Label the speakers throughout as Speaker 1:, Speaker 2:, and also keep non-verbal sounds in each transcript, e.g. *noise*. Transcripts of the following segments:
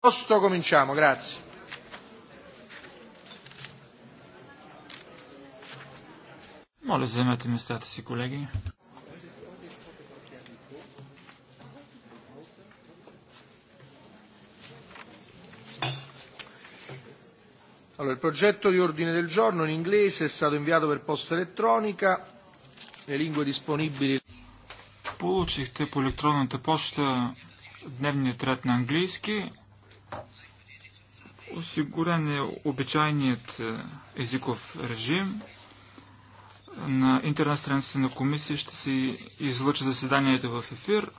Speaker 1: posto cominciamo, grazie.
Speaker 2: Моля, заемете местата си, колеги.
Speaker 3: Allora, il progetto di ordine del giorno in inglese è stato inviato per posta elettronica, le lingue disponibili.
Speaker 2: Получихте по електронната поща дневният ред на английски, Осигурен е обичайният е, езиков режим. На интернет страницата на комисия ще се излъча заседанието в ефир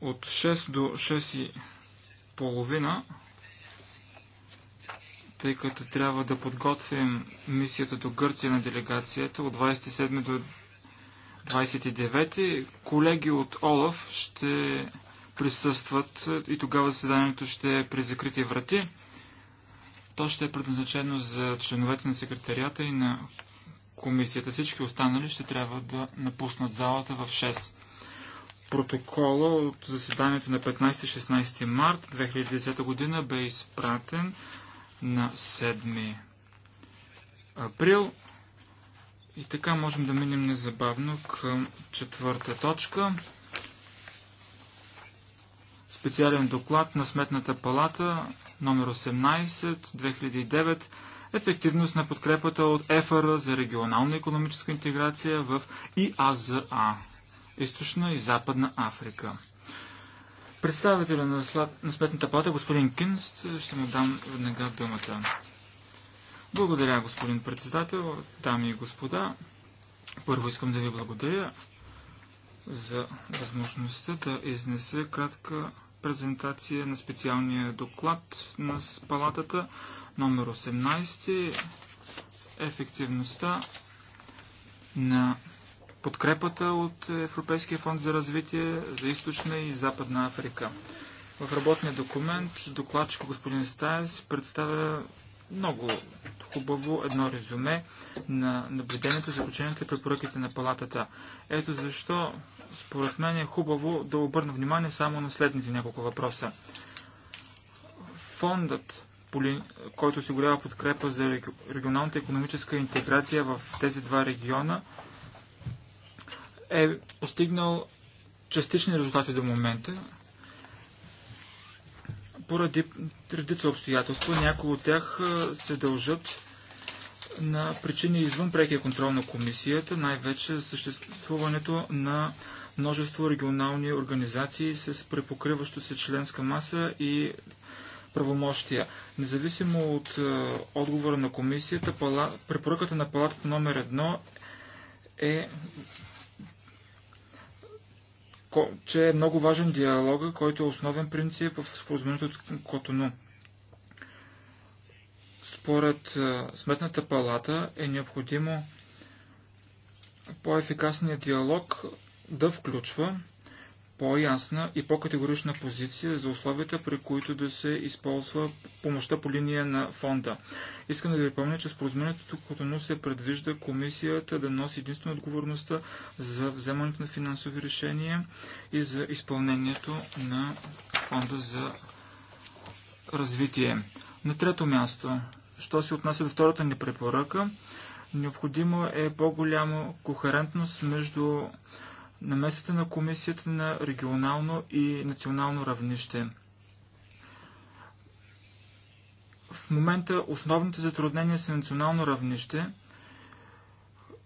Speaker 2: от 6 до 6 и половина, тъй като трябва да подготвим мисията до Гърция на делегацията от 27 до 29. Колеги от ОЛАФ ще присъстват е, и тогава заседанието ще е при закрити врати. То ще е предназначено за членовете на секретарията и на комисията. Всички останали ще трябва да напуснат залата в 6. Протокола от заседанието на 15-16 март 2010 година бе изпратен на 7 април. И така можем да минем незабавно към четвърта точка специален доклад на Сметната палата номер 18-2009 ефективност на подкрепата от ЕФР за регионална економическа интеграция в ИАЗА Източна и Западна Африка. Представителя на, слад... на Сметната палата, господин Кинст, ще му дам веднага думата. Благодаря, господин председател, дами и господа. Първо искам да ви благодаря за възможността да изнесе кратка презентация на специалния доклад на палатата номер 18 ефективността на подкрепата от Европейския фонд за развитие за източна и западна Африка. В работния документ докладчик господин Стайс представя много хубаво едно резюме на наблюденията, заключенията и препоръките на палатата. Ето защо, според мен е хубаво да обърна внимание само на следните няколко въпроса. Фондът, който осигурява подкрепа за регионалната економическа интеграция в тези два региона, е постигнал частични резултати до момента, поради редица обстоятелства. Някои от тях се дължат на причини извън прекия контрол на комисията, най-вече съществуването на множество регионални организации с препокриващо се членска маса и правомощия. Независимо от е, отговора на комисията, пала... препоръката на палатата номер едно е че е много важен диалога, който е основен принцип в споразумението от Котону. Според Сметната палата е необходимо по-ефикасният диалог да включва по-ясна и по-категорична позиция за условията, при които да се използва помощта по линия на фонда. Искам да ви помня, че споразумението тук отново се предвижда комисията да носи единствено отговорността за вземането на финансови решения и за изпълнението на фонда за развитие. На трето място Що се отнася до втората ни препоръка, необходимо е по-голяма кохерентност между намесата на комисията на регионално и национално равнище. В момента основните затруднения са национално равнище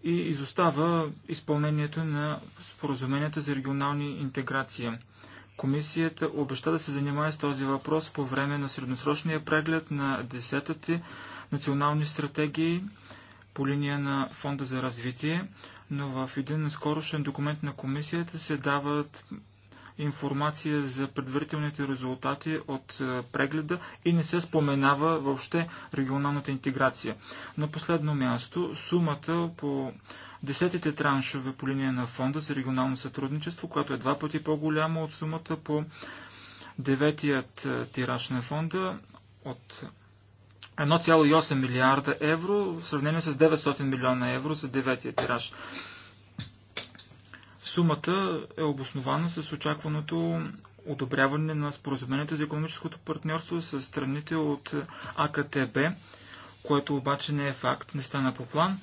Speaker 2: и изостава изпълнението на споразуменията за регионални интеграция. Комисията обеща да се занимае с този въпрос по време на средносрочния преглед на 10-ти национални стратегии по линия на Фонда за развитие, но в един скорошен документ на комисията се дават информация за предварителните резултати от е, прегледа и не се споменава въобще регионалната интеграция. На последно място, сумата по десетите траншове по линия на Фонда за регионално сътрудничество, която е два пъти по-голяма от сумата по деветият е, тираж на фонда от 1,8 милиарда евро в сравнение с 900 милиона евро за деветия тираж. Сумата е обоснована с очакваното одобряване на споразумението за економическото партньорство с страните от АКТБ, което обаче не е факт, не стана по план.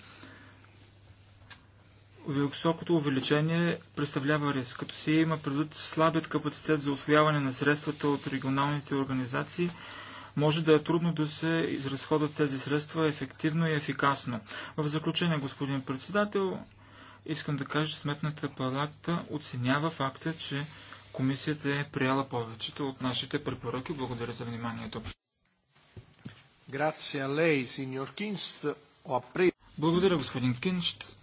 Speaker 2: Високото увеличение представлява риск, като се има предвид слабият капацитет за освояване на средствата от регионалните организации – може да е трудно да се изразходят тези средства ефективно и ефикасно. В заключение, господин председател, искам да кажа, че Сметната палата оценява факта, че комисията е прияла повечето от нашите препоръки. Благодаря за вниманието. Благодаря, господин Кинст.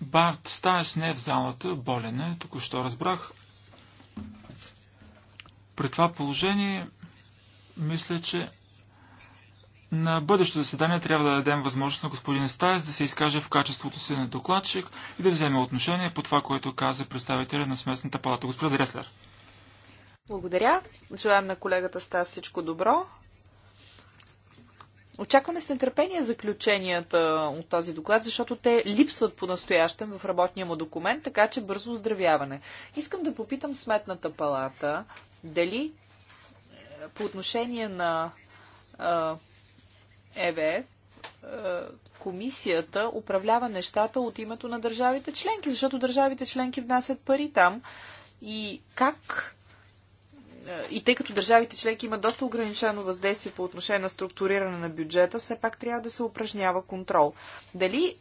Speaker 2: Барт Стайс не е в залата, болен е, току-що разбрах. При това положение, мисля, че на бъдещото заседание трябва да дадем възможност на господин Стайс да се изкаже в качеството си на докладчик и да вземе отношение по това, което каза представителя на Сметната палата. Господин Дреслер.
Speaker 1: Благодаря. Желаем на колегата Стас всичко добро. Очакваме с нетърпение заключенията от този доклад, защото те липсват по-настоящем в работния му документ, така че бързо оздравяване. Искам да попитам Сметната палата дали е, по отношение на ЕВЕ е е, комисията управлява нещата от името на държавите членки, защото държавите членки внасят пари там. И как и тъй като държавите членки имат доста ограничено въздействие по отношение на структуриране на бюджета, все пак трябва да се упражнява контрол. Дали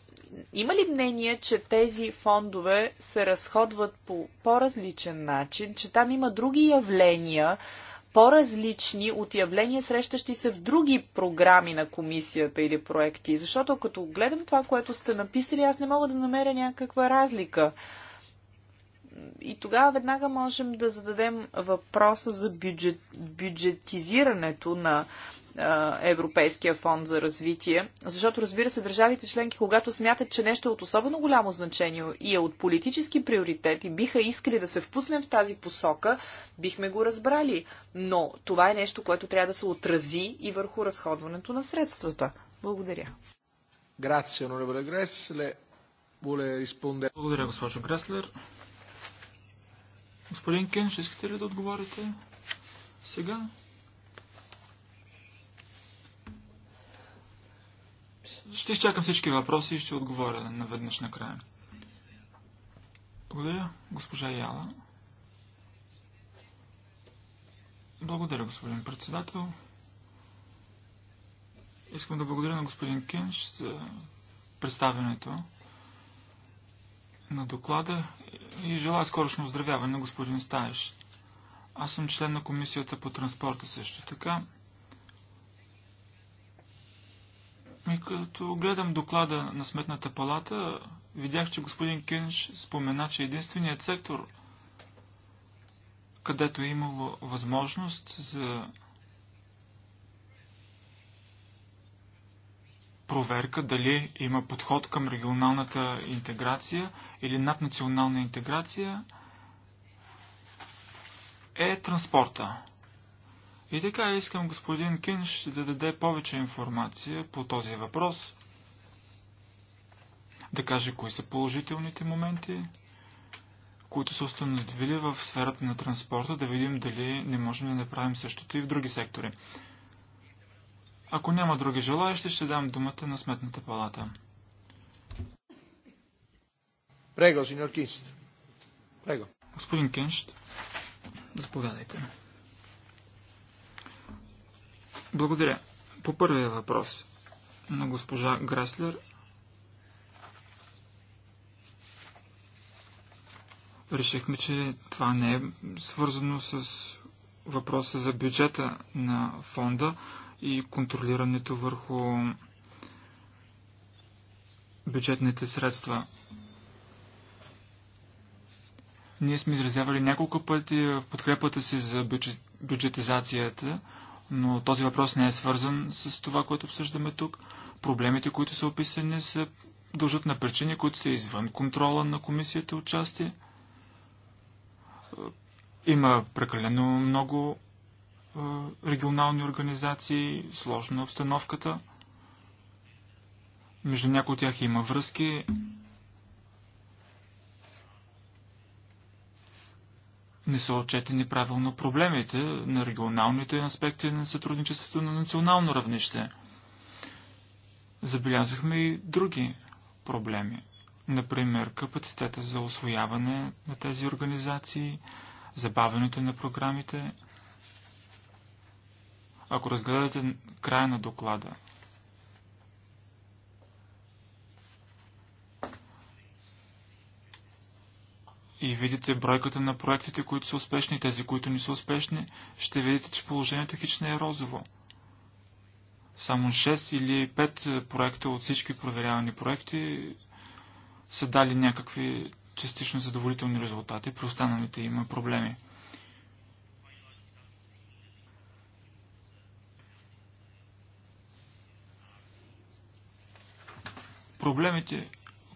Speaker 1: има ли мнение, че тези фондове се разходват по по-различен начин, че там има други явления, по-различни от явления, срещащи се в други програми на комисията или проекти? Защото като гледам това, което сте написали, аз не мога да намеря някаква разлика. И тогава веднага можем да зададем въпроса за бюджет, бюджетизирането на Европейския фонд за развитие. Защото, разбира се, държавите членки, когато смятат, че нещо е от особено голямо значение и е от политически приоритет и биха искали да се впуснем в тази посока, бихме го разбрали. Но това е нещо, което трябва да се отрази и върху разходването на средствата. Благодаря. Grazie,
Speaker 2: onorevole Благодаря, госпожо Греслер. Господин Кен, ще искате ли да отговорите сега? Ще изчакам всички въпроси и ще отговоря наведнъж накрая. Благодаря, госпожа Яла. Благодаря, господин председател. Искам да благодаря на господин Кенш за представянето на доклада и желая скорошно оздравяване на господин Стаеш. Аз съм член на комисията по транспорта също така. И като гледам доклада на Сметната палата, видях, че господин Кенш спомена, че единственият сектор, където е имало възможност за проверка дали има подход към регионалната интеграция или наднационална интеграция, е транспорта. И така искам господин Кинш да даде повече информация по този въпрос, да каже кои са положителните моменти, които са установили в сферата на транспорта, да видим дали не можем да направим същото и в други сектори. Ако няма други желаящи, ще дам думата на Сметната палата. Прего, синьор Кинш. Прего. Господин Кинш, заповядайте. Благодаря. По първия въпрос на госпожа Граслер. Решихме, че това не е свързано с въпроса за бюджета на фонда и контролирането върху бюджетните средства. Ние сме изразявали няколко пъти в подкрепата си за бюджет, бюджетизацията – но този въпрос не е свързан с това, което обсъждаме тук. Проблемите, които са описани, се дължат на причини, които са извън контрола на комисията участие. Има прекалено много е, регионални организации, сложна обстановката. Между някои от тях има връзки, не са отчетени правилно проблемите на регионалните аспекти на сътрудничеството на национално равнище. Забелязахме и други проблеми. Например, капацитета за освояване на тези организации, забавянето на програмите. Ако разгледате края на доклада, и видите бройката на проектите, които са успешни и тези, които не са успешни, ще видите, че положението хич не е розово. Само 6 или 5 проекта от всички проверявани проекти са дали някакви частично задоволителни резултати, при останалите има проблеми. Проблемите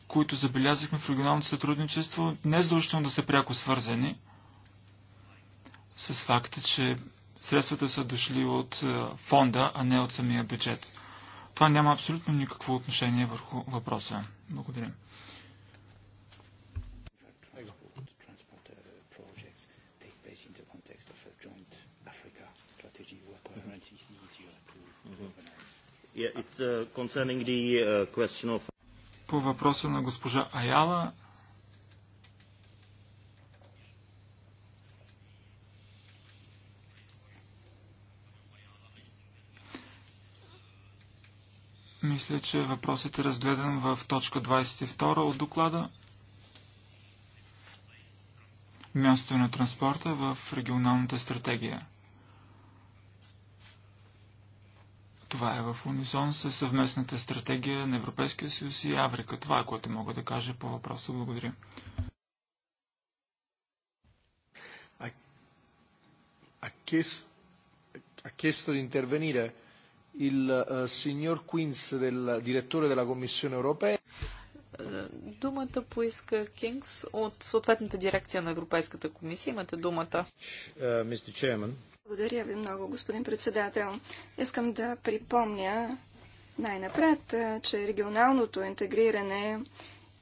Speaker 2: които забелязахме в регионалното сътрудничество, не е задължително да са пряко свързани с факта, че средствата са дошли от е, фонда, а не от самия бюджет. Това няма абсолютно никакво отношение върху въпроса. Благодаря.
Speaker 3: Mm-hmm. Yeah, it's uh, concerning the uh, question of
Speaker 2: по въпроса на госпожа Аяла, Мисля, че въпросът е разгледан в точка 22 от доклада. Място на транспорта в регионалната стратегия. Това е в унисон с съвместната стратегия на Европейския съюз и Африка. Това е което мога да кажа по въпроса. Благодаря. Ha chiesto di intervenire
Speaker 1: il uh, signor Quinz, del, direttore della Commissione europea. Е, думата поиска Кингс от съответната дирекция на Европейската комисия. Имате думата. Uh,
Speaker 3: благодаря ви много, господин председател. Искам да припомня най-напред, че регионалното интегриране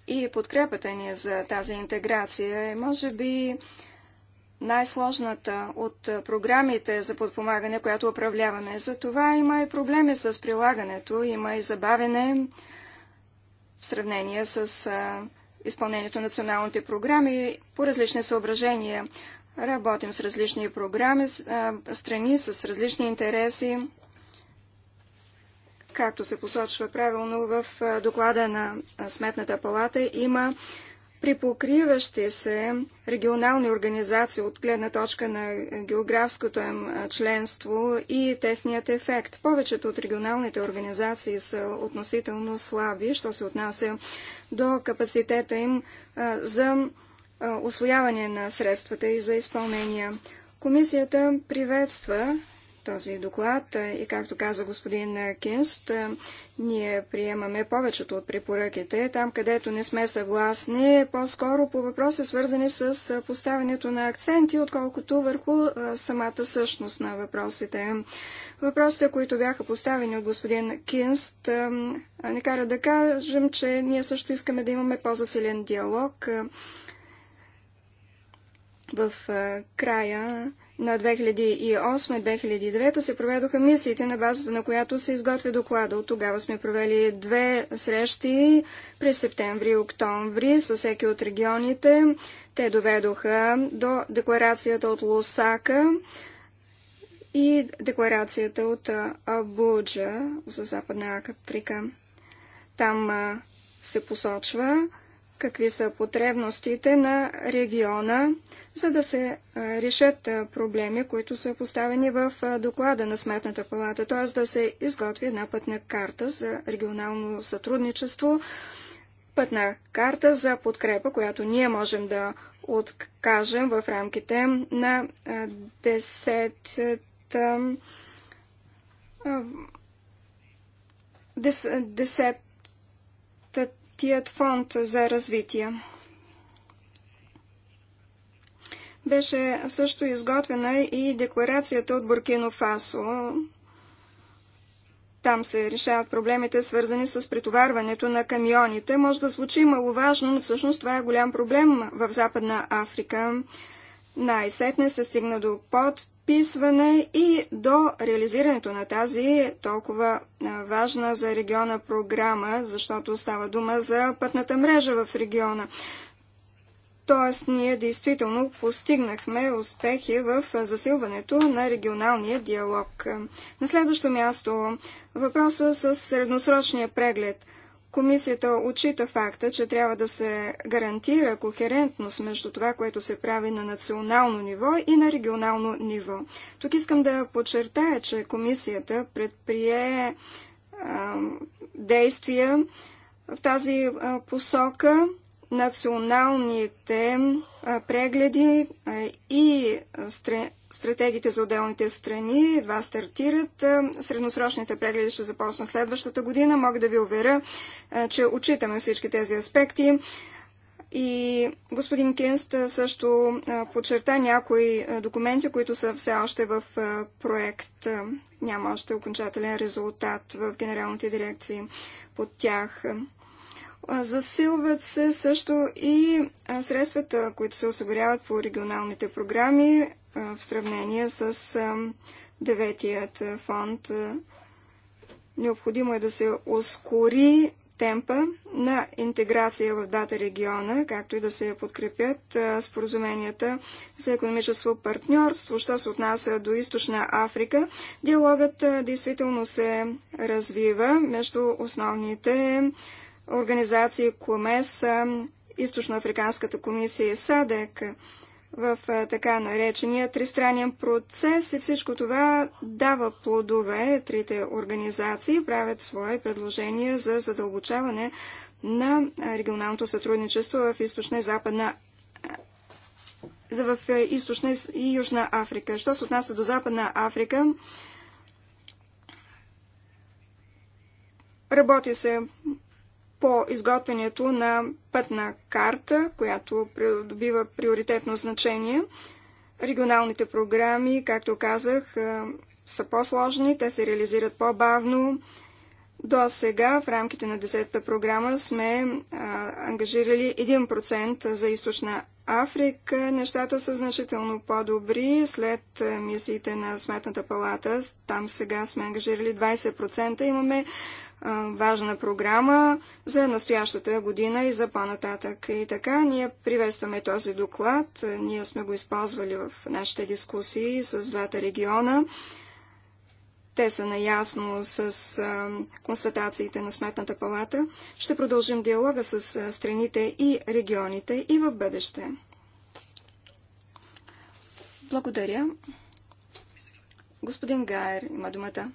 Speaker 3: и подкрепата ни за тази интеграция е, може би, най-сложната от програмите за подпомагане, която управляваме. Затова има и проблеми с прилагането, има и забавене в сравнение с изпълнението на националните програми по различни съображения. Работим с различни програми, страни с различни интереси. Както се посочва правилно в доклада на Сметната палата, има припокриващи се регионални организации от гледна точка на географското им членство и техният ефект. Повечето от регионалните организации са относително слаби, що се отнася до капацитета им за освояване на средствата и за изпълнение. Комисията приветства този доклад и както каза господин Кинст, ние приемаме повечето от препоръките. Там, където не сме съгласни, по-скоро по въпроси свързани с поставянето на акценти, отколкото върху самата същност на въпросите. Въпросите, които бяха поставени от господин Кинст, не кара да кажем, че ние също искаме да имаме по-засилен диалог в края на 2008-2009 се проведоха мисиите, на базата на която се изготвя доклада. От тогава сме провели две срещи през септември и октомври с всеки от регионите. Те доведоха до декларацията от Лосака и декларацията от Абуджа за Западна Африка. Там се посочва, какви са потребностите на региона, за да се решат проблеми, които са поставени в доклада на Сметната палата, т.е. да се изготви една пътна карта за регионално сътрудничество, пътна карта за подкрепа, която ние можем да откажем в рамките на 10-та 10 Тият фонд за развитие. Беше също изготвена и декларацията от Буркино Фасо. Там се решават проблемите, свързани с претоварването на камионите. Може да звучи маловажно, но всъщност това е голям проблем в Западна Африка. Най-сетне се стигна до под вписване и до реализирането на тази толкова важна за региона програма, защото става дума за пътната мрежа в региона. Тоест, ние действително постигнахме успехи в засилването на регионалния диалог. На следващо място въпроса с средносрочния преглед – Комисията отчита факта, че трябва да се гарантира кохерентност между това, което се прави на национално ниво и на регионално ниво. Тук искам да подчертая, че комисията предприе а, действия в тази а, посока националните прегледи и стратегиите за отделните страни едва стартират. Средносрочните прегледи ще започнат следващата година. Мога да ви уверя, че отчитаме всички тези аспекти. И господин Кинст също подчерта някои документи, които са все още в проект. Няма още окончателен резултат в генералните дирекции под тях. Засилват се също и средствата, които се осигуряват по регионалните програми в сравнение с деветият фонд. Необходимо е да се ускори темпа на интеграция в дата региона, както и да се подкрепят споразуменията за економическо партньорство, що се отнася до Източна Африка. Диалогът действително се развива между основните организации КОМЕС, Източноафриканската комисия и САДЕК в така наречения тристранен процес и всичко това дава плодове. Трите организации правят свои предложения за задълбочаване на регионалното сътрудничество в източна и западна за в източна и южна Африка. Що се отнася до западна Африка, работи се по изготвянето на пътна карта, която придобива приоритетно значение. Регионалните програми, както казах, са по-сложни, те се реализират по-бавно. До сега в рамките на 10-та програма сме а, ангажирали 1% за източна Африка. Нещата са значително по-добри. След мисиите на Сметната палата, там сега сме ангажирали 20%. Имаме важна програма за настоящата година и за по-нататък. И така, ние приветстваме този доклад. Ние сме го използвали в нашите дискусии с двата региона. Те са наясно с а, констатациите на Сметната палата. Ще продължим диалога с а, страните и регионите и в бъдеще. Благодаря. Господин Гайер има думата.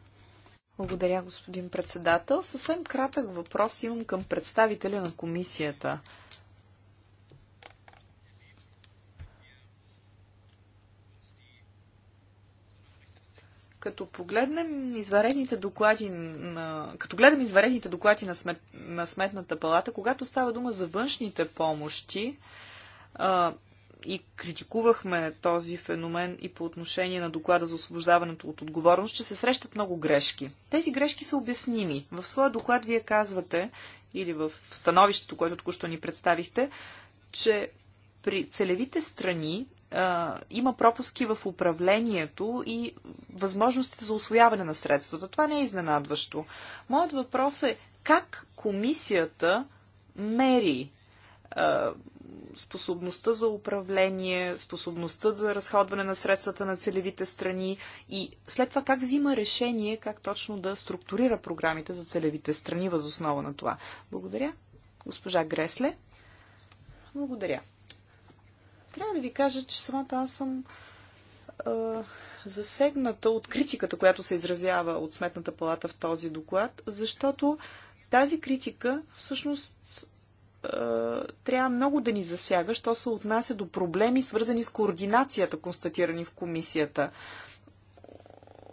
Speaker 1: Благодаря, господин председател. Съвсем кратък въпрос имам към представителя на комисията. като погледнем изварените доклади на, като гледам изварените доклади на, смет, на Сметната палата, когато става дума за външните помощи, и критикувахме този феномен и по отношение на доклада за освобождаването от отговорност, че се срещат много грешки. Тези грешки са обясними. В своя доклад вие казвате, или в становището, което току-що ни представихте, че при целевите страни а, има пропуски в управлението и възможностите за освояване на средствата. Това не е изненадващо. Моят въпрос е как комисията мери способността за управление, способността за разходване на средствата на целевите страни и след това как взима решение, как точно да структурира програмите за целевите страни възоснова на това. Благодаря. Госпожа Гресле. Благодаря. Трябва да ви кажа, че самата аз съм засегната от критиката, която се изразява от Сметната палата в този доклад, защото тази критика всъщност е, трябва много да ни засяга, що се отнася до проблеми, свързани с координацията, констатирани в комисията.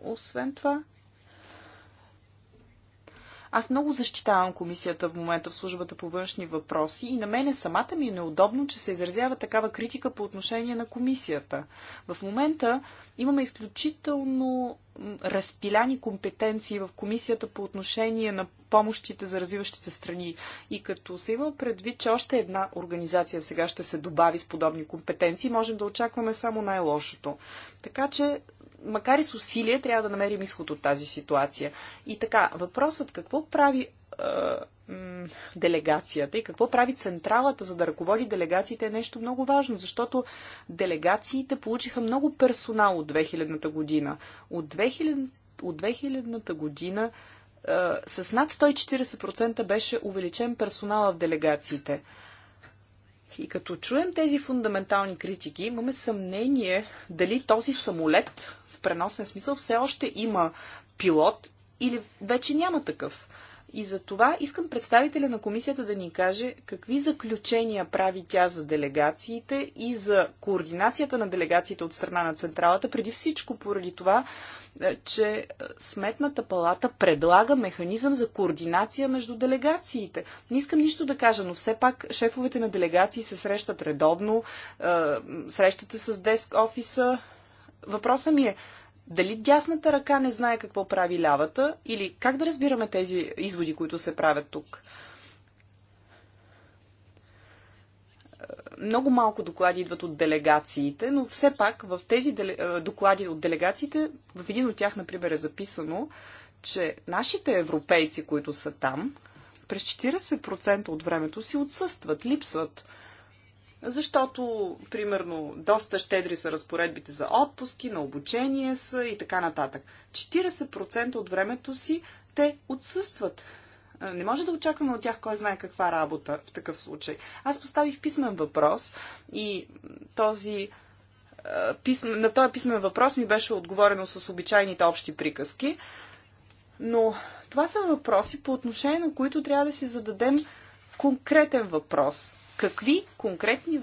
Speaker 1: Освен това, аз много защитавам комисията в момента в службата по външни въпроси и на мене самата ми е неудобно, че се изразява такава критика по отношение на комисията. В момента имаме изключително разпиляни компетенции в комисията по отношение на помощите за развиващите страни. И като се има предвид, че още една организация сега ще се добави с подобни компетенции, можем да очакваме само най-лошото. Така че макар и с усилие, трябва да намерим изход от тази ситуация. И така, въпросът какво прави е, делегацията и какво прави централата, за да ръководи делегациите е нещо много важно, защото делегациите получиха много персонал от 2000-та година. От 2000, от 2000-та година е, с над 140% беше увеличен персонала в делегациите. И като чуем тези фундаментални критики, имаме съмнение дали този самолет, преносен смисъл все още има пилот или вече няма такъв. И за това искам представителя на комисията да ни каже какви заключения прави тя за делегациите и за координацията на делегациите от страна на централата, преди всичко поради това, е, че е, Сметната палата предлага механизъм за координация между делегациите. Не искам нищо да кажа, но все пак шефовете на делегации се срещат редовно, е, срещат се с деск офиса, Въпросът ми е, дали дясната ръка не знае какво прави лявата или как да разбираме тези изводи, които се правят тук? Много малко доклади идват от делегациите, но все пак в тези доклади от делегациите, в един от тях, например, е записано, че нашите европейци, които са там, през 40% от времето си отсъстват, липсват защото, примерно, доста щедри са разпоредбите за отпуски, на обучение са и така нататък. 40% от времето си те отсъстват. Не може да очакваме от тях кой знае каква работа в такъв случай. Аз поставих писмен въпрос и този писмен, на този писмен въпрос ми беше отговорено с обичайните общи приказки. Но това са въпроси, по отношение на които трябва да си зададем конкретен въпрос – Какви конкретни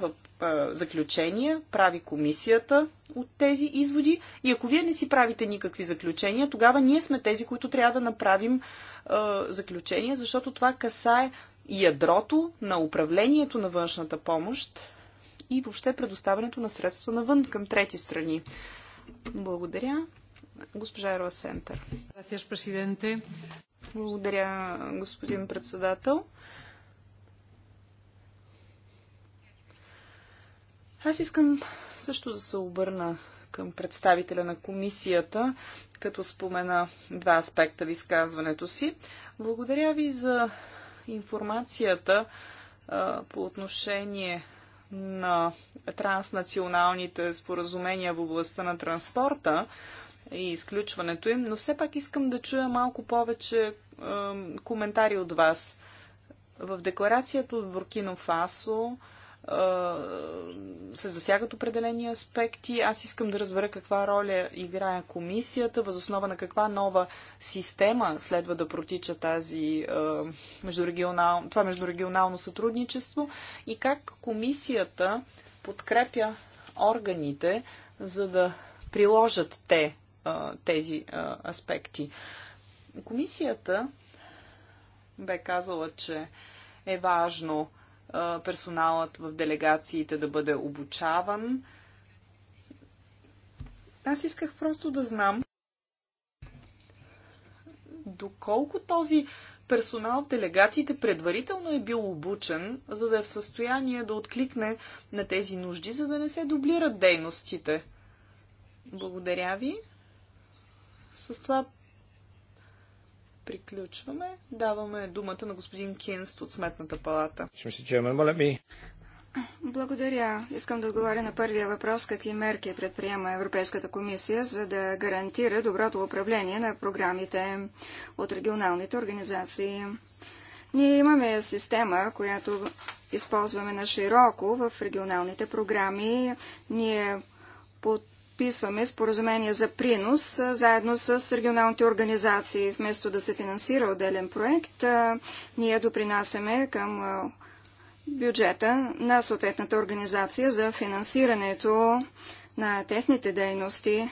Speaker 1: заключения прави комисията от тези изводи? И ако вие не си правите никакви заключения, тогава ние сме тези, които трябва да направим заключения, защото това касае ядрото на управлението на външната помощ и въобще предоставянето на средства навън към трети страни. Благодаря. Госпожа Ерла Сентър. Благодаря, господин председател. Аз искам също да се обърна към представителя на комисията, като спомена два аспекта в изказването си. Благодаря ви за информацията а, по отношение на транснационалните споразумения в областта на транспорта и изключването им, но все пак искам да чуя малко повече а, коментари от вас. В декларацията от Буркино Фасо се засягат определени аспекти. Аз искам да разбера каква роля играе комисията, възоснова на каква нова система следва да протича тази, междурегионал, това междурегионално сътрудничество и как комисията подкрепя органите, за да приложат те тези аспекти. Комисията бе казала, че е важно персоналът в делегациите да бъде обучаван. Аз исках просто да знам доколко този персонал в делегациите предварително е бил обучен, за да е в състояние да откликне на тези нужди, за да не се дублират дейностите. Благодаря ви. С това
Speaker 3: приключваме.
Speaker 1: Даваме думата на господин Кинст от Сметната палата.
Speaker 3: Благодаря. Искам да отговоря на първия въпрос. Какви мерки предприема Европейската комисия, за да гарантира доброто управление на програмите от регионалните организации? Ние имаме система, която използваме на широко в регионалните програми. Ние под подписваме споразумение за принос заедно с регионалните организации. Вместо да се финансира отделен проект, ние допринасяме към бюджета на съответната организация за финансирането на техните дейности,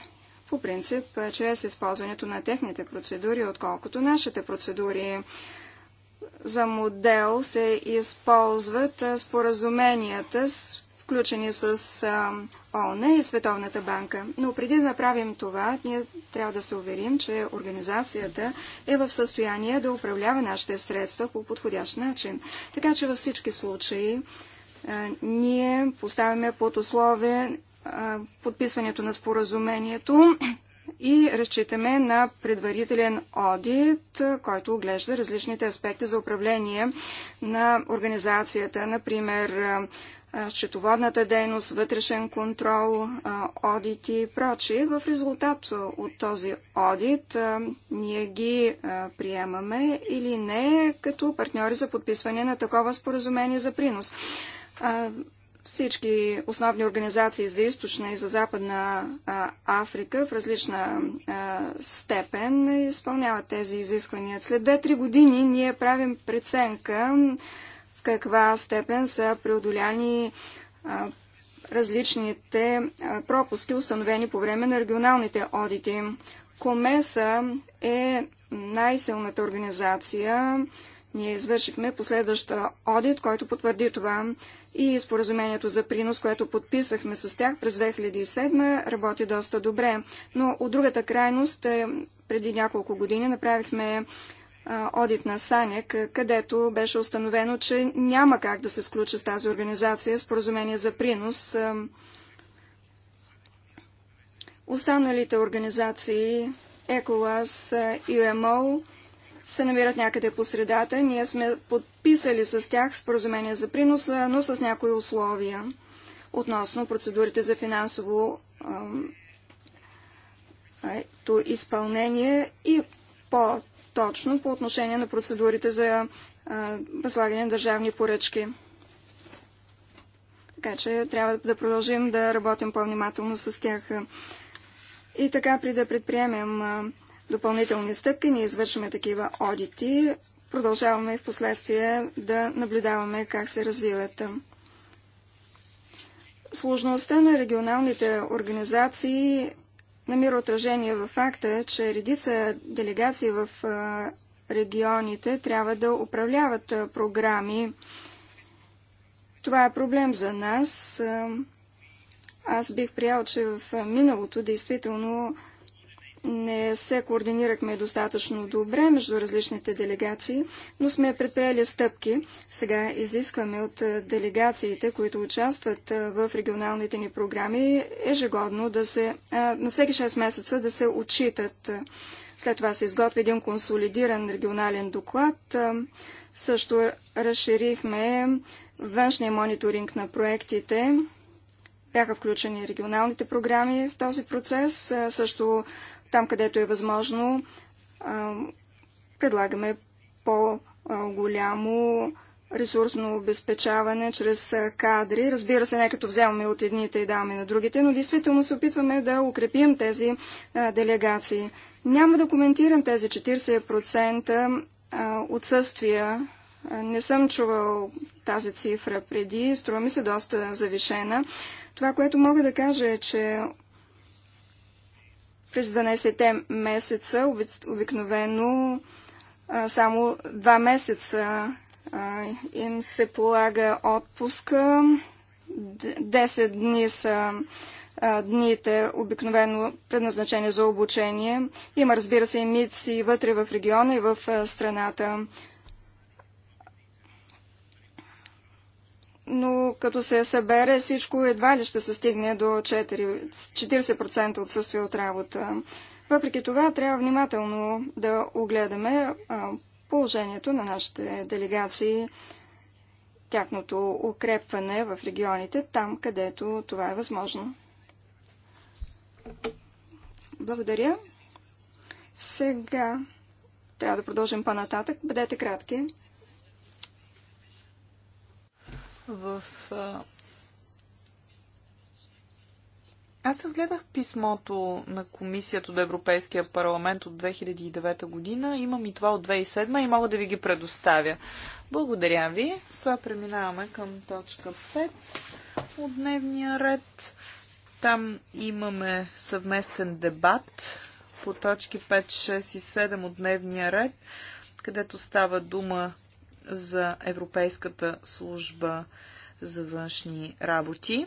Speaker 3: по принцип, чрез използването на техните процедури, отколкото нашите процедури. За модел се използват споразуменията с включени с ООН и Световната банка. Но преди да направим това, ние трябва да се уверим, че организацията е в състояние да управлява нашите средства по подходящ начин. Така че във всички случаи ние поставяме под условие подписването на споразумението и разчитаме на предварителен одит, който оглежда различните аспекти за управление на организацията, например счетоводната дейност, вътрешен контрол, одити и прочие. В резултат от този одит ние ги приемаме или не като партньори за подписване на такова споразумение за принос. Всички основни организации за източна и за западна Африка в различна степен изпълняват тези изисквания. След 2-3 години ние правим преценка каква степен са преодоляни различните пропуски, установени по време на регионалните одити. Комеса е най-силната организация. Ние извършихме последваща одит, който потвърди това и споразумението за принос, което подписахме с тях през 2007, работи доста добре. Но от другата крайност, е, преди няколко години направихме одит на Саняк, където беше установено, че няма как да се сключи с тази организация споразумение за принос. Останалите организации, ЕКОЛАС, ЮМО, се намират някъде по средата. Ние сме подписали с тях споразумение за принос, но с някои условия относно процедурите за финансово изпълнение и по точно по отношение на процедурите за възлагане на държавни поръчки. Така че трябва да продължим да работим по-внимателно с тях. И така, при да предприемем допълнителни стъпки, ние извършваме такива одити, продължаваме в последствие да наблюдаваме как се развиват. Сложността на регионалните организации намира отражение в факта, че редица делегации в регионите трябва да управляват програми. Това е проблем за нас. Аз бих приял, че в миналото действително не се координирахме достатъчно добре между различните делегации, но сме предприели стъпки. Сега изискваме от делегациите, които участват в регионалните ни програми, ежегодно да се, на всеки 6 месеца да се отчитат. След това се изготви един консолидиран регионален доклад. Също разширихме външния мониторинг на проектите бяха включени регионалните програми в този процес. Също там, където е възможно, предлагаме по-голямо ресурсно обезпечаване чрез кадри. Разбира се, не като вземаме от едните и даваме на другите, но действително се опитваме да укрепим тези делегации. Няма да коментирам тези 40% отсъствия не съм чувал тази цифра преди, струва ми се доста завишена. Това, което мога да кажа е, че през 12-те месеца обикновено само 2 месеца им се полага отпуска. 10 дни са дните обикновено предназначени за обучение. Има, разбира се, и мици вътре в региона и в страната. но като се събере всичко, едва ли ще се стигне до 4, 40% отсъствие от работа. Въпреки това, трябва внимателно да огледаме положението на нашите делегации, тяхното укрепване в регионите, там където това е възможно. Благодаря. Сега трябва да продължим по-нататък. Бъдете кратки. В... Аз
Speaker 1: разгледах писмото на Комисията до Европейския парламент от 2009 година. Имам и това от 2007 и мога да ви ги предоставя. Благодаря ви. С това преминаваме към точка 5 от дневния ред. Там имаме съвместен дебат по точки 5, 6 и 7 от дневния ред, където става дума за Европейската служба за външни работи.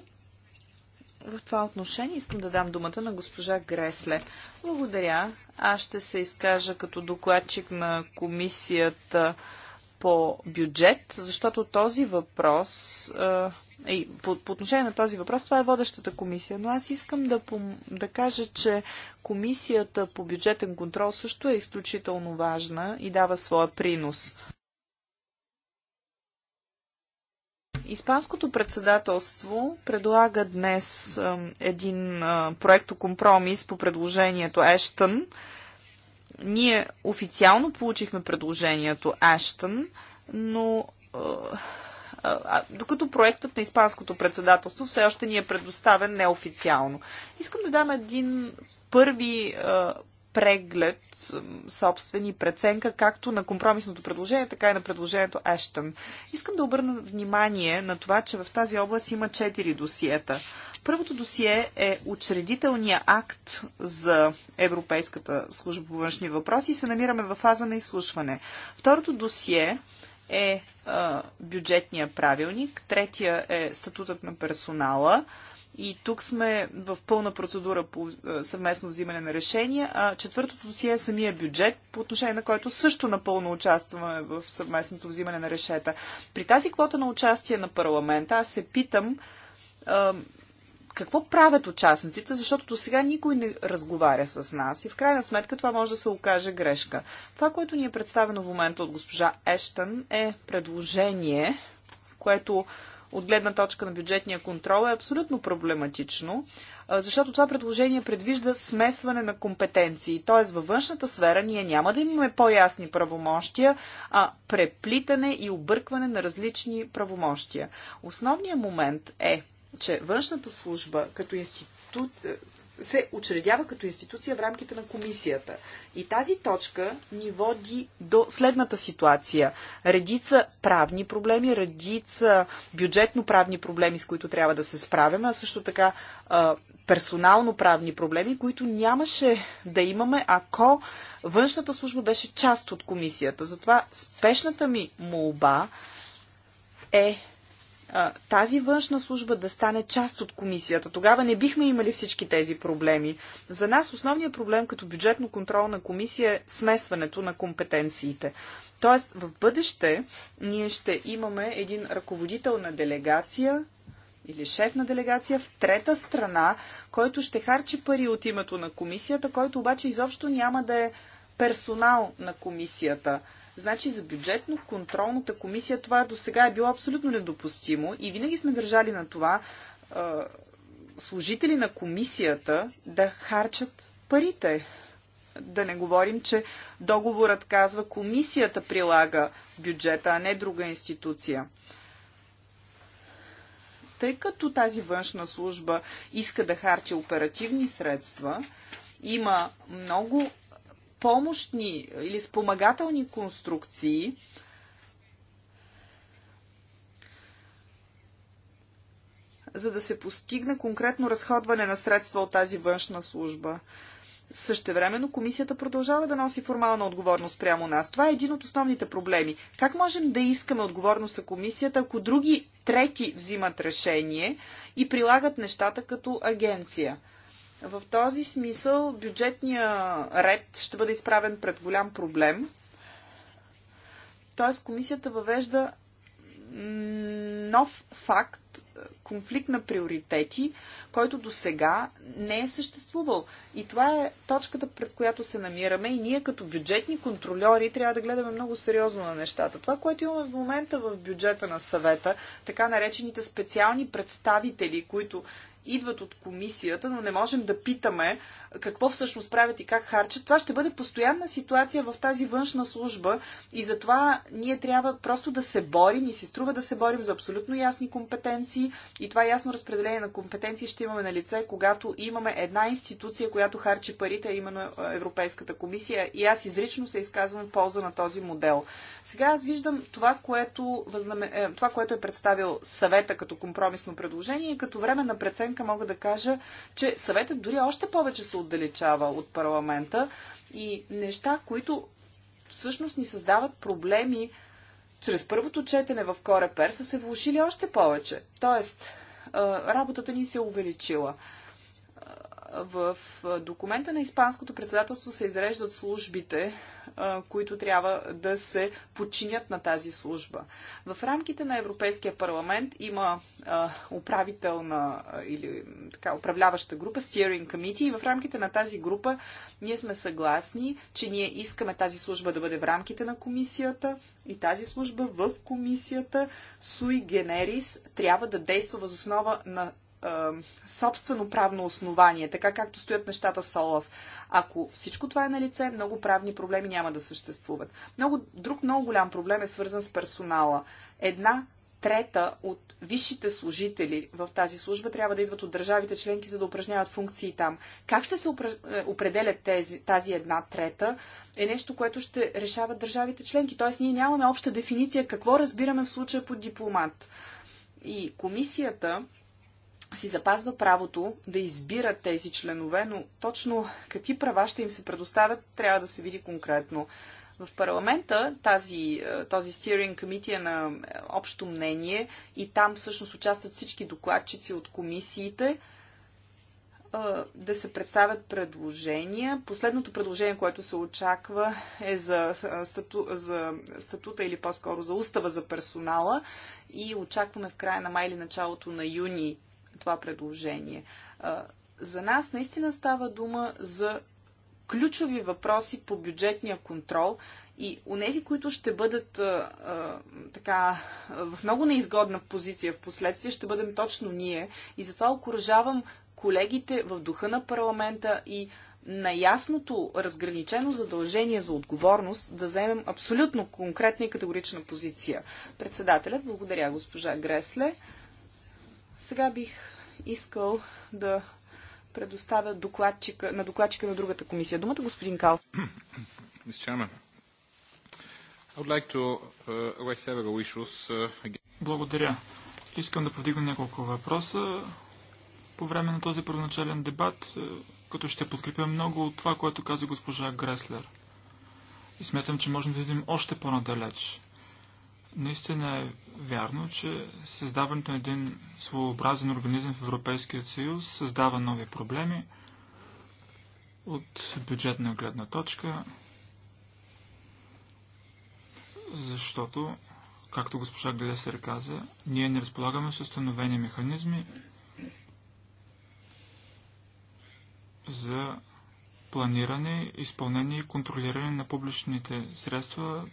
Speaker 1: В това отношение искам да дам думата на госпожа Гресле. Благодаря. Аз ще се изкажа като докладчик на комисията по бюджет, защото този въпрос, е, по, по отношение на този въпрос, това е водещата комисия. Но аз искам да, да кажа, че комисията по бюджетен контрол също е изключително важна и дава своя принос. Испанското председателство предлага днес един компромис по предложението Ештън. Ние официално получихме предложението Ештън, но докато проектът на Испанското председателство все още ни е предоставен неофициално. Искам да дам един първи преглед, собствен и преценка, както на компромисното предложение, така и на предложението Ештън. Искам да обърна внимание на това, че в тази област има четири досиета. Първото досие е учредителния акт за Европейската служба по външни въпроси и се намираме във фаза на изслушване. Второто досие е а, бюджетния правилник, третия е статутът на персонала, и тук сме в пълна процедура по е, съвместно взимане на решения. А четвъртото си е самия бюджет, по отношение на който също напълно участваме в съвместното взимане на решета. При тази квота на участие на парламента аз се питам е, какво правят участниците, защото до сега никой не разговаря с нас и в крайна сметка това може да се окаже грешка. Това, което ни е представено в момента от госпожа Ештън е предложение, което от гледна точка на бюджетния контрол е абсолютно проблематично, защото това предложение предвижда смесване на компетенции. Т.е. във външната сфера ние няма да имаме по-ясни правомощия, а преплитане и объркване на различни правомощия. Основният момент е, че външната служба като институт се учредява като институция в рамките на комисията. И тази точка ни води до следната ситуация. Редица правни проблеми, редица бюджетно-правни проблеми, с които трябва да се справяме, а също така персонално-правни проблеми, които нямаше да имаме, ако външната служба беше част от комисията. Затова спешната ми молба е тази външна служба да стане част от комисията. Тогава не бихме имали всички тези проблеми. За нас основният проблем като бюджетно контролна комисия е смесването на компетенциите. Тоест, в бъдеще ние ще имаме един ръководител на делегация или шеф на делегация в трета страна, който ще харчи пари от името на комисията, който обаче изобщо няма да е персонал на комисията. Значи за бюджетно в контролната комисия това до сега е било абсолютно недопустимо и винаги сме държали на това е, служители на комисията да харчат парите. Да не говорим, че договорът казва комисията прилага бюджета, а не друга институция тъй като тази външна служба иска да харчи оперативни средства, има много помощни или спомагателни конструкции, за да се постигне конкретно разходване на средства от тази външна служба. Същевременно комисията продължава да носи формална отговорност прямо нас. Това е един от основните проблеми. Как можем да искаме отговорност на комисията, ако други трети взимат решение и прилагат нещата като агенция? В този смисъл бюджетния ред ще бъде изправен пред голям проблем. Т.е. комисията въвежда нов факт, конфликт на приоритети, който до сега не е съществувал. И това е точката, пред която се намираме и ние като бюджетни контролери трябва да гледаме много сериозно на нещата. Това, което имаме в момента в бюджета на съвета, така наречените специални представители, които идват от комисията, но не можем да питаме какво всъщност правят и как харчат. Това ще бъде постоянна ситуация в тази външна служба и затова ние трябва просто да се борим и се струва да се борим за абсолютно ясни компетенции и това ясно разпределение на компетенции ще имаме на лице, когато имаме една институция, която харчи парите, а именно Европейската комисия и аз изрично се изказвам в полза на този модел. Сега аз виждам това, което, възнаме... Е, това, което е представил съвета като компромисно предложение, и като време на преценка оценка мога да кажа, че съветът дори още повече се отдалечава от парламента и неща, които всъщност ни създават проблеми чрез първото четене в Корепер са се влушили още повече. Тоест, работата ни се е увеличила. В документа на Испанското председателство се изреждат службите, които трябва да се подчинят на тази служба. В рамките на Европейския парламент има управителна или така, управляваща група, Steering Committee, и в рамките на тази група ние сме съгласни, че ние искаме тази служба да бъде в рамките на комисията и тази служба в комисията Sui Generis трябва да действа възоснова на собствено правно основание, така както стоят нещата с ОЛАФ. Ако всичко това е на лице, много правни проблеми няма да съществуват. Много, друг много голям проблем е свързан с персонала. Една трета от висшите служители в тази служба трябва да идват от държавите членки, за да упражняват функции там. Как ще се е, определят тези, тази една трета е нещо, което ще решават държавите членки. Тоест ние нямаме обща дефиниция какво разбираме в случая под дипломат. И комисията си запазва правото да избират тези членове, но точно какви права ще им се предоставят, трябва да се види конкретно. В парламента тази, е, този стиринг комитет е на е, общо мнение и там всъщност участват всички докладчици от комисиите е, да се представят предложения. Последното предложение, което се очаква е за, стату, за статута или по-скоро за устава за персонала и очакваме в края на май или началото на юни това предложение. За нас наистина става дума за ключови въпроси по бюджетния контрол и нези, които ще бъдат а, а, така в много неизгодна позиция в последствие, ще бъдем точно ние. И затова окоръжавам колегите в духа на парламента и на ясното разграничено задължение за отговорност да вземем абсолютно конкретна и категорична позиция. Председателят, благодаря госпожа Гресле. Сега бих искал да предоставя докладчика, на докладчика на другата комисия. Думата господин Кал.
Speaker 2: Uh, uh, Благодаря. Искам да повдигна няколко въпроса. По време на този първоначален дебат, е, като ще подкрепя много от това, което каза госпожа Греслер. И смятам, че можем да видим още по-надалеч. Наистина е вярно, че създаването на един своеобразен организъм в Европейския съюз създава нови проблеми от бюджетна гледна точка, защото, както госпожа Гледесер каза, ние не разполагаме с установени механизми за планиране, изпълнение и контролиране на публичните средства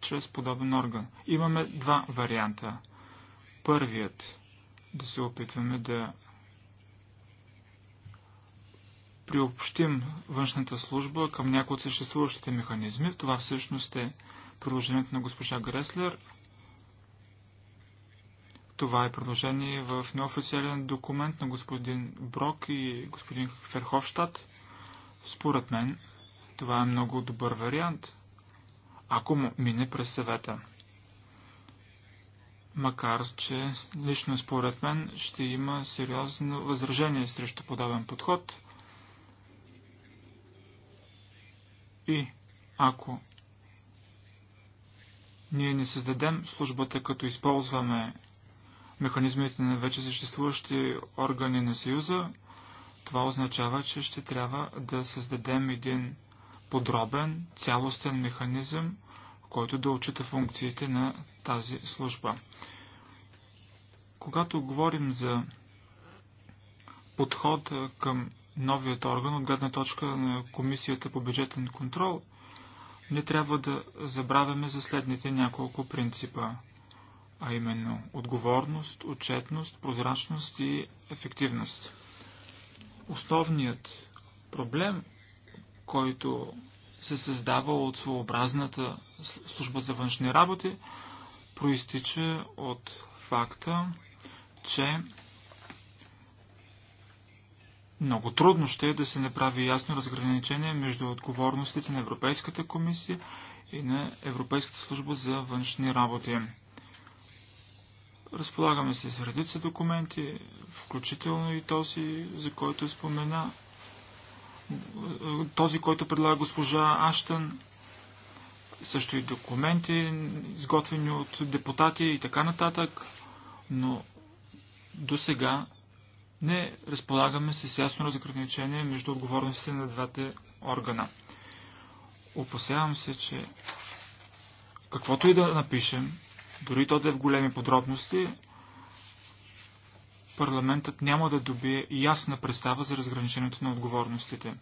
Speaker 2: чрез подобен орган. Имаме два варианта. Първият да се опитваме да приобщим външната служба към някои от съществуващите механизми. Това всъщност е приложението на госпожа Греслер. Това е приложение в неофициален документ на господин Брок и господин Ферховщад. Според мен, това е много добър вариант – ако мине през съвета. Макар, че лично според мен ще има сериозно възражение срещу подобен подход. И ако ние не създадем службата, като използваме механизмите на вече съществуващи органи на Съюза, това означава, че ще трябва да създадем един подробен, цялостен механизъм, който да отчита функциите на тази служба. Когато говорим за подход към новият орган от гледна точка на Комисията по бюджетен контрол, не трябва да забравяме за следните няколко принципа, а именно отговорност, отчетност, прозрачност и ефективност. Основният проблем който се създава от своеобразната служба за външни работи, проистича от факта, че много трудно ще е да се направи ясно разграничение между отговорностите на Европейската комисия и на Европейската служба за външни работи. Разполагаме се с редица документи, включително и този, за който спомена този, който предлага госпожа Аштън, също и документи, изготвени от депутати и така нататък, но до сега не разполагаме с ясно разграничение между отговорностите на двата органа. Опасявам се, че каквото и да напишем, дори то да е в големи подробности, парламентът няма да добие ясна представа за разграничението на отговорностите.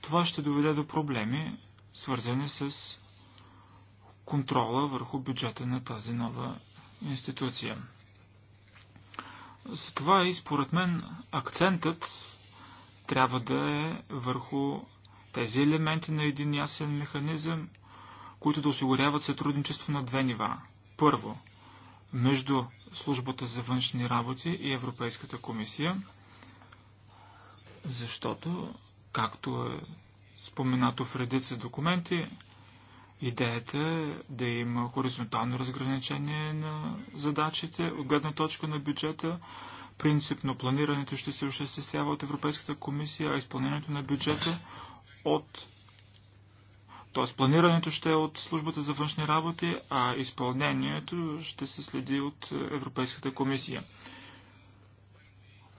Speaker 2: Това ще доведе до проблеми, свързани с контрола върху бюджета на тази нова институция. Затова и според мен акцентът трябва да е върху тези елементи на един ясен механизъм, които да осигуряват сътрудничество на две нива. Първо, между Службата за външни работи и Европейската комисия, защото, както е споменато в редица документи, идеята е да има хоризонтално разграничение на задачите от гледна точка на бюджета. Принципно планирането ще се осъществява от Европейската комисия, а изпълнението на бюджета от т.е. планирането ще е от службата за външни работи, а изпълнението ще се следи от е, Европейската комисия.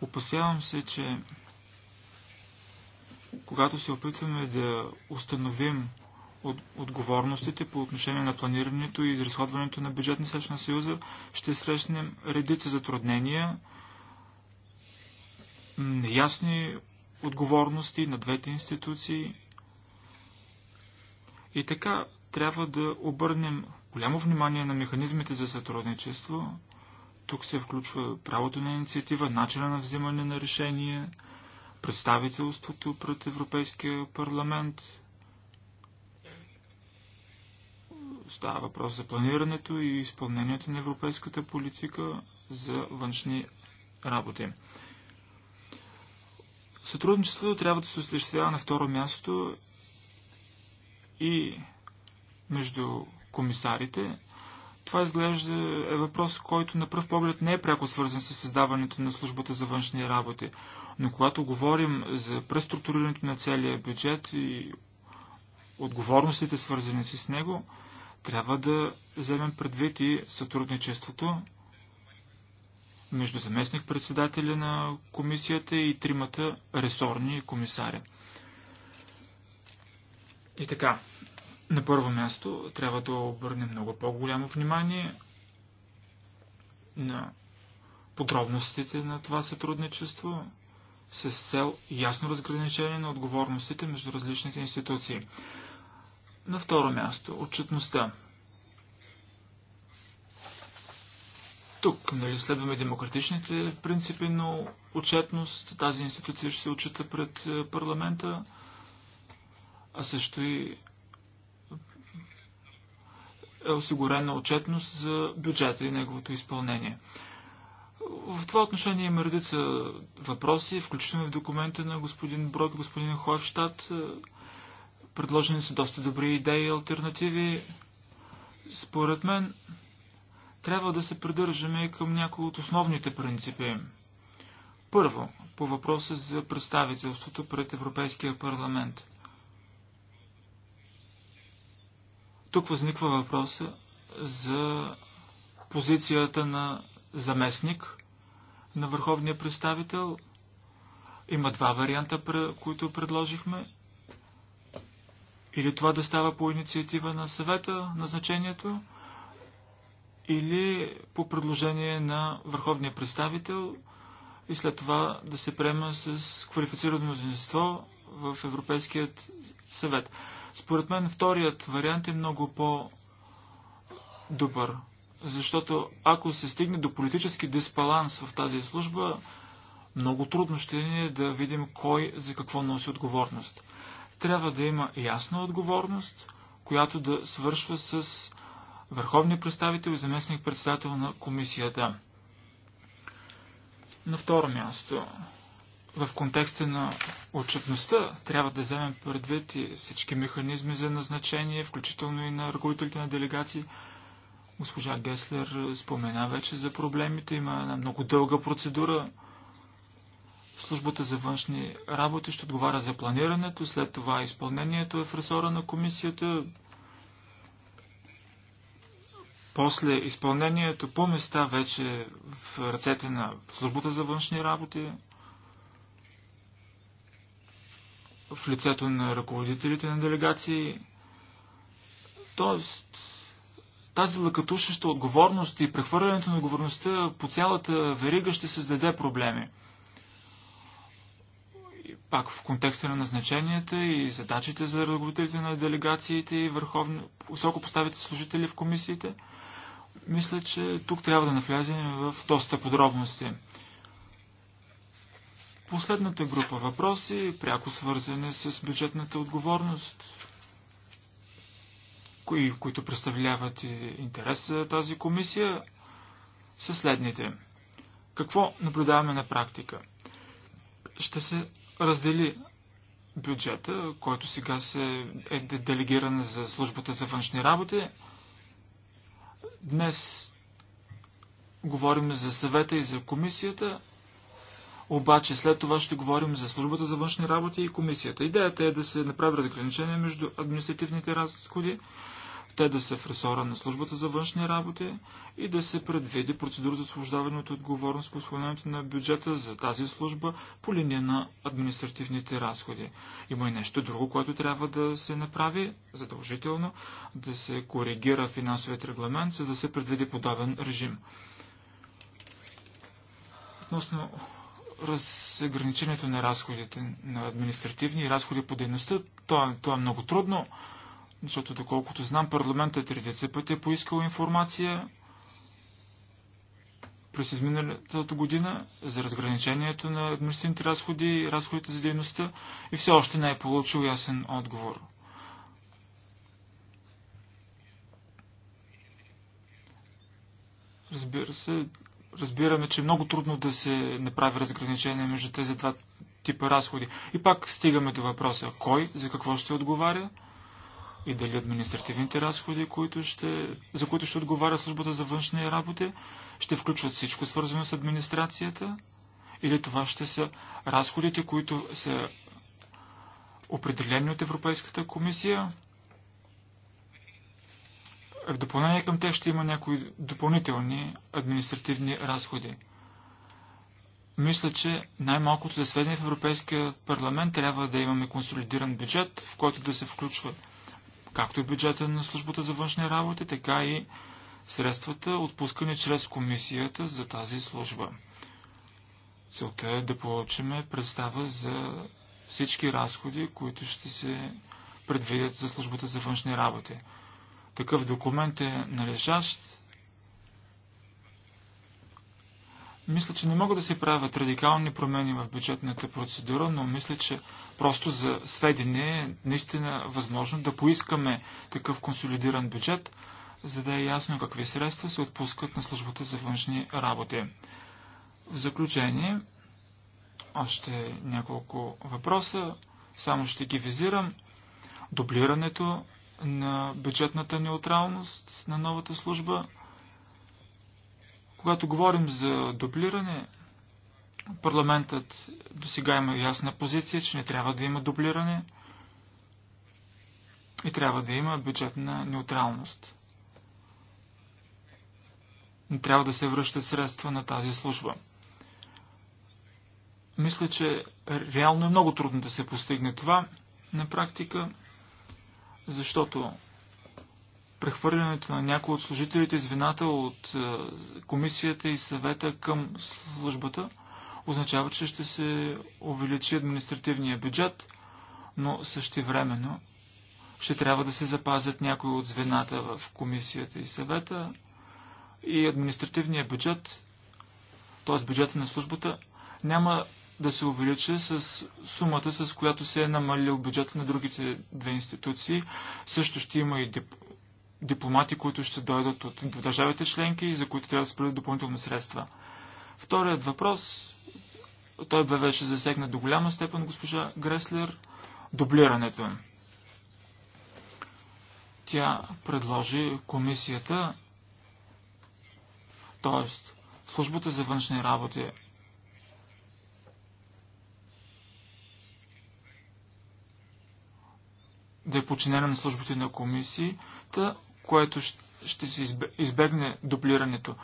Speaker 2: Опасявам се, че когато се опитваме да установим от, отговорностите по отношение на планирането и изразходването на бюджетни средства на Съюза, ще срещнем редица затруднения, неясни отговорности на двете институции и така трябва да обърнем голямо внимание на механизмите за сътрудничество. Тук се включва правото на инициатива, начина на взимане на решения, представителството пред Европейския парламент. Става въпрос за планирането и изпълнението на европейската политика за външни работи. Сътрудничеството трябва да се осъществява на второ място и между комисарите. Това изглежда е въпрос, който на пръв поглед не е пряко свързан с създаването на службата за външни работи. Но когато говорим за преструктурирането на целия бюджет и отговорностите свързани с него, трябва да вземем предвид и сътрудничеството между заместник-председателя на комисията и тримата ресорни комисаря. И така, на първо място трябва да обърнем много по-голямо внимание на подробностите на това сътрудничество с цел ясно разграничение на отговорностите между различните институции. На второ място, отчетността. Тук нали, следваме демократичните принципи, но отчетност тази институция ще се отчита пред е, парламента а също и е осигурена отчетност за бюджета и неговото изпълнение. В това отношение има редица въпроси, включително в документа на господин Брок и господин Хойфштадт. Предложени са доста добри идеи и альтернативи. Според мен, трябва да се придържаме към някои от основните принципи. Първо, по въпроса за представителството пред Европейския парламент. Тук възниква въпроса за позицията на заместник на върховния представител. Има два варианта, които предложихме. Или това да става по инициатива на съвета, назначението, или по предложение на върховния представител и след това да се приема с квалифицирано мнозинство в Европейският съвет. Според мен вторият вариант е много по-добър, защото ако се стигне до политически дисбаланс в тази служба, много трудно ще ни е да видим кой за какво носи отговорност. Трябва да има ясна отговорност, която да свършва с върховния представител и заместник председател на комисията. На второ място, в контекста на отчетността трябва да вземем предвид и всички механизми за назначение, включително и на ръководителите на делегации. Госпожа Геслер спомена вече за проблемите. Има една много дълга процедура. Службата за външни работи ще отговаря за планирането, след това изпълнението е в ресора на комисията. После изпълнението по места вече в ръцете на службата за външни работи. в лицето на ръководителите на делегации. Тоест, тази лъкатушеща отговорност и прехвърлянето на отговорността по цялата верига ще създаде проблеми. И пак в контекста на назначенията и задачите за ръководителите на делегациите и върховни, високо поставите служители в комисиите, мисля, че тук трябва да навлезем в доста подробности. Последната група въпроси, пряко свързани с бюджетната отговорност, кои, които представляват интерес за тази комисия, са следните. Какво наблюдаваме на практика? Ще се раздели бюджета, който сега се е делегиран за службата за външни работи. Днес говорим за съвета и за комисията – обаче след това ще говорим за службата за външни работи и комисията. Идеята е да се направи разграничение между административните разходи, те да са в ресора на службата за външни работи и да се предвиди процедура за освобождаване от отговорност по изпълнението на бюджета за тази служба по линия на административните разходи. Има и нещо друго, което трябва да се направи задължително, да се коригира финансовият регламент, за да се предвиди подобен режим. Относно разграничението на разходите, на административни и разходи по дейността. Това, е, това е много трудно, защото доколкото знам, парламентът редица пъти е поискал информация през изминалата година за разграничението на административните разходи и разходите за дейността и все още не е получил ясен отговор. Разбира се, разбираме, че е много трудно да се направи разграничение между тези два типа разходи. И пак стигаме до въпроса кой за какво ще отговаря и дали административните разходи, които ще, за които ще отговаря службата за външни работи, ще включват всичко свързано с администрацията или това ще са разходите, които са определени от Европейската комисия в допълнение към те ще има някои допълнителни административни разходи. Мисля, че най-малкото за сведение в Европейския парламент трябва да имаме консолидиран бюджет, в който да се включва както и бюджета на службата за външни работи, така и средствата, отпускани чрез комисията за тази служба. Целта е да получим представа за всички разходи, които ще се предвидят за службата за външни работи такъв документ е належащ, мисля, че не могат да се правят радикални промени в бюджетната процедура, но мисля, че просто за сведение е наистина възможно да поискаме такъв консолидиран бюджет, за да е ясно какви средства се отпускат на службата за външни работи. В заключение, още няколко въпроса, само ще ги визирам. Дублирането на бюджетната неутралност на новата служба. Когато говорим за дублиране, парламентът до сега има ясна позиция, че не трябва да има дублиране и трябва да има бюджетна неутралност. Не трябва да се връщат средства на тази служба. Мисля, че реално е много трудно да се постигне това на практика защото прехвърлянето на някои от служителите звената от е, комисията и съвета към службата означава, че ще се увеличи административния бюджет, но същевременно ще трябва да се запазят някои от звената в комисията и съвета и административния бюджет, т.е. бюджета на службата, няма да се увеличи с сумата, с която се е намалил бюджет на другите две институции. Също ще има и дип... дипломати, които ще дойдат от държавите членки и за които трябва да се предат допълнително средства. Вторият въпрос, той бе вече засегнат до голяма степен госпожа Греслер, дублирането. Тя предложи комисията, т.е. службата за външни работи да е подчинена на службите на комисията, което ще се избегне дублирането.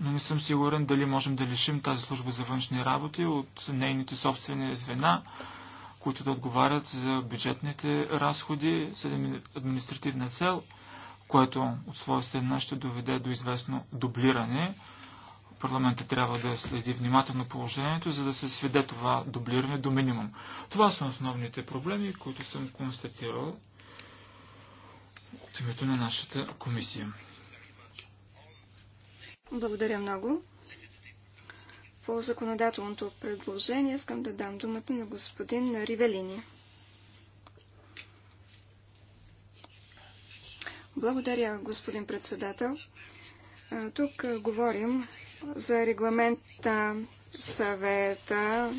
Speaker 2: Но не съм сигурен дали можем да лишим тази служба за външни работи от нейните собствени звена, които да отговарят за бюджетните разходи с административна цел, което от своя страна ще доведе до известно дублиране Парламента трябва да следи внимателно положението, за да се сведе това дублиране до минимум. Това са основните проблеми, които съм констатирал от името на нашата комисия.
Speaker 3: Благодаря много. По законодателното предложение искам да дам думата на господин Ривелини. Благодаря, господин председател. Тук говорим за регламент на съвета,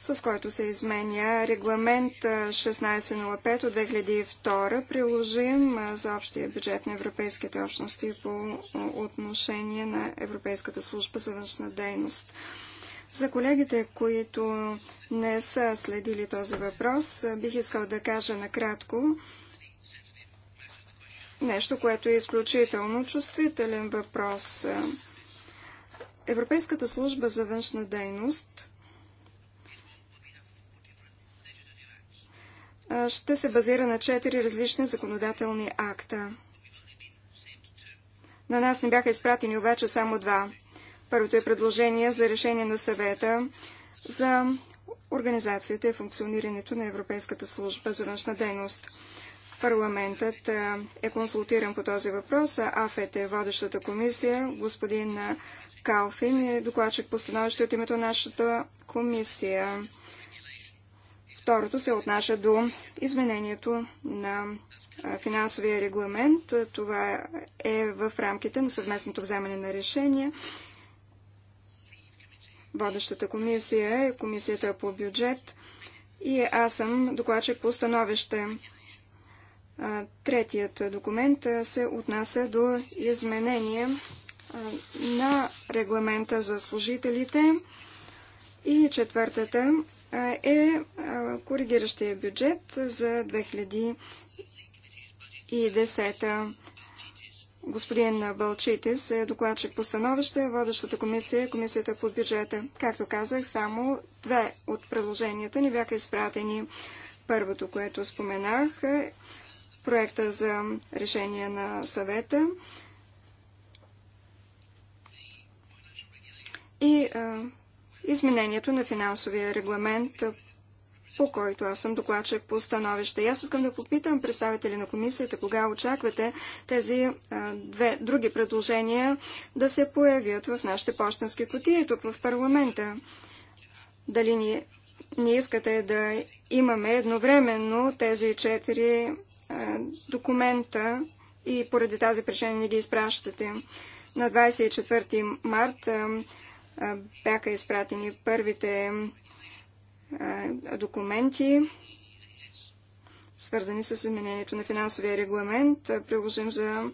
Speaker 3: с който се изменя регламент 1605 от 2002, приложим за общия бюджет на Европейските общности по отношение на Европейската служба за външна дейност. За колегите, които не са следили този въпрос, бих искал да кажа накратко нещо, което е изключително чувствителен въпрос. Европейската служба за външна дейност ще се базира на четири различни законодателни акта. На нас не бяха изпратени обаче само два. Първото е предложение за решение на съвета за организацията и функционирането на Европейската служба за външна дейност. Парламентът е консултиран по този въпрос, а АФЕТ е водещата комисия. Господин Калфин е докладчик по становище от името на нашата комисия. Второто се отнася до изменението на финансовия регламент. Това е в рамките на съвместното вземане на решения. Водещата комисия е комисията по бюджет и е, аз съм докладчик по становище. Третият документ се отнася до изменение на регламента за служителите. И четвъртата е коригиращия бюджет за 2010. Господин Балчитис е докладчик по становище, водещата комисия е комисията по бюджета. Както казах, само две от предложенията ни бяха изпратени. Първото, което споменах, е проекта за решение на съвета и а, изменението на финансовия регламент, по който аз съм докладчик по становище. И аз искам да попитам представители на комисията, кога очаквате тези а, две други предложения да се появят в нашите почтенски кутии тук в парламента. Дали ни, ни искате да имаме едновременно тези четири а, документа и поради тази причина не ги изпращате. На 24 март бяха изпратени първите документи, свързани с изменението на финансовия регламент, приложим за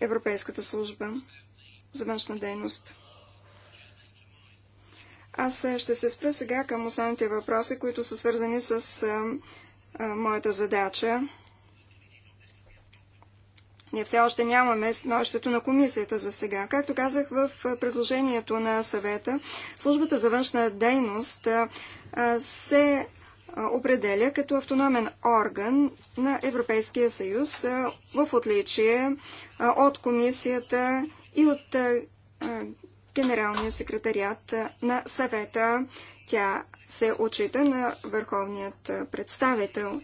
Speaker 3: Европейската служба за външна дейност. Аз ще се спра сега към основните въпроси, които са свързани с моята задача. Ние все още нямаме становището на комисията за сега. Както казах в предложението на съвета, службата за външна дейност се определя като автономен орган на Европейския съюз в отличие от комисията и от Генералния секретариат на съвета. Тя се отчита на върховният представител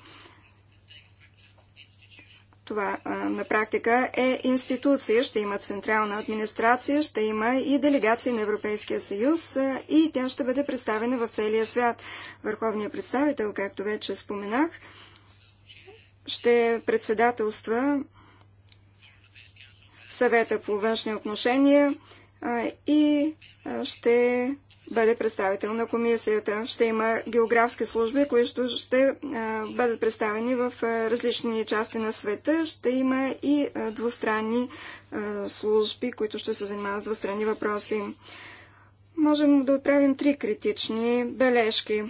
Speaker 3: това а, на практика е институция, ще има централна администрация, ще има и делегация на Европейския съюз а, и тя ще бъде представена в целия свят. Върховният представител, както вече споменах, ще председателства съвета по външни отношения а, и ще бъде представител на комисията. Ще има географски служби, които ще бъдат представени в различни части на света. Ще има и двустранни служби, които ще се занимават с двустранни въпроси. Можем да отправим три критични бележки.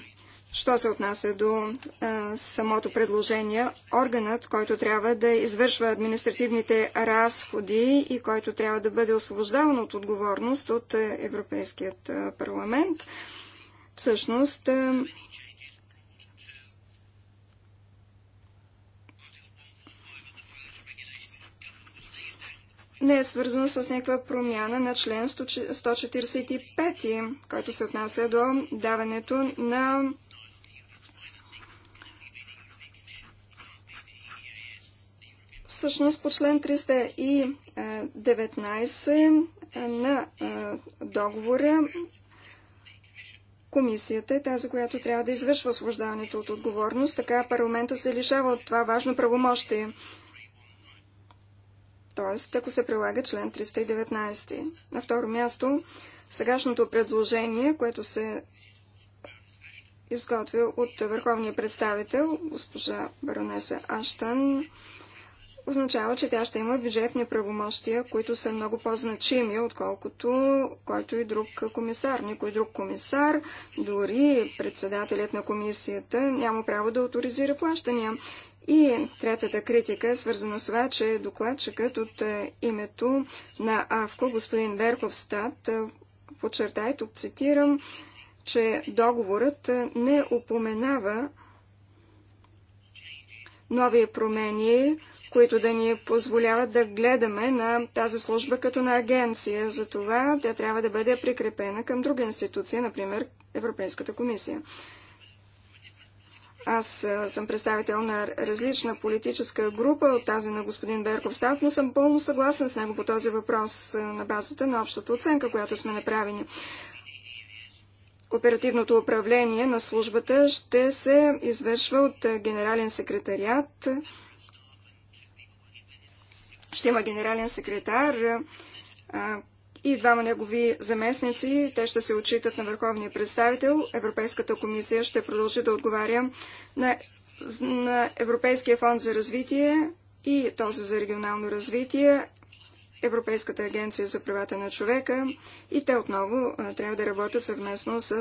Speaker 3: Що се отнася до а, самото предложение, органът, който трябва да извършва административните разходи и който трябва да бъде освобождаван от отговорност от Европейският парламент, всъщност а, не е свързано с някаква промяна на член 145, който се отнася до даването на Всъщност по член 319 е, е, на е, договора комисията е тази, която трябва да извършва освобождаването от отговорност, така парламента се лишава от това важно правомощие. Тоест, ако се прилага член 319. На второ място, сегашното предложение, което се изготвя от върховния представител, госпожа баронеса Аштан, означава, че тя ще има бюджетни правомощия, които са много по-значими, отколкото който и друг комисар. Никой друг комисар, дори председателят на комисията, няма право да авторизира плащания. И третата критика е свързана с това, че докладчикът от е, името на АВКО, господин Верховстат, е, подчертай, тук цитирам, че договорът е, не упоменава нови промени които да ни позволяват да гледаме на тази служба като на агенция. Затова тя трябва да бъде прикрепена към друга институция, например Европейската комисия. Аз съм представител на различна политическа група от тази на господин Берков Сталк, но съм пълно съгласен с него по този въпрос на базата на общата оценка, която сме направени. Оперативното управление на службата ще се извършва от генерален секретариат, ще има генерален секретар и двама негови заместници. Те ще се отчитат на върховния представител. Европейската комисия ще продължи да отговаря на, на Европейския фонд за развитие и този за регионално развитие Европейската агенция за правата на човека и те отново трябва да работят съвместно с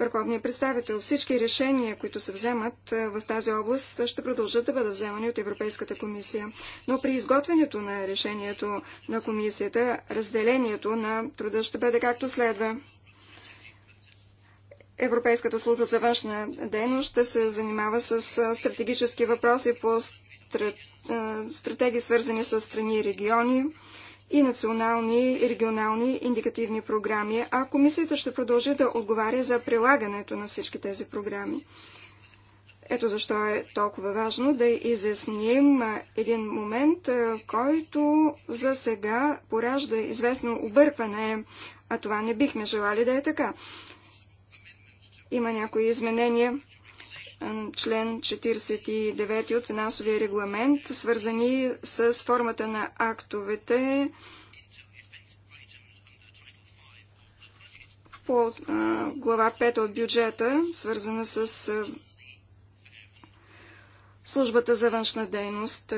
Speaker 3: върховния представител. Всички решения, които се вземат в тази област, ще продължат да бъдат вземани от Европейската комисия. Но при изготвянето на решението на комисията, разделението на труда ще бъде както следва. Европейската служба за външна дейност ще се занимава с стратегически въпроси по стратегии, свързани с страни и региони и национални и регионални индикативни програми, а комисията ще продължи да отговаря за прилагането на всички тези програми. Ето защо е толкова важно да изясним един момент, който за сега поражда известно объркване, а това не бихме желали да е така. Има някои изменения, член 49 от финансовия регламент, свързани с формата на актовете по глава 5 от бюджета, свързана с службата за външна дейност.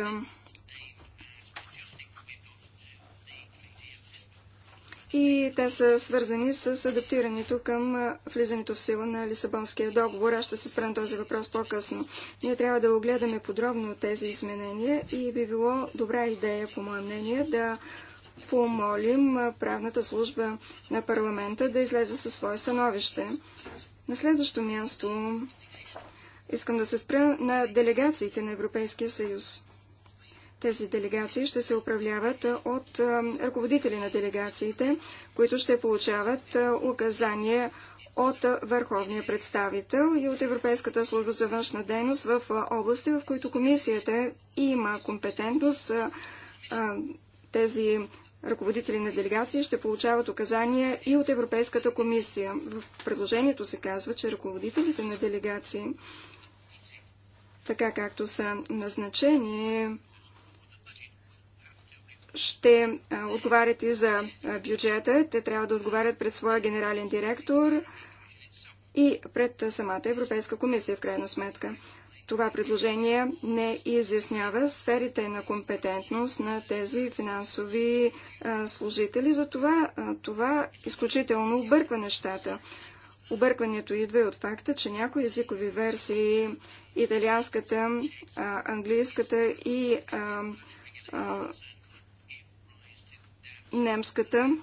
Speaker 3: и те са свързани с адаптирането към влизането в сила на Лисабонския договор. Аз ще се спра този въпрос по-късно. Ние трябва да огледаме подробно тези изменения и би било добра идея, по мое мнение, да помолим правната служба на парламента да излезе със свое становище. На следващо място искам да се спра на делегациите на Европейския съюз. Тези делегации ще се управляват от ръководители на делегациите, които ще получават указания от върховния представител и от Европейската служба за външна дейност в области, в които комисията има компетентност. Тези ръководители на делегации ще получават указания и от Европейската комисия. В предложението се казва, че ръководителите на делегации, така както са назначени ще е, отговарят и за е, бюджета. Те трябва да отговарят пред своя генерален директор и пред е, самата Европейска комисия, в крайна сметка. Това предложение не изяснява сферите на компетентност на тези финансови служители. Затова това изключително обърква нещата. Объркването идва и от факта, че някои езикови версии, италианската, английската и а, а, немската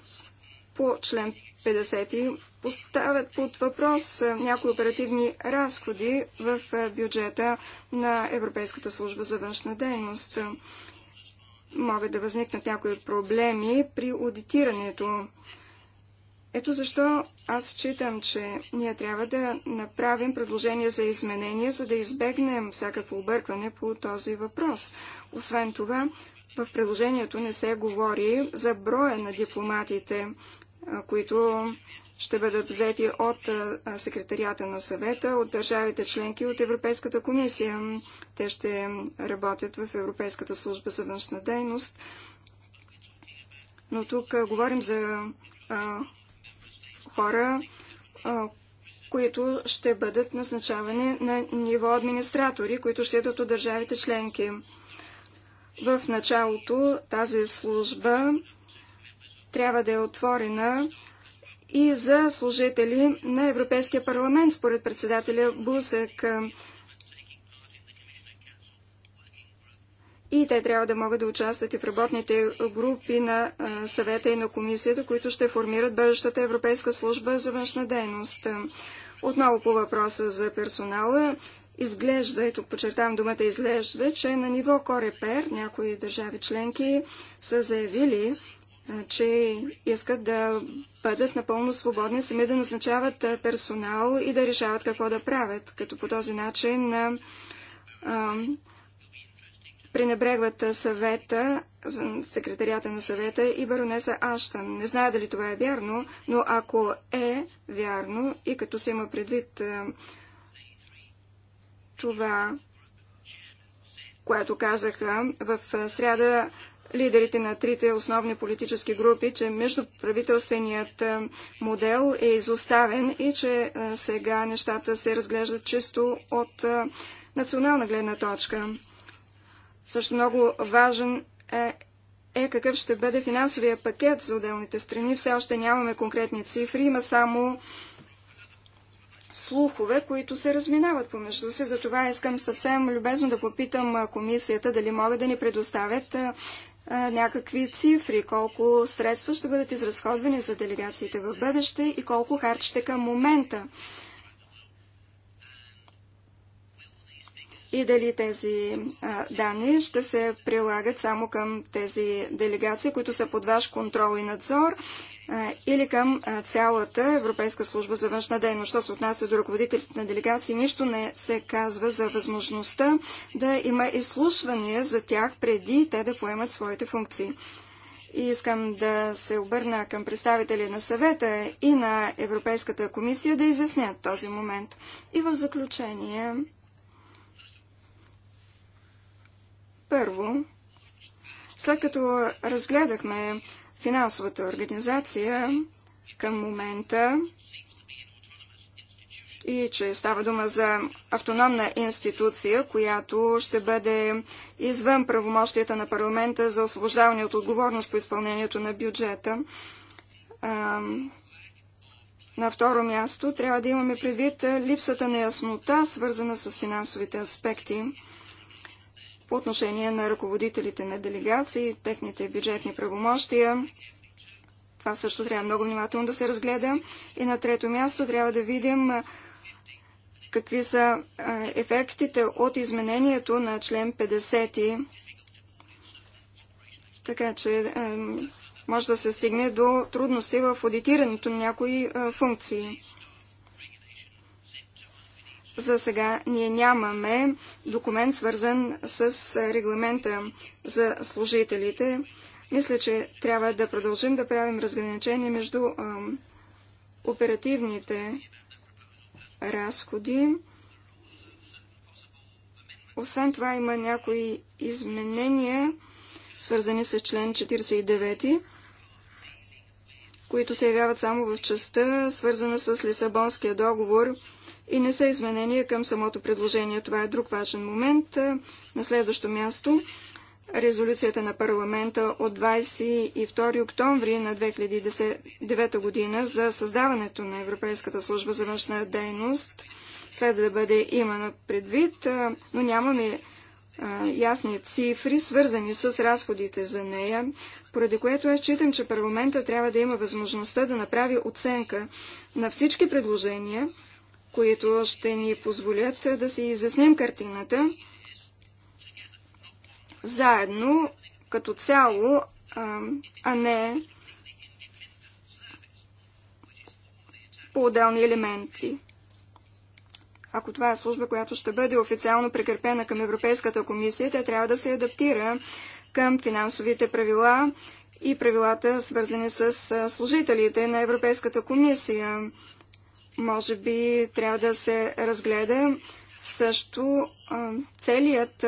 Speaker 3: по член 50 поставят под въпрос някои оперативни разходи в бюджета на Европейската служба за външна дейност. Могат да възникнат някои проблеми при аудитирането. Ето защо аз считам, че ние трябва да направим предложение за изменение, за да избегнем всякакво объркване по този въпрос. Освен това, в приложението не се говори за броя на дипломатите, които ще бъдат взети от секретарията на съвета, от държавите членки, от Европейската комисия. Те ще работят в Европейската служба за външна дейност. Но тук говорим за а, хора, а, които ще бъдат назначавани на ниво администратори, които ще идват от държавите членки. В началото тази служба трябва да е отворена и за служители на Европейския парламент, според председателя Бусек. И те трябва да могат да участват и в работните групи на съвета и на комисията, които ще формират бъдещата Европейска служба за външна дейност. Отново по въпроса за персонала изглежда, и тук подчертавам думата изглежда, че на ниво Корепер някои държави членки са заявили, че искат да бъдат напълно свободни, сами да назначават персонал и да решават какво да правят, като по този начин а, пренебрегват съвета, секретарията на съвета и баронеса Аштан. Не знае дали това е вярно, но ако е вярно и като се има предвид а, това, което казаха в сряда лидерите на трите основни политически групи, че междуправителственият модел е изоставен и че сега нещата се разглеждат чисто от национална гледна точка. Също много важен е, е какъв ще бъде финансовия пакет за отделните страни. Все още нямаме конкретни цифри, има само слухове, които се разминават помежду си. Затова искам съвсем любезно да попитам комисията дали могат да ни предоставят някакви цифри, колко средства ще бъдат изразходвани за делегациите в бъдеще и колко харчите към момента. И дали тези а, данни ще се прилагат само към тези делегации, които са под ваш контрол и надзор или към цялата Европейска служба за външна дейност. Що се отнася до ръководителите на делегации, нищо не се казва за възможността да има изслушвания за тях преди те да поемат своите функции. И искам да се обърна към представители на съвета и на Европейската комисия да изяснят този момент. И в заключение, първо, след като разгледахме Финансовата организация към момента и че става дума за автономна институция, която ще бъде извън правомощията на парламента за освобождаване от отговорност по изпълнението на бюджета. на второ място трябва да имаме предвид липсата на яснота, свързана с финансовите аспекти по отношение на ръководителите на делегации, техните бюджетни правомощия. Това също трябва много внимателно да се разгледа. И на трето място трябва да видим какви са ефектите от изменението на член 50. Така че може да се стигне до трудности в аудитирането на някои функции. За сега ние нямаме документ свързан с регламента за служителите. Мисля, че трябва да продължим да правим разграничение между оперативните разходи. Освен това има някои изменения, свързани с член 49, които се явяват само в частта, свързана с Лисабонския договор и не са изменения към самото предложение. Това е друг важен момент. Е, на следващо място резолюцията на парламента от 22 октомври на 2009 година за създаването на Европейската служба за външна дейност следва да бъде имана предвид, е, но нямаме е, ясни цифри, свързани с разходите за нея, поради което аз считам, че парламента трябва да има възможността да направи оценка на всички предложения, които ще ни позволят да си изясним картината. Заедно, като цяло, а не по отделни елементи. Ако това е служба, която ще бъде официално прикрепена към Европейската комисия, тя трябва да се адаптира към финансовите правила и правилата, свързани с служителите на Европейската комисия. Може би трябва да се разгледа също целият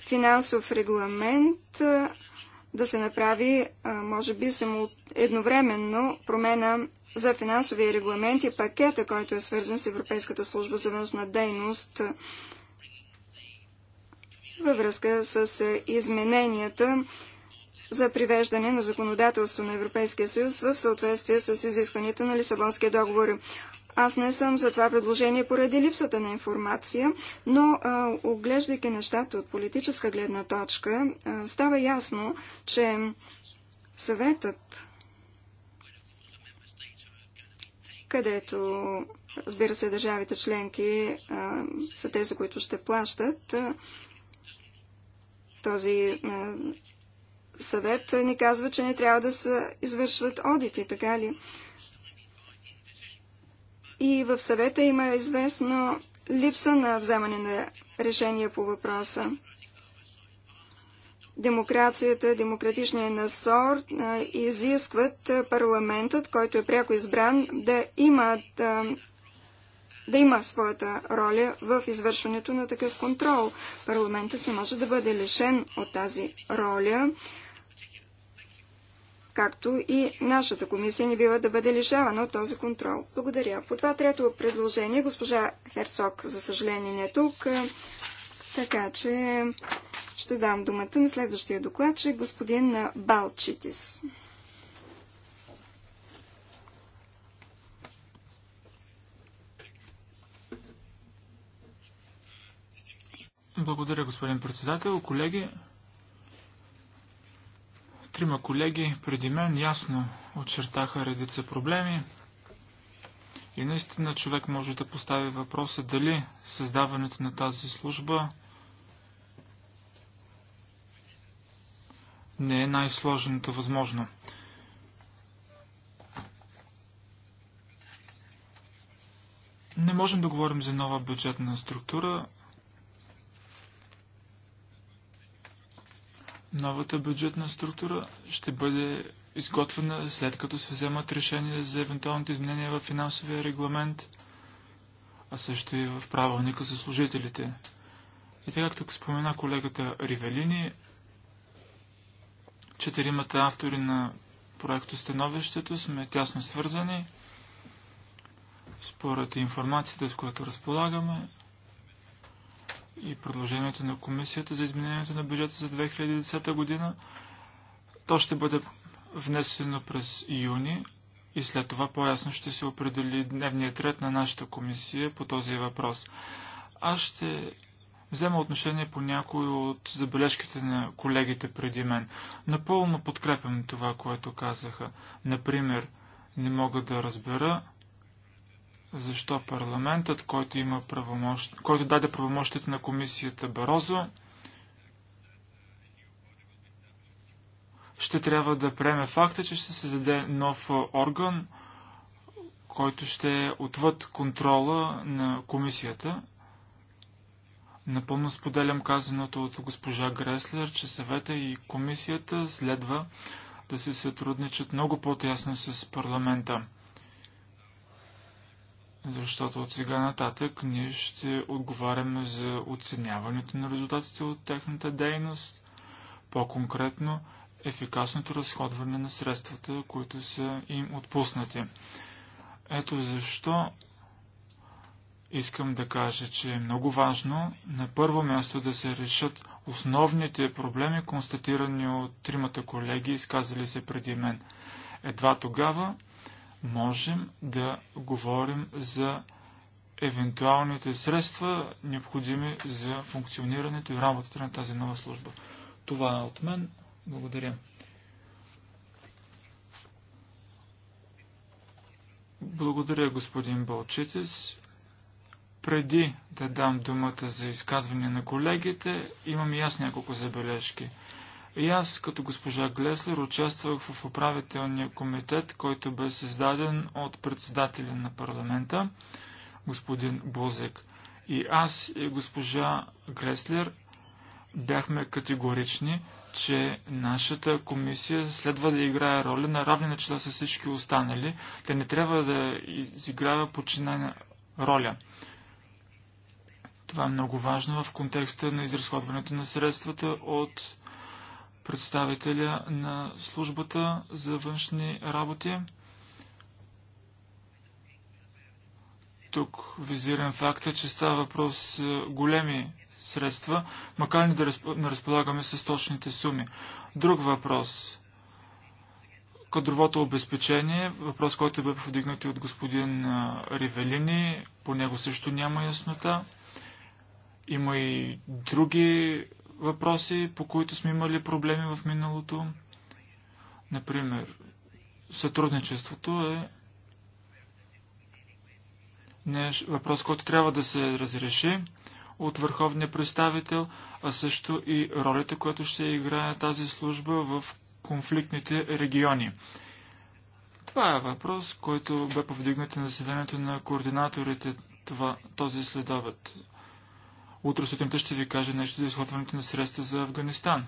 Speaker 3: финансов регламент да се направи, може би, само едновременно промена за финансовия регламент и пакета, който е свързан с Европейската служба за външна дейност във връзка с измененията за привеждане на законодателство на Европейския съюз в съответствие с изискванията на Лисабонския договор. Аз не съм за това предложение поради липсата на информация, но а, оглеждайки нещата от политическа гледна точка, а, става ясно, че съветът, където, разбира се, държавите членки а, са тези, които ще плащат, а, този а, съвет ни казва, че не трябва да се извършват одити, така ли? И в съвета има известно липса на вземане на решения по въпроса. Демокрацията, демократичния насор изискват парламентът, който е пряко избран, да има, да, да има своята роля в извършването на такъв контрол. Парламентът не може да бъде лишен от тази роля както и нашата комисия не бива да бъде лишавана от този контрол. Благодаря. По това трето предложение, госпожа Херцог, за съжаление, не е тук, така че ще дам думата на следващия доклад, че господин Балчитис.
Speaker 2: Благодаря, господин председател. Колеги, Трима колеги преди мен ясно очертаха редица проблеми и наистина човек може да постави въпроса дали създаването на тази служба не е най-сложното възможно. Не можем да говорим за нова бюджетна структура, Новата бюджетна структура ще бъде изготвена след като се вземат решения за евентуалните изменения в финансовия регламент, а също и в правилника за служителите. И така, както спомена колегата Ривелини, четиримата автори на проекто становището сме тясно свързани. Според информацията, с която разполагаме, и предложението на комисията за изменението на бюджета за 2010 година. То ще бъде внесено през юни и след това по-ясно ще се определи дневният ред на нашата комисия по този въпрос. Аз ще взема отношение по някои от забележките на колегите преди мен. Напълно подкрепям това, което казаха. Например, не мога да разбера защо парламентът, който, има правомощ... който даде правомощите на комисията Барозо, ще трябва да приеме факта, че ще се заде нов орган, който ще е отвъд контрола на комисията. Напълно споделям казаното от госпожа Греслер, че съвета и комисията следва да се сътрудничат много по-тясно с парламента защото от сега нататък ние ще отговаряме за оценяването на резултатите от техната дейност, по-конкретно ефикасното разходване на средствата, които са им отпуснати. Ето защо искам да кажа, че е много важно на първо място да се решат основните проблеми, констатирани от тримата колеги, изказали се преди мен. Едва тогава можем да говорим за евентуалните средства, необходими за функционирането и работата на тази нова служба. Това е от мен. Благодаря. Благодаря, господин Балчетис. Преди да дам думата за изказване на колегите, имам и аз няколко забележки – и аз, като госпожа Глеслер, участвах в управителния комитет, който бе създаден от председателя на парламента, господин Бузек. И аз и госпожа Глеслер бяхме категорични, че нашата комисия следва да играе роля на равни начала с всички останали. Те не трябва да изиграва починена роля. Това е много важно в контекста на изразходването на средствата от представителя на службата за външни работи. Тук визирам факта, че става въпрос с големи средства, макар и да не разполагаме с точните суми. Друг въпрос. Кадровото обезпечение, въпрос, който бе повдигнат от господин Ривелини, по него също няма яснота. Има и други въпроси, по които сме имали проблеми в миналото. Например, сътрудничеството е неш... въпрос, който трябва да се разреши от върховния представител, а също и ролята, която ще играе тази служба в конфликтните региони. Това е въпрос, който бе повдигнат на заседанието на координаторите това, този следобед. Утре сутринта ще ви кажа нещо за изходването на средства за Афганистан.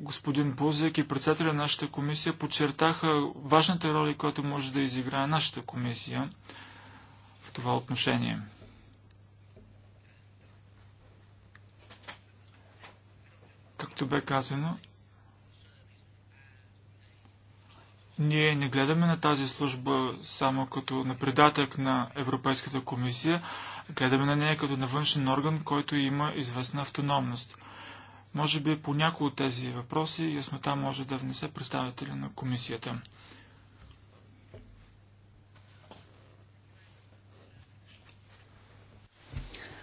Speaker 2: господин Бузек и председателя на нашата комисия подчертаха важната роля, която може да изиграе нашата комисия в това отношение. Както бе казано, Ние не гледаме на тази служба само като на предатък на Европейската комисия, гледаме на нея като на външен орган, който има известна автономност. Може би по някои от тези въпроси яснота може да внесе представителя на комисията.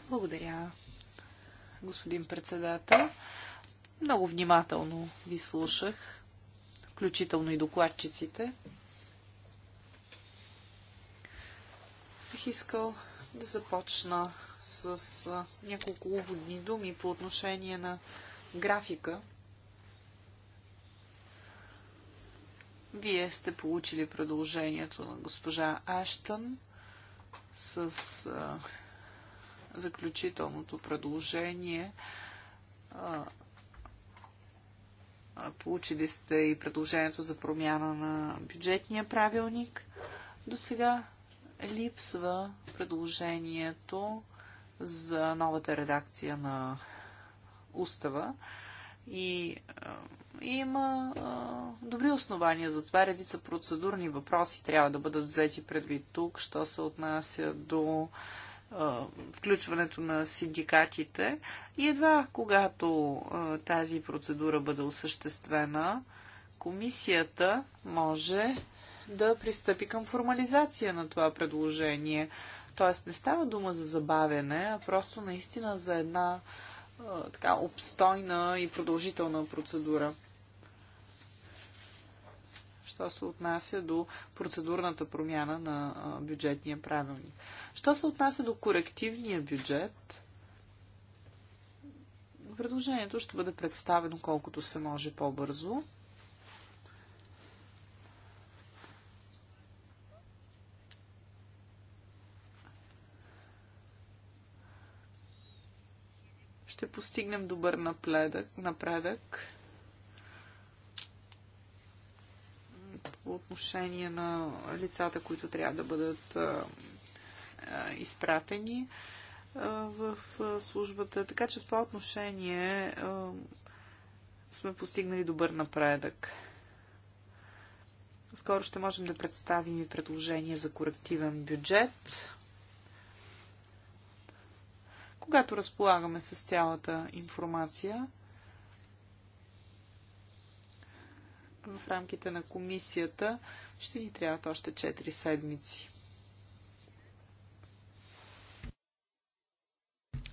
Speaker 1: Благодаря, господин председател. Много внимателно ви слушах включително и докладчиците. Бих искал да започна с няколко уводни думи по отношение на графика. Вие сте получили продължението на госпожа Аштън с а, заключителното предложение а, Получили сте и предложението за промяна на бюджетния правилник. До сега липсва предложението за новата редакция на устава и и има а, добри основания за това. Редица процедурни въпроси трябва да бъдат взети предвид тук, що се отнася до включването на синдикатите и едва когато тази процедура бъде осъществена, комисията може да пристъпи към формализация на това предложение. Тоест не става дума за забавяне, а просто наистина за една така обстойна и продължителна процедура що се отнася до процедурната промяна на бюджетния правилник. Що се отнася до корективния бюджет, предложението ще бъде представено колкото се може по-бързо. ще постигнем добър напредък, напредък отношение на лицата, които трябва да бъдат изпратени в службата. Така че в това отношение сме постигнали добър напредък. Скоро ще можем да представим и предложение за корективен бюджет. Когато разполагаме с цялата информация, в рамките на комисията ще ни трябват още 4 седмици.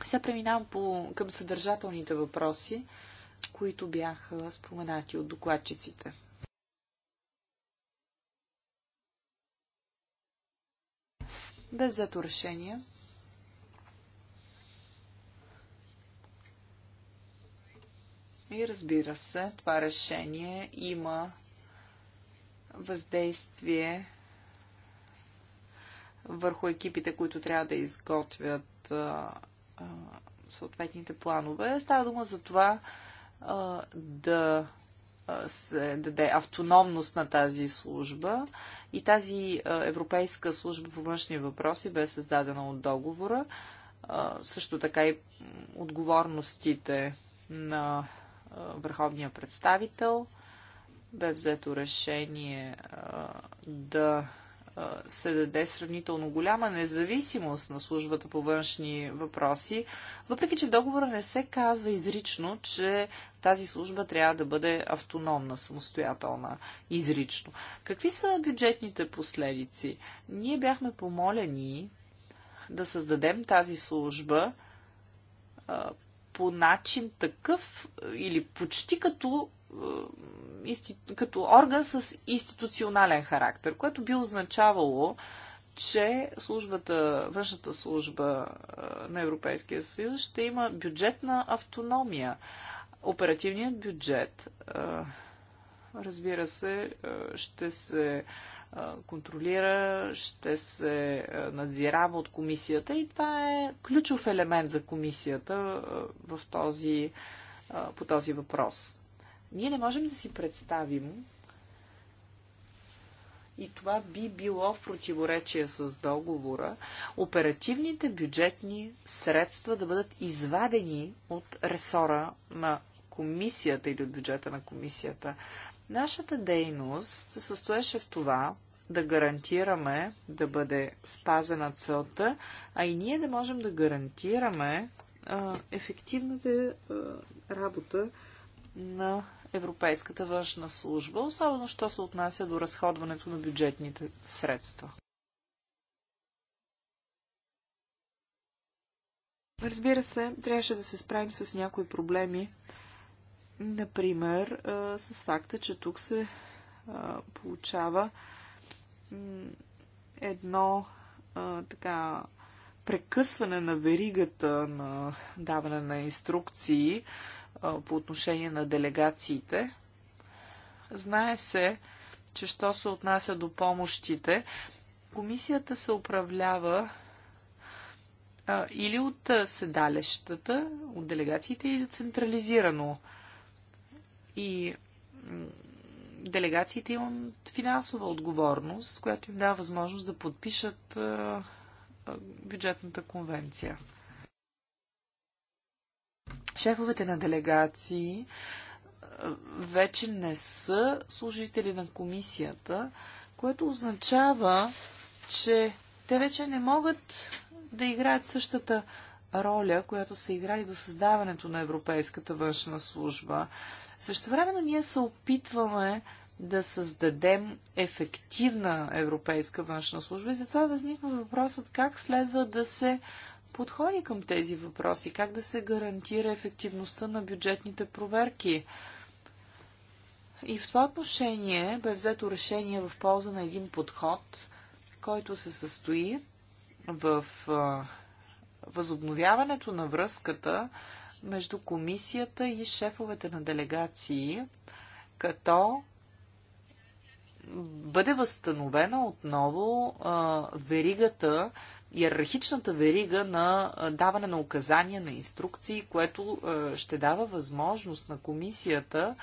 Speaker 1: Сега преминавам по, към съдържателните въпроси, които бяха споменати от докладчиците. Без взето решение. И разбира се, това решение има въздействие върху екипите, които трябва да изготвят а, а, съответните планове. Става дума за това а, да се даде автономност на тази служба и тази Европейска служба по външни въпроси бе създадена от договора. Също така и отговорностите на върховния представител. Бе взето решение да се даде сравнително голяма независимост на службата по външни въпроси, въпреки че в договора не се казва изрично, че тази служба трябва да бъде автономна, самостоятелна, изрично. Какви са бюджетните последици? Ние бяхме помолени да създадем тази служба по начин такъв е, или почти като, е, като орган с институционален характер, което би означавало, че службата, външната служба е, на Европейския съюз ще има бюджетна автономия. Оперативният бюджет, разбира се, ще се контролира, ще се надзирава от комисията и това е ключов елемент за комисията в този, по този въпрос. Ние не можем да си представим и това би било в противоречие с договора, оперативните бюджетни средства да бъдат извадени от ресора на комисията или от бюджета на комисията. Нашата дейност се състоеше в това да гарантираме да бъде спазена целта, а и ние да можем да гарантираме а, ефективната а, работа на Европейската външна служба, особено що се отнася до разходването на бюджетните средства. Разбира се, трябваше да се справим с някои проблеми, Например, с факта, че тук се получава едно така прекъсване на веригата на даване на инструкции по отношение на делегациите. Знае се, че що се отнася до помощите, комисията се управлява а, или от седалищата, от делегациите, или от централизирано и делегациите имат финансова отговорност, която им дава възможност да подпишат бюджетната конвенция. Шефовете на делегации вече не са служители на комисията, което означава, че те вече не могат да играят същата роля, която са играли до създаването на Европейската външна служба. Също времено ние се опитваме да създадем ефективна европейска външна служба и затова възниква въпросът как следва да се подходи към тези въпроси, как да се гарантира ефективността на бюджетните проверки. И в това отношение бе взето решение в полза на един подход, който се състои в възобновяването на връзката между комисията и шефовете на делегации, като бъде възстановена отново а, веригата, иерархичната верига на даване на указания, на инструкции, което а, ще дава възможност на комисията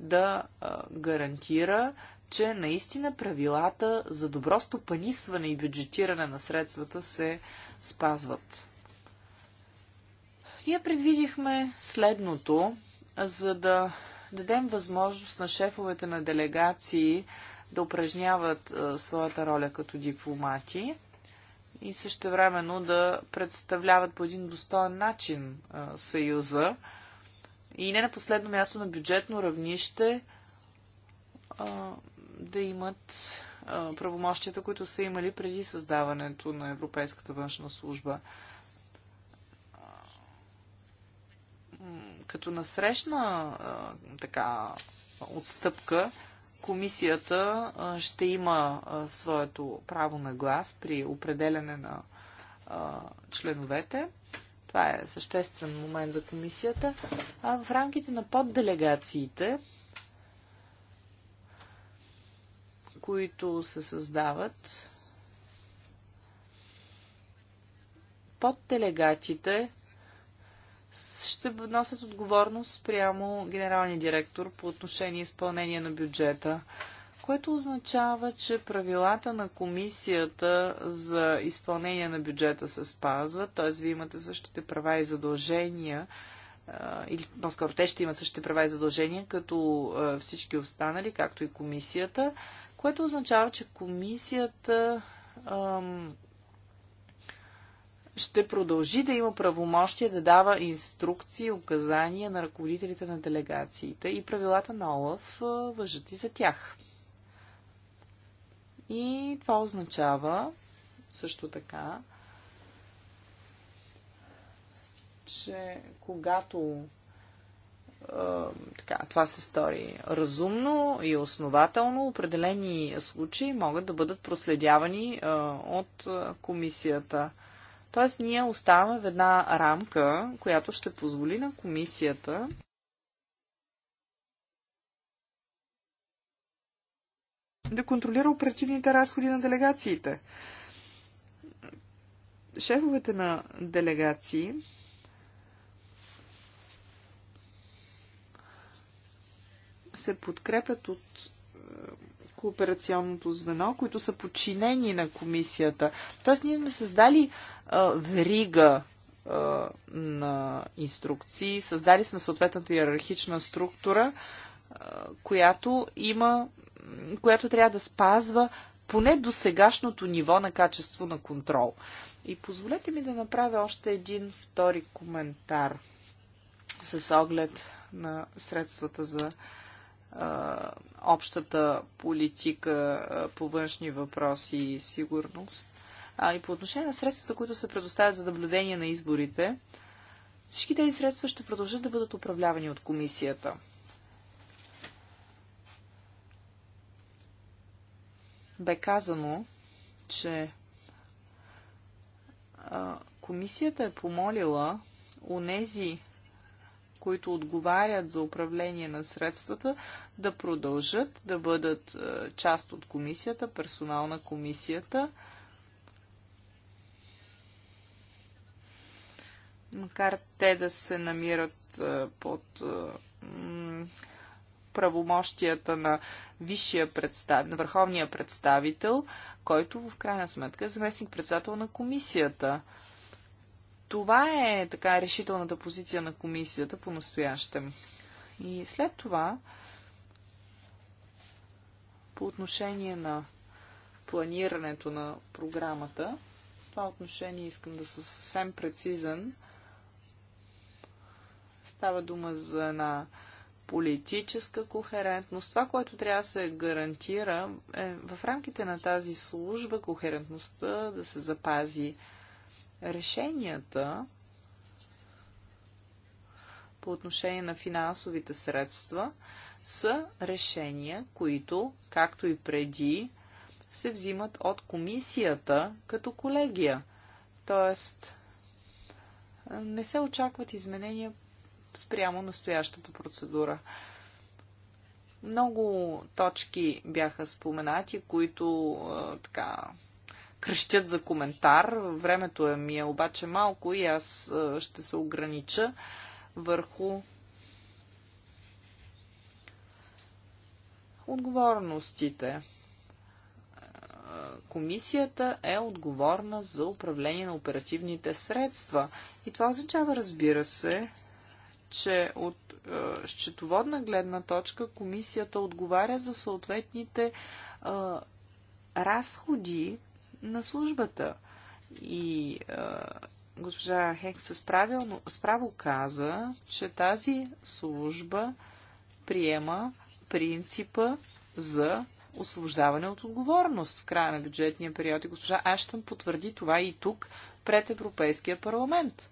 Speaker 1: да а, гарантира, че наистина правилата за добро стопанисване и бюджетиране на средствата се спазват. Ние предвидихме следното, за да дадем възможност на шефовете на делегации да упражняват своята роля като дипломати и също времено да представляват по един достоен начин Съюза. И не на последно място на бюджетно равнище да имат правомощията, които са имали преди създаването на Европейската външна служба. Като насрещна така отстъпка, комисията ще има своето право на глас при определене на членовете. Това е съществен момент за комисията. А в рамките на подделегациите, които се създават, подделегатите ще носят отговорност прямо генералния директор по отношение изпълнение на бюджета, което означава, че правилата на комисията за изпълнение на бюджета се спазват, т.е. вие имате същите права и задължения, или по-скоро те ще имат същите права и задължения, като всички останали, както и комисията, което означава, че комисията ще продължи да има правомощие да дава инструкции, указания на ръководителите на делегациите и правилата на ОЛАФ въжат и за тях. И това означава също така, че когато така, това се стори разумно и основателно, определени случаи могат да бъдат проследявани от комисията. Тоест ние оставаме в една рамка, която ще позволи на комисията да контролира оперативните разходи на делегациите. Шефовете на делегации се подкрепят от е, кооперационното звено, които са подчинени на комисията. Тоест ние сме създали верига на инструкции, създали сме съответната иерархична структура, която има, която трябва да спазва поне до сегашното ниво на качество на контрол. И позволете ми да направя още един втори коментар с оглед на средствата за а, общата политика а, по външни въпроси и сигурност. А и по отношение на средствата, които се предоставят за наблюдение на изборите, всички тези средства ще продължат да бъдат управлявани от комисията. Бе казано, че а, комисията е помолила унези, които отговарят за управление на средствата, да продължат да бъдат а, част от комисията, персонал на комисията, макар те да се намират под правомощията на висшия представ... на върховния представител, който в крайна сметка е заместник-председател на комисията. Това е така решителната позиция на комисията по настоящем. И след това, по отношение на планирането на програмата, в това отношение искам да съм съвсем прецизен – Става дума за една политическа кохерентност. Това, което трябва да се гарантира е в рамките на тази служба кохерентността да се запази решенията по отношение на финансовите средства са решения, които, както и преди, се взимат от комисията като колегия. Тоест, не се очакват изменения спрямо настоящата процедура. Много точки бяха споменати, които а, така кръщят за коментар. Времето е ми е обаче малко и аз а, ще се огранича върху отговорностите. Комисията е отговорна за управление на оперативните средства. И това означава, разбира се, че от е, счетоводна гледна точка комисията отговаря за съответните е, разходи на службата. И е, госпожа Хекс е справо каза, че тази служба приема принципа за освобождаване от отговорност в края на бюджетния период. И госпожа Аштън потвърди това и тук пред Европейския парламент.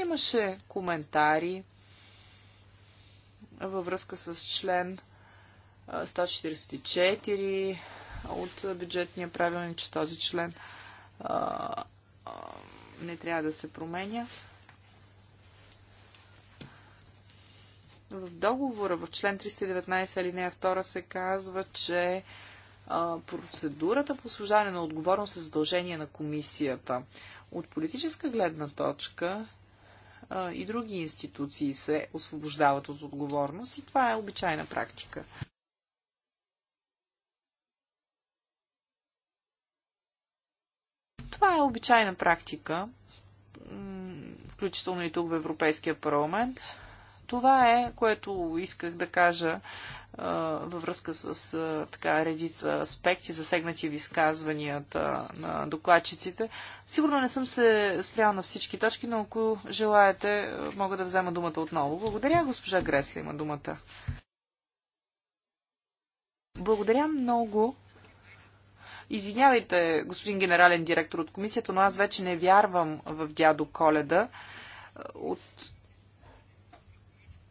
Speaker 1: Имаше коментари във връзка с член 144 от бюджетния правилник, че този член не трябва да се променя. В договора, в член 319 алинея 2 се казва, че процедурата по служане на отговорност е задължение на комисията. От политическа гледна точка а, и други институции се освобождават от отговорност и това е обичайна практика. Това е обичайна практика, включително и тук в Европейския парламент. Това е, което исках да кажа във връзка с така редица аспекти, засегнати в изказванията на докладчиците. Сигурно не съм се спрял на всички точки, но ако желаете, мога да взема думата отново. Благодаря, госпожа Гресли има думата. Благодаря много. Извинявайте, господин генерален директор от комисията, но аз вече не вярвам в дядо Коледа. От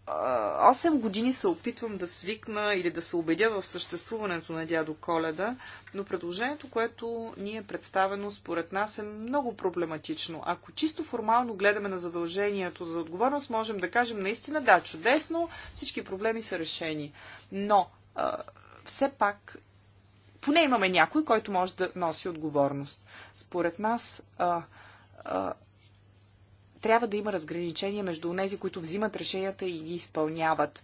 Speaker 1: 8 години се опитвам да свикна или да се убедя в съществуването на дядо Коледа, но предложението, което ни е представено, според нас е много проблематично. Ако чисто формално гледаме на задължението за отговорност, можем да кажем наистина да, чудесно, всички проблеми са решени. Но а, все пак, поне имаме някой, който може да носи отговорност. Според нас. А, а, трябва да има разграничение между тези, които взимат решенията и ги изпълняват.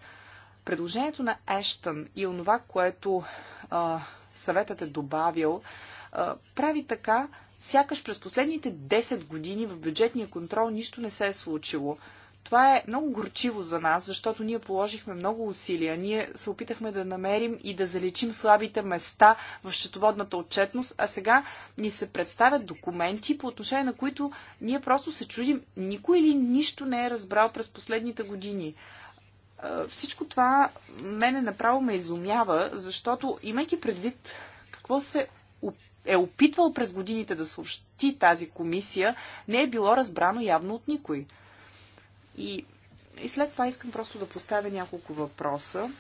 Speaker 1: Предложението на Ештън и онова, което а, съветът е добавил, а, прави така, сякаш през последните 10 години в бюджетния контрол нищо не се е случило. Това е много горчиво за нас, защото ние положихме много усилия. Ние се опитахме да намерим и да заличим слабите места в счетоводната отчетност, а сега ни се представят документи, по отношение на които ние просто се чудим. Никой или нищо не е разбрал през последните години всичко това мене направо ме изумява, защото имайки предвид какво се е опитвал през годините да съобщи тази комисия, не е било разбрано явно от никой. И, и след това искам просто да поставя няколко въпроса.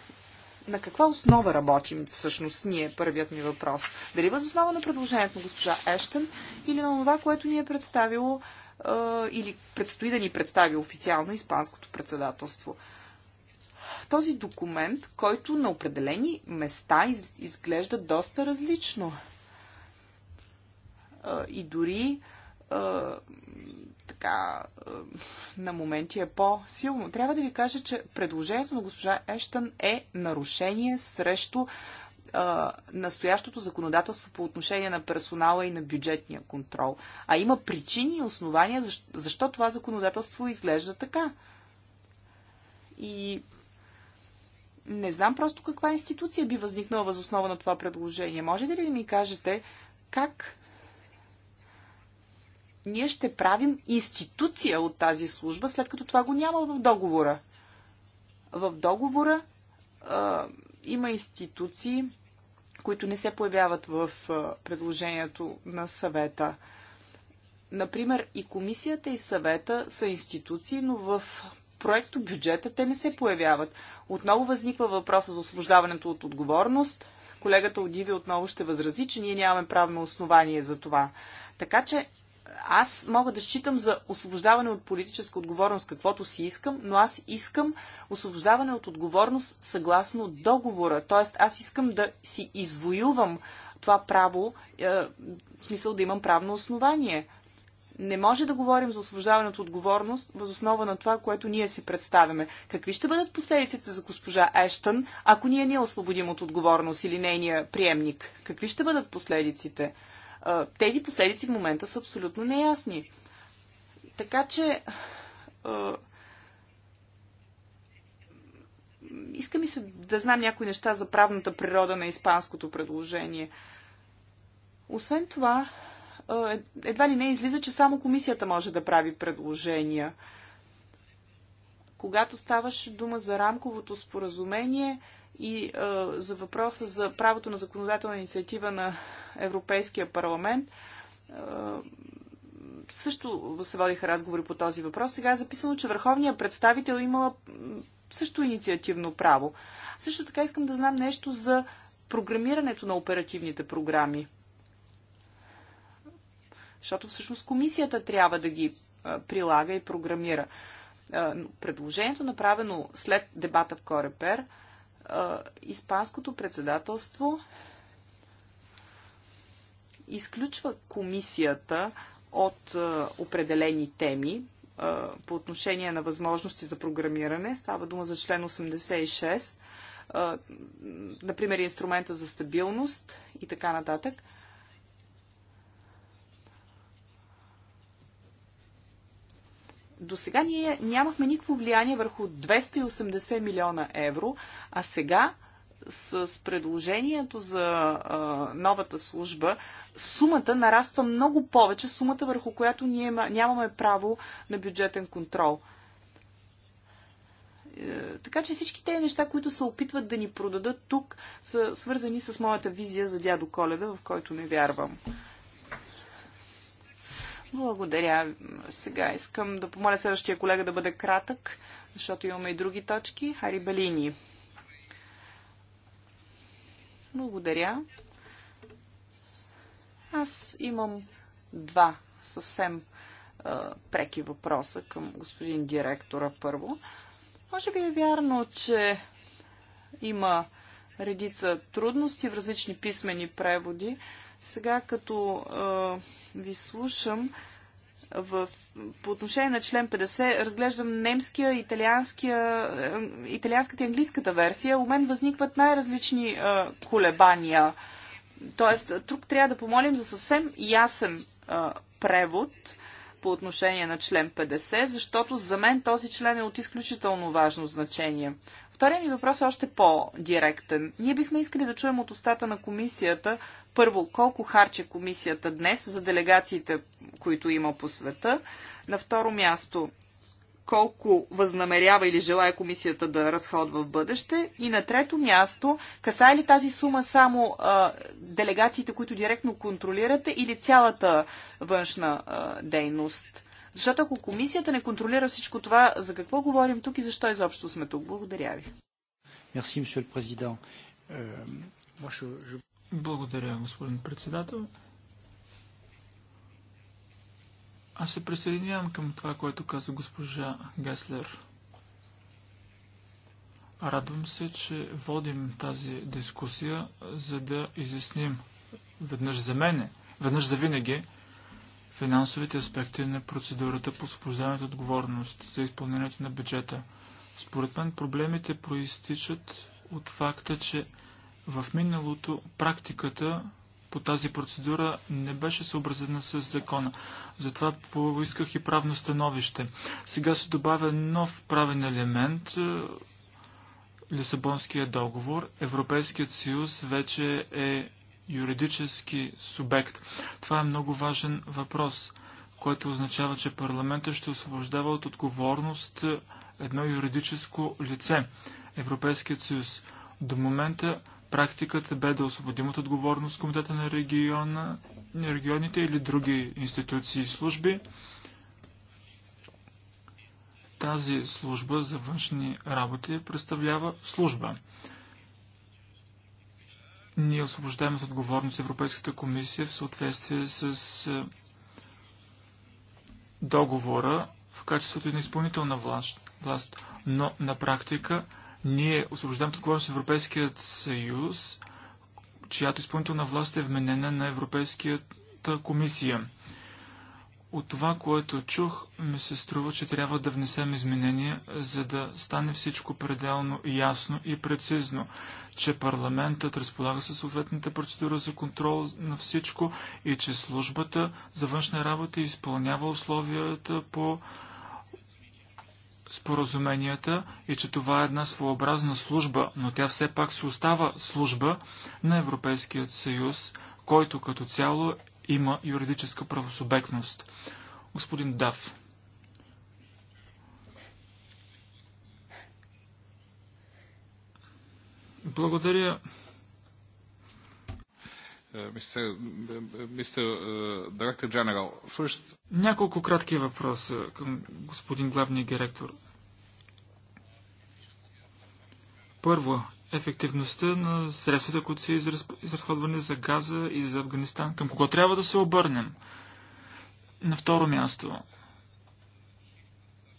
Speaker 1: На каква основа работим всъщност ние, първият ми въпрос? Дали въз основа на предложението на госпожа Ештън или на това, което ни е представило или предстои да ни представи официално Испанското председателство? Този документ, който на определени места изглежда доста различно. и дори така на моменти е по-силно. Трябва да ви кажа, че предложението на госпожа Ештън е нарушение срещу а, настоящото законодателство по отношение на персонала и на бюджетния контрол. А има причини и основания защо, защо това законодателство изглежда така. И не знам просто каква институция би възникнала възоснова на това предложение. Може ли да ми кажете как ние ще правим институция от тази служба, след като това го няма в договора. В договора а, има институции, които не се появяват в а, предложението на съвета. Например, и комисията, и съвета са институции, но в проекто бюджета те не се появяват. Отново възниква въпроса за освобождаването от отговорност. Колегата Одиви отново ще възрази, че ние нямаме правно основание за това. Така че аз мога да считам за освобождаване от политическа отговорност каквото си искам, но аз искам освобождаване от отговорност съгласно договора. Тоест аз искам да си извоювам това право, е, в смисъл да имам правно основание. Не може да говорим за освобождаване от отговорност въз основа на това, което ние си представяме. Какви ще бъдат последиците за госпожа Ештън, ако ние не освободим от отговорност или нейния приемник? Какви ще бъдат последиците? тези последици в момента са абсолютно неясни. Така че иска ми се да знам някои неща за правната природа на испанското предложение. Освен това, едва ли не излиза, че само комисията може да прави предложения. Когато ставаше дума за рамковото споразумение, и а, за въпроса за правото на законодателна инициатива на Европейския парламент. А, също се водиха разговори по този въпрос. Сега е записано, че върховният представител имала също инициативно право. Също така искам да знам нещо за програмирането на оперативните програми. Защото всъщност комисията трябва да ги прилага и програмира. Предложението, направено след дебата в Корепер, Испанското председателство изключва комисията от определени теми по отношение на възможности за програмиране. Става дума за член 86, например инструмента за стабилност и така нататък – до сега ние нямахме никакво влияние върху 280 милиона евро, а сега с предложението за а, новата служба, сумата нараства много повече, сумата върху която ние нямаме право на бюджетен контрол. Е, така че всички тези неща, които се опитват да ни продадат тук, са свързани с моята визия за дядо Коледа, в който не вярвам. Благодаря. Сега искам да помоля следващия колега да бъде кратък, защото имаме и други точки. Хари Белини. Благодаря. Аз имам два съвсем а, преки въпроса към господин директора първо. Може би е вярно, че има редица трудности в различни писмени преводи, сега като а, ви слушам, в, по отношение на член 50 разглеждам немския, италианския, е, италианската и английската версия, у мен възникват най-различни а, колебания. Тоест, тук трябва да помолим за съвсем ясен а, превод по отношение на член 50, защото за мен този член е от изключително важно значение. Втория ми въпрос е още по-директен. Ние бихме искали да чуем от устата на комисията първо, колко харче комисията днес за делегациите, които има по света? На второ място, колко възнамерява или желая комисията да разходва в бъдеще. И на трето място, касае ли тази сума само а, делегациите, които директно контролирате или цялата външна а, дейност? Защото ако комисията не контролира всичко това, за какво говорим тук и защо изобщо сме тук? Благодаря ви.
Speaker 2: Merci, monsieur le président. Euh, moi, je, je... Благодаря, господин председател. Аз се присъединявам към това, което каза госпожа Геслер. Радвам се, че водим тази дискусия, за да изясним веднъж за мене, веднъж за винаги, финансовите аспекти на процедурата по освобождаването отговорност за изпълнението на бюджета. Според мен проблемите проистичат от факта, че в миналото практиката по тази процедура не беше съобразена с закона. Затова поисках и правно становище. Сега се добавя нов правен елемент. Е, Лисабонския договор. Европейският съюз вече е юридически субект. Това е много важен въпрос, който означава, че парламента ще освобождава от отговорност едно юридическо лице. Европейският съюз. До момента Практиката бе да освободим от отговорност Комитета на, региона, на регионите или други институции и служби. Тази служба за външни работи представлява служба. Ние освобождаваме от отговорност Европейската комисия в съответствие с е, договора в качеството и на изпълнителна власт, власт. Но на практика ние освобождаваме отговорност Европейският съюз, чиято изпълнителна власт е вменена на Европейската комисия. От това, което чух, ми се струва, че трябва да внесем изменения, за да стане всичко пределно ясно и прецизно, че парламентът разполага със съответната процедура за контрол на всичко и че службата за външна работа изпълнява условията по споразуменията и че това е една своеобразна служба, но тя все пак се остава служба на Европейският съюз, който като цяло има юридическа правосубектност. Господин Дав. Благодаря, е, е, е, Няколко кратки въпроса към господин главния директор. Първо, ефективността на средствата, които са изразходвани за Газа и за Афганистан. Към кого трябва да се обърнем? На второ място,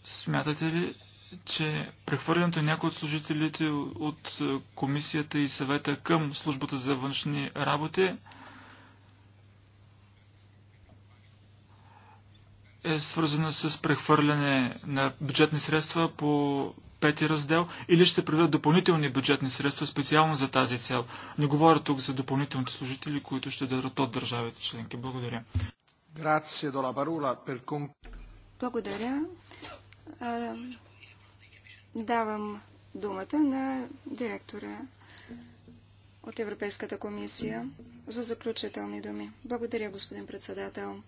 Speaker 2: смятате ли, че прехвърлянето на някои от служителите от е, комисията и съвета към службата за външни работи е свързана с прехвърляне на бюджетни средства по пети раздел или ще се предадат допълнителни бюджетни средства специално за тази цел. Не говоря тук за допълнителните служители, които ще дадат от държавите членки. Благодаря.
Speaker 3: Благодаря. Давам думата на директора от Европейската комисия за заключителни думи. Благодаря, господин председател.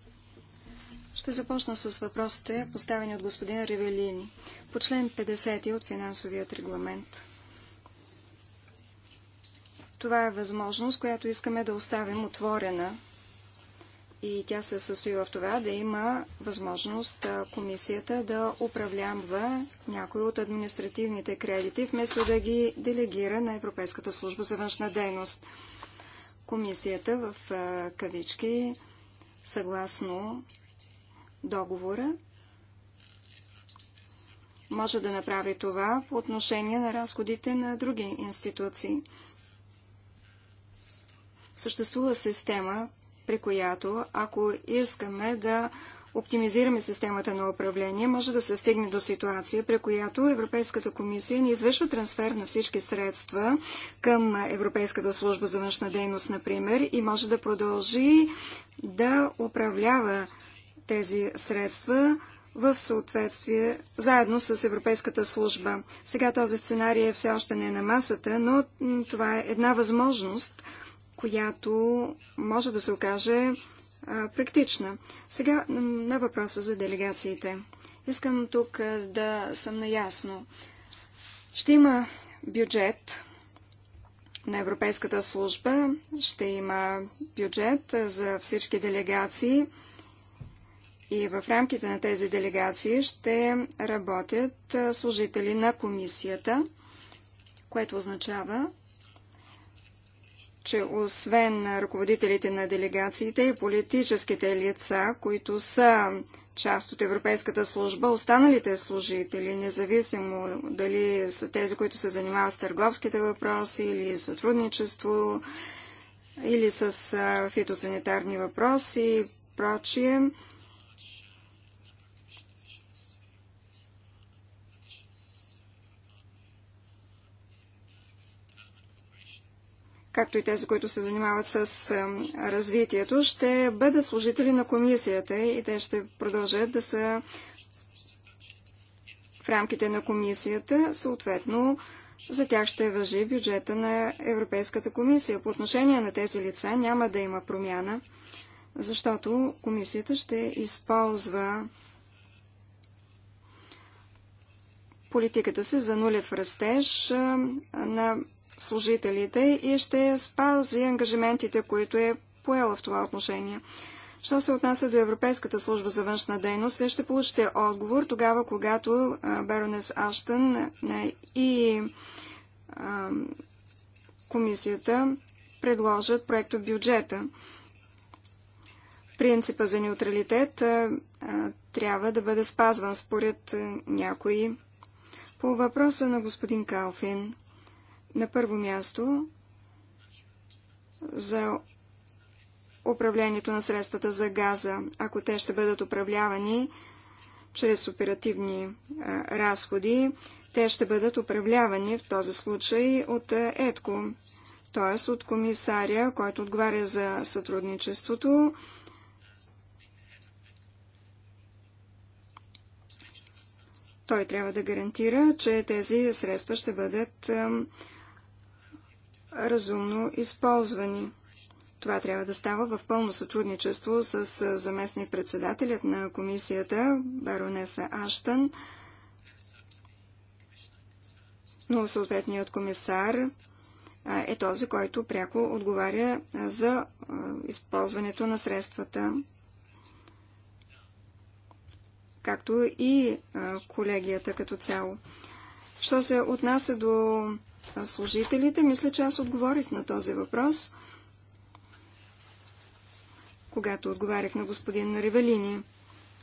Speaker 3: Ще започна с въпросите, поставени от господин Ревелини по член 50 от финансовият регламент. Това е възможност, която искаме да оставим отворена и тя се състои в това да има възможност комисията да управлява някои от административните кредити, вместо да ги делегира на Европейската служба за външна дейност. Комисията в кавички, съгласно договора, може да направи това по отношение на разходите на други институции. Съществува система, при която, ако искаме да оптимизираме системата на управление, може да се стигне до ситуация, при която Европейската комисия не извършва трансфер на всички средства към Европейската служба за външна дейност, например, и може да продължи да управлява тези средства в съответствие заедно с Европейската служба. Сега този сценарий е все още не е на масата, но това е една възможност – която може да се окаже практична. Сега на въпроса за делегациите. Искам тук да съм наясно. Ще има бюджет на Европейската служба, ще има бюджет за всички делегации и в рамките на тези делегации ще работят служители на комисията, което означава, че освен ръководителите на делегациите и политическите лица, които са част от Европейската служба, останалите служители, независимо дали са тези, които се занимават с търговските въпроси или сътрудничество, или с фитосанитарни въпроси и прочие, както и тези, които се занимават с развитието, ще бъдат служители на комисията и те ще продължат да са в рамките на комисията. Съответно, за тях ще въжи бюджета на Европейската комисия. По отношение на тези лица няма да има промяна, защото комисията ще използва политиката си за нулев растеж на служителите и ще спази ангажиментите, които е поела в това отношение. Що се отнася до Европейската служба за външна дейност, вие ще получите отговор тогава, когато Беронес Аштън и комисията предложат проекто бюджета. Принципа за неутралитет трябва да бъде спазван според някои. По въпроса на господин Калфин. На първо място за управлението на средствата за газа, ако те ще бъдат управлявани чрез оперативни разходи, те ще бъдат управлявани в този случай от ЕТКО, т.е. от комисаря, който отговаря за сътрудничеството. Той трябва да гарантира, че тези средства ще бъдат а, разумно използвани. Това трябва да става в пълно сътрудничество с заместник председателят на комисията, баронеса Аштън, но съответният комисар е този, който пряко отговаря за използването на средствата, както и колегията като цяло. Що се отнася до служителите. Мисля, че аз отговорих на този въпрос, когато отговарях на господин Ревелини.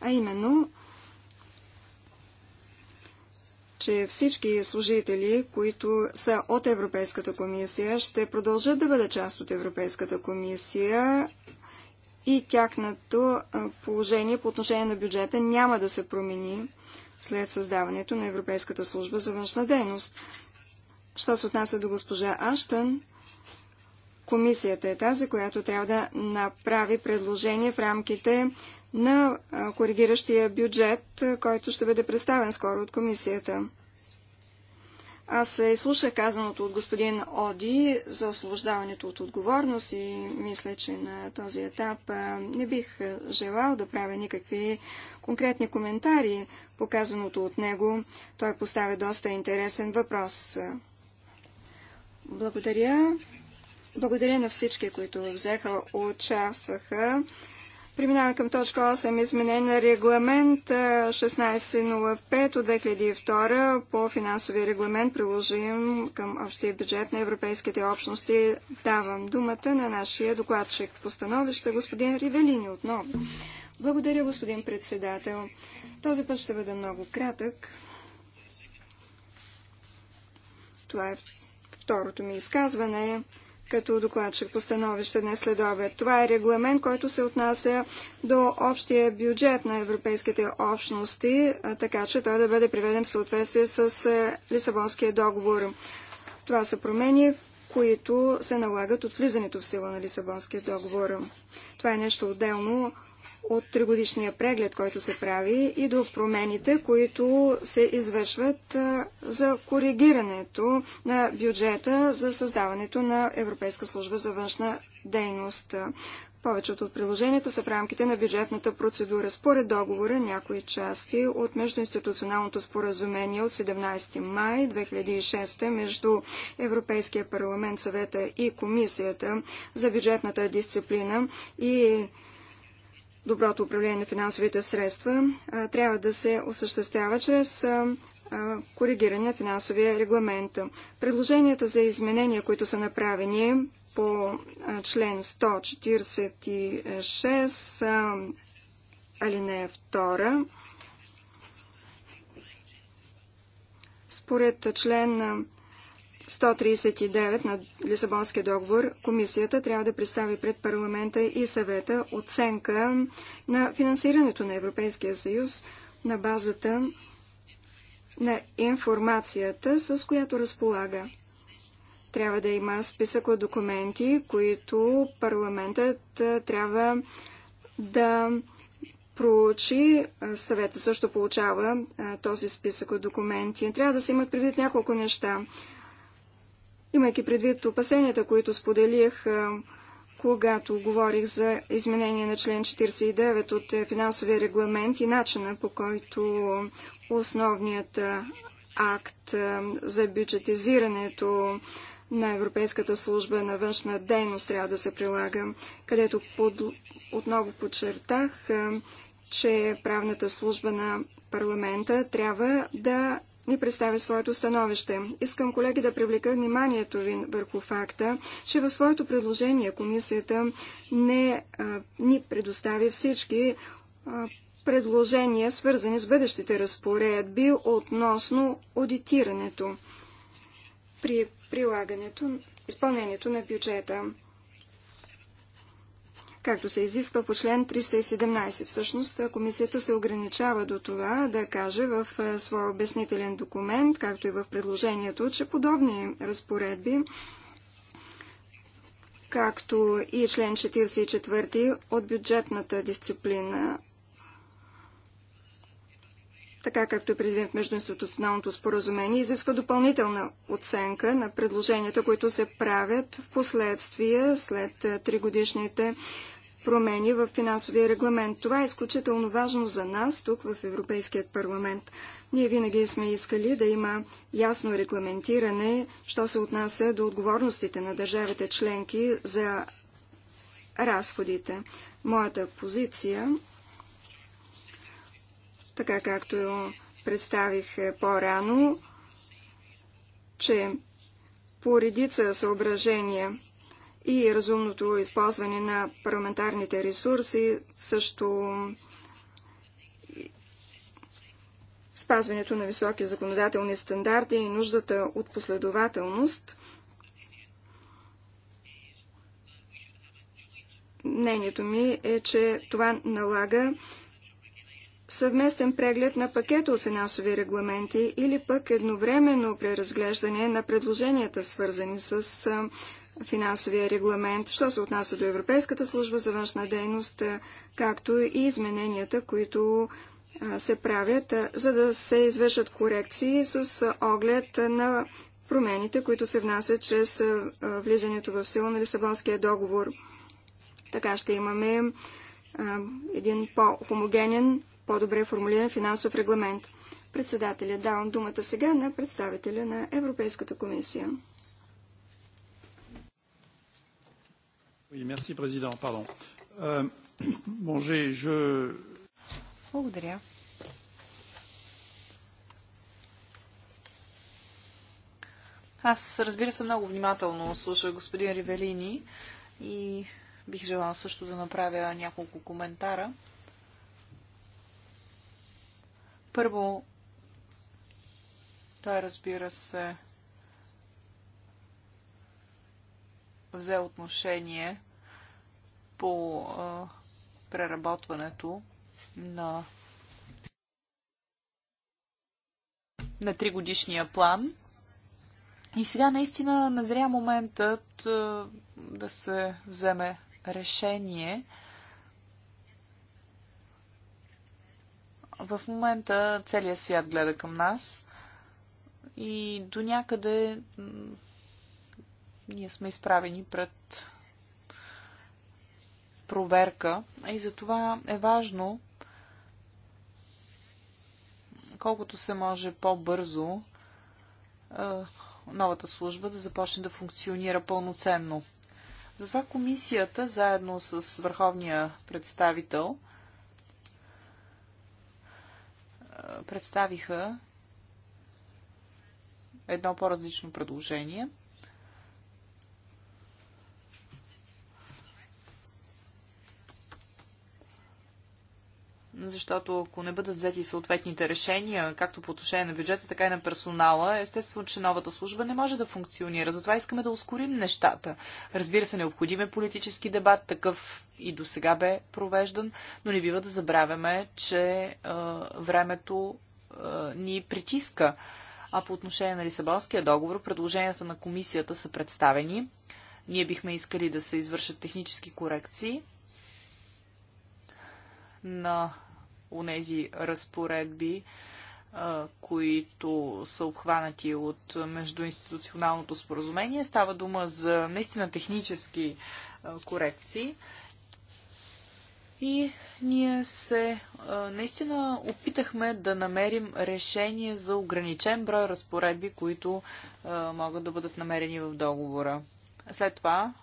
Speaker 3: А именно, че всички служители, които са от Европейската комисия, ще продължат да бъдат част от Европейската комисия и тяхното положение по отношение на бюджета няма да се промени след създаването на Европейската служба за външна дейност. Що се отнася до госпожа Аштън, комисията е тази, която трябва да направи предложение в рамките на коригиращия бюджет, който ще бъде представен скоро от комисията. Аз изслушах е, казаното от господин Оди за освобождаването от отговорност и мисля, че на този етап не бих желал да правя никакви конкретни коментари по казаното от него. Той поставя доста интересен въпрос. Благодаря. Благодаря на всички, които взеха, участваха. Преминаваме към точка 8. Изменение на регламент 1605 от 2002 по финансовия регламент, приложим към общия бюджет на европейските общности. Давам думата на нашия докладчик по становище, господин Ривелини отново. Благодаря, господин председател. Този път ще бъда много кратък. Това е второто ми изказване е като докладчик по становище днес след обед. Това е регламент, който се отнася до общия бюджет на европейските общности, така че той да бъде приведен в съответствие с Лисабонския договор. Това са промени, които се налагат от влизането в сила на Лисабонския договор. Това е нещо отделно от тригодишния преглед, който се прави и до промените, които се извършват за коригирането на бюджета за създаването на Европейска служба за външна дейност. Повечето от приложенията са в рамките на бюджетната процедура. Според договора, някои части от междуинституционалното споразумение от 17 май 2006 между Европейския парламент, съвета и Комисията за бюджетната дисциплина и доброто управление на финансовите средства трябва да се осъществява чрез коригиране на финансовия регламент. Предложенията за изменения, които са направени по член 146, алинея 2, според член 139 на Лисабонския договор, комисията трябва да представи пред парламента и съвета оценка на финансирането на Европейския съюз на базата на информацията, с която разполага. Трябва да има списък от документи, които парламентът трябва да проучи. Съвета също получава този списък от документи. Трябва да се имат предвид няколко неща. Имайки предвид опасенията, които споделих, когато говорих за изменение на член 49 от е, финансовия регламент и начина по който основният акт за бюджетизирането на Европейската служба на външна дейност трябва да се прилага, където под... отново подчертах, че правната служба на парламента трябва да ни представи своето становище. Искам, колеги, да привлека вниманието ви върху факта, че в своето предложение комисията не а, ни предостави всички а, предложения, свързани с бъдещите разпоредби относно аудитирането при прилагането, изпълнението на бюджета както се изисква по член 317. Всъщност комисията се ограничава до това да каже в своя обяснителен документ, както и в предложението, че подобни разпоредби, както и член 44 от бюджетната дисциплина така както е предвиден в междуинституционалното споразумение, изисква допълнителна оценка на предложенията, които се правят в последствие след е, тригодишните промени в финансовия регламент. Това е изключително важно за нас тук в Европейският парламент. Ние винаги сме искали да има ясно регламентиране, що се отнася до отговорностите на държавите членки за разходите. Моята позиция така както представих е, по-рано, че по редица съображения и разумното използване на парламентарните ресурси, също спазването на високи законодателни стандарти и нуждата от последователност, мнението ми е, че това налага съвместен преглед на пакета от финансови регламенти или пък едновременно преразглеждане на предложенията, свързани с финансовия регламент, що се отнася до Европейската служба за външна дейност, както и измененията, които се правят, за да се извършат корекции с оглед на промените, които се внасят чрез влизането в сила на Лисабонския договор. Така ще имаме един по-хомогенен по-добре формулиран финансов регламент. Председателя давам думата сега на представителя на Европейската комисия.
Speaker 2: merci, président. Pardon. Euh, bon, je...
Speaker 1: Благодаря. Аз, разбира се, много внимателно слушах господин Ривелини и бих желал също да направя няколко коментара. Първо, той разбира се взе отношение по а, преработването на на тригодишния план. И сега наистина назря моментът а, да се вземе решение. в момента целият свят гледа към нас и до някъде ние сме изправени пред проверка и затова е важно колкото се може по-бързо новата служба да започне да функционира пълноценно. Затова комисията, заедно с върховния представител, представиха едно по-различно предложение – защото ако не бъдат взети съответните решения, както по отношение на бюджета, така и на персонала, естествено, че новата служба не може да функционира. Затова искаме да ускорим нещата. Разбира се, необходим е политически дебат, такъв и до сега бе провеждан, но не бива да забравяме, че а, времето а, ни притиска. А по отношение на Лисабонския договор, предложенията на комисията са представени. Ние бихме искали да се извършат технически корекции на онези разпоредби, които са обхванати от междуинституционалното споразумение. Става дума за наистина технически корекции. И ние се наистина опитахме да намерим решение за ограничен брой разпоредби, които могат да бъдат намерени в договора. След това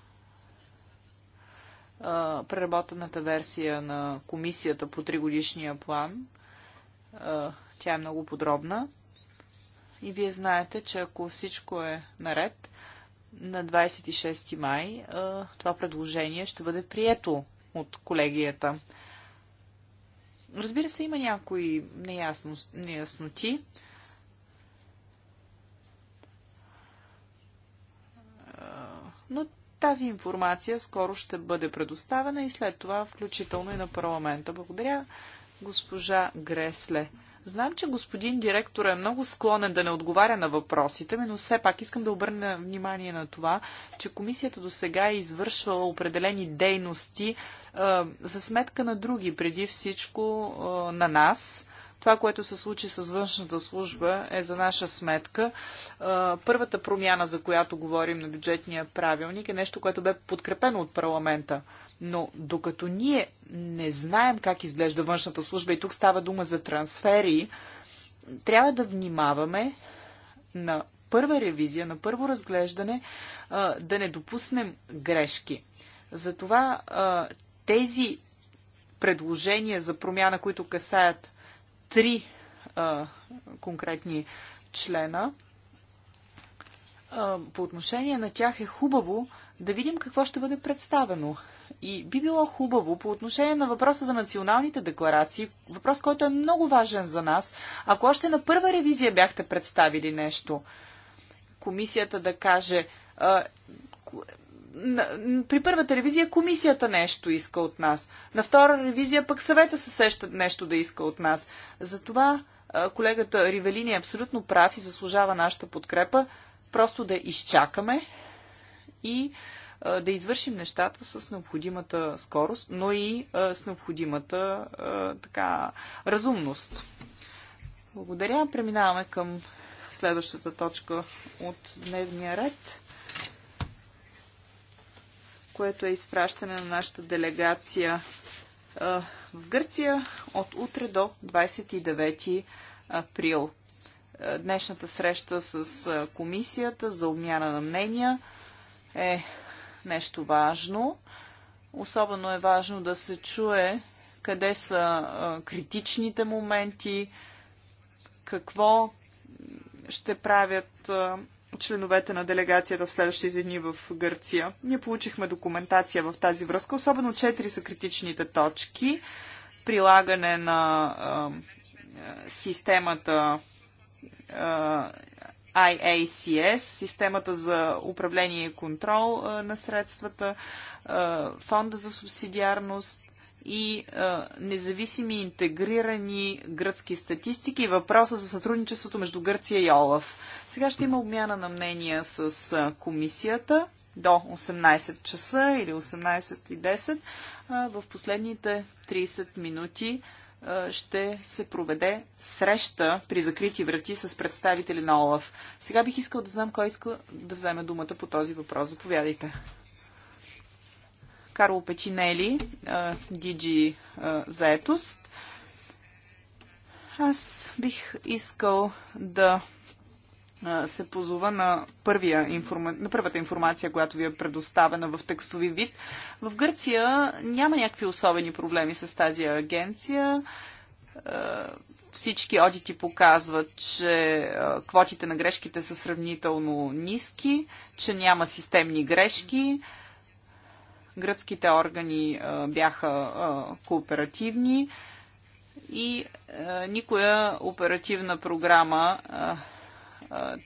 Speaker 1: преработената версия на комисията по тригодишния план. тя е много подробна. И вие знаете, че ако всичко е наред, на 26 май това предложение ще бъде прието от колегията. Разбира се, има някои неясно, неясноти. Но тази информация скоро ще бъде предоставена и след това включително и на парламента. Благодаря, госпожа Гресле. Знам, че господин директор е много склонен да не отговаря на въпросите ми, но все пак искам да обърна внимание на това, че комисията до сега е извършвала определени дейности е, за сметка на други, преди всичко е, на нас това, което се случи с външната служба е за наша сметка. Първата промяна, за която говорим на бюджетния правилник, е нещо, което бе подкрепено от парламента. Но докато ние не знаем как изглежда външната служба и тук става дума за трансфери, трябва да внимаваме на първа ревизия, на първо разглеждане, да не допуснем грешки. Затова тези предложения за промяна, които касаят три а, конкретни члена. А, по отношение на тях е хубаво да видим какво ще бъде представено. И би било хубаво по отношение на въпроса за националните декларации, въпрос, който е много важен за нас, ако още на първа ревизия бяхте представили нещо, комисията да каже а, при първата ревизия комисията нещо иска от нас. На втора ревизия пък съвета се сеща нещо да иска от нас. Затова колегата Ривелини е абсолютно прав и заслужава нашата подкрепа. Просто да изчакаме и да извършим нещата с необходимата скорост, но и с необходимата така, разумност. Благодаря. Преминаваме към следващата точка от дневния ред което е изпращане на нашата делегация в Гърция от утре до 29 април. Днешната среща с комисията за обмяна на мнения е нещо важно. Особено е важно да се чуе къде са критичните моменти, какво ще правят членовете на делегацията в следващите дни в Гърция. Ние получихме документация в тази връзка. Особено четири са критичните точки. Прилагане на а, системата а, IACS, системата за управление и контрол а, на средствата, а, фонда за субсидиарност, и а, независими интегрирани гръцки статистики и въпроса за сътрудничеството между Гърция и Олаф. Сега ще има обмяна на мнения с а, комисията до 18 часа или 18.10. В последните 30 минути а, ще се проведе среща при закрити врати с представители на Олаф. Сега бих искал да знам кой иска да вземе думата по този въпрос. Заповядайте. Карло Печинели, Диджи Заетост. Аз бих искал да се позова на, първия информа... на първата информация, която ви е предоставена в текстови вид. В Гърция няма някакви особени проблеми с тази агенция. Всички одити показват, че квотите на грешките са сравнително ниски, че няма системни грешки. Mm-hmm Гръцките органи бяха кооперативни и никоя оперативна програма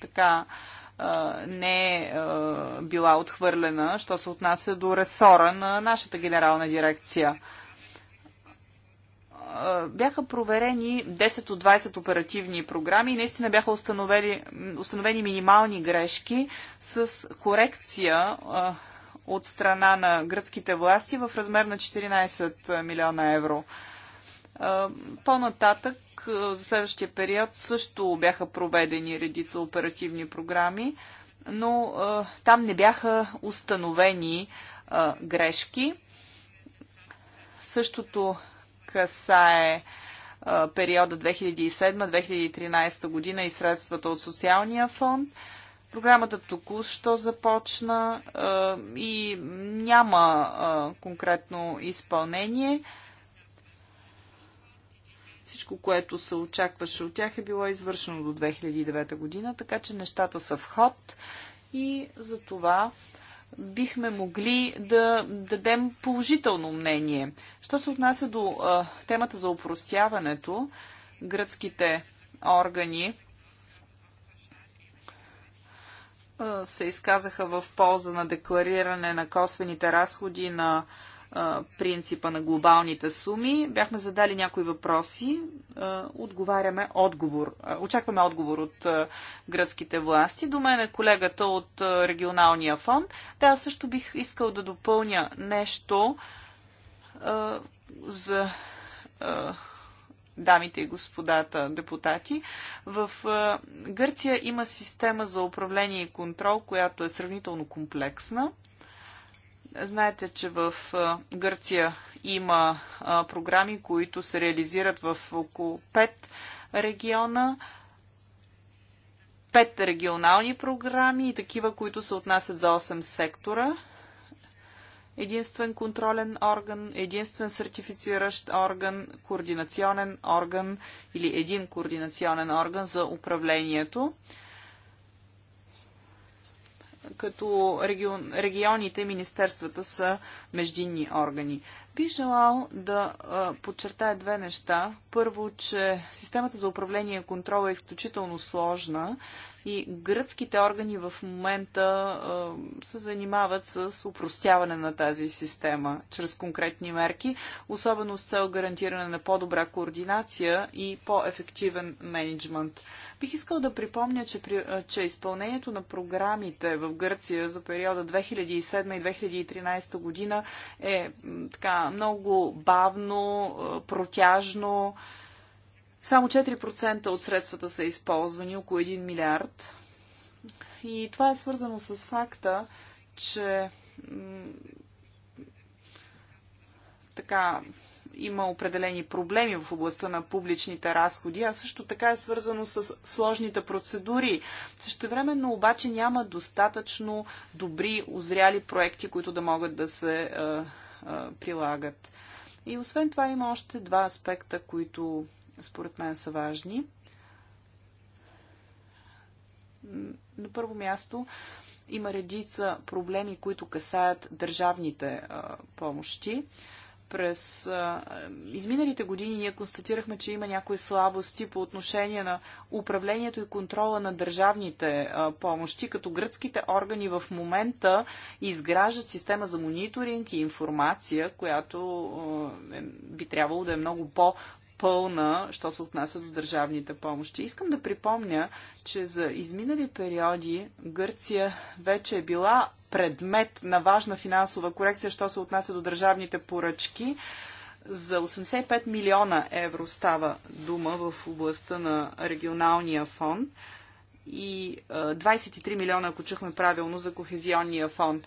Speaker 1: така не е била отхвърлена, що се отнася до ресора на нашата генерална дирекция. Бяха проверени 10 от 20 оперативни програми и наистина бяха установени, установени минимални грешки с корекция от страна на гръцките власти в размер на 14 милиона евро. По-нататък за следващия период също бяха проведени редица оперативни програми, но там не бяха установени грешки. Същото касае периода 2007-2013 година и средствата от социалния фонд. Програмата току-що започна а, и няма а, конкретно изпълнение. Всичко, което се очакваше от тях е било извършено до 2009 година, така че нещата са в ход и за това бихме могли да дадем положително мнение. Що се отнася до а, темата за упростяването, гръцките органи се изказаха в полза на деклариране на косвените разходи на принципа на глобалните суми. Бяхме задали някои въпроси. Отговаряме отговор. Очакваме отговор от гръцките власти. До мен е колегата от регионалния фонд. Да, също бих искал да допълня нещо за дамите и господата депутати. В Гърция има система за управление и контрол, която е сравнително комплексна. Знаете, че в Гърция има програми, които се реализират в около 5 региона пет регионални програми и такива, които се отнасят за 8 сектора единствен контролен орган, единствен сертифициращ орган, координационен орган или един координационен орган за управлението като регион, регионите, министерствата са междинни органи. Би желал да а, подчертая две неща. Първо, че системата за управление и контрол е изключително сложна и гръцките органи в момента се занимават с упростяване на тази система чрез конкретни мерки, особено с цел гарантиране на по-добра координация и по-ефективен менеджмент. Бих искал да припомня, че, при, че изпълнението на програмите в Гърция за периода 2007 и 2013 година е така много бавно, протяжно, само 4% от средствата са използвани, около 1 милиард. И това е свързано с факта, че така има определени проблеми в областта на публичните разходи, а също така е свързано с сложните процедури. Същевременно обаче няма достатъчно добри, озряли проекти, които да могат да се а, а, прилагат. И освен това има още два аспекта, които според мен са важни. На първо място има редица проблеми, които касаят държавните а, помощи. През а, изминалите години ние констатирахме, че има някои слабости по отношение на управлението и контрола на държавните а, помощи, като гръцките органи в момента изграждат система за мониторинг и информация, която а, е, би трябвало да е много по- пълна, що се отнася до държавните помощи. Искам да припомня, че за изминали периоди Гърция вече е била предмет на важна финансова корекция, що се отнася до държавните поръчки. За 85 милиона евро става дума в областта на регионалния фонд и 23 милиона, ако чухме правилно, за кохезионния фонд.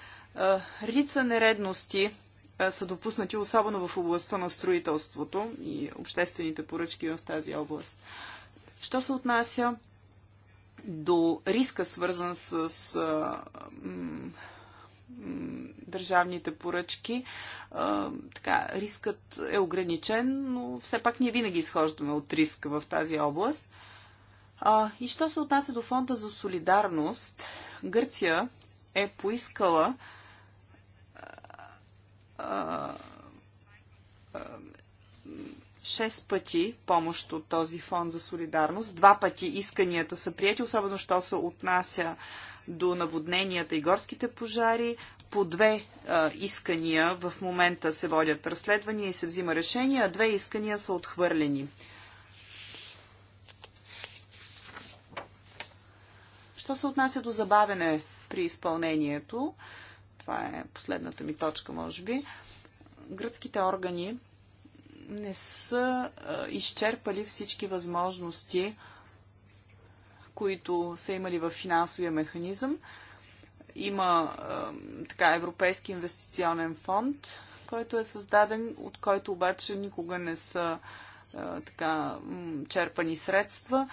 Speaker 1: Редица нередности е, са допуснати, особено в областта на строителството и обществените поръчки в тази област. Що се отнася до риска, свързан с държавните поръчки. А, така, рискът е ограничен, но все пак ние винаги изхождаме от риск в тази област. А, и що се отнася до фонда за солидарност, Гърция е поискала шест пъти помощ от този фонд за солидарност. Два пъти исканията са прияти, особено що се отнася до наводненията и горските пожари. По две а, искания в момента се водят разследвания и се взима решение, а две искания са отхвърлени. Що се отнася до забавене при изпълнението, а, това е последната ми точка, може би, гръцките органи не са изчерпали всички възможности, които са имали в финансовия механизъм. Има така Европейски инвестиционен фонд, който е създаден, от който обаче никога не са така черпани средства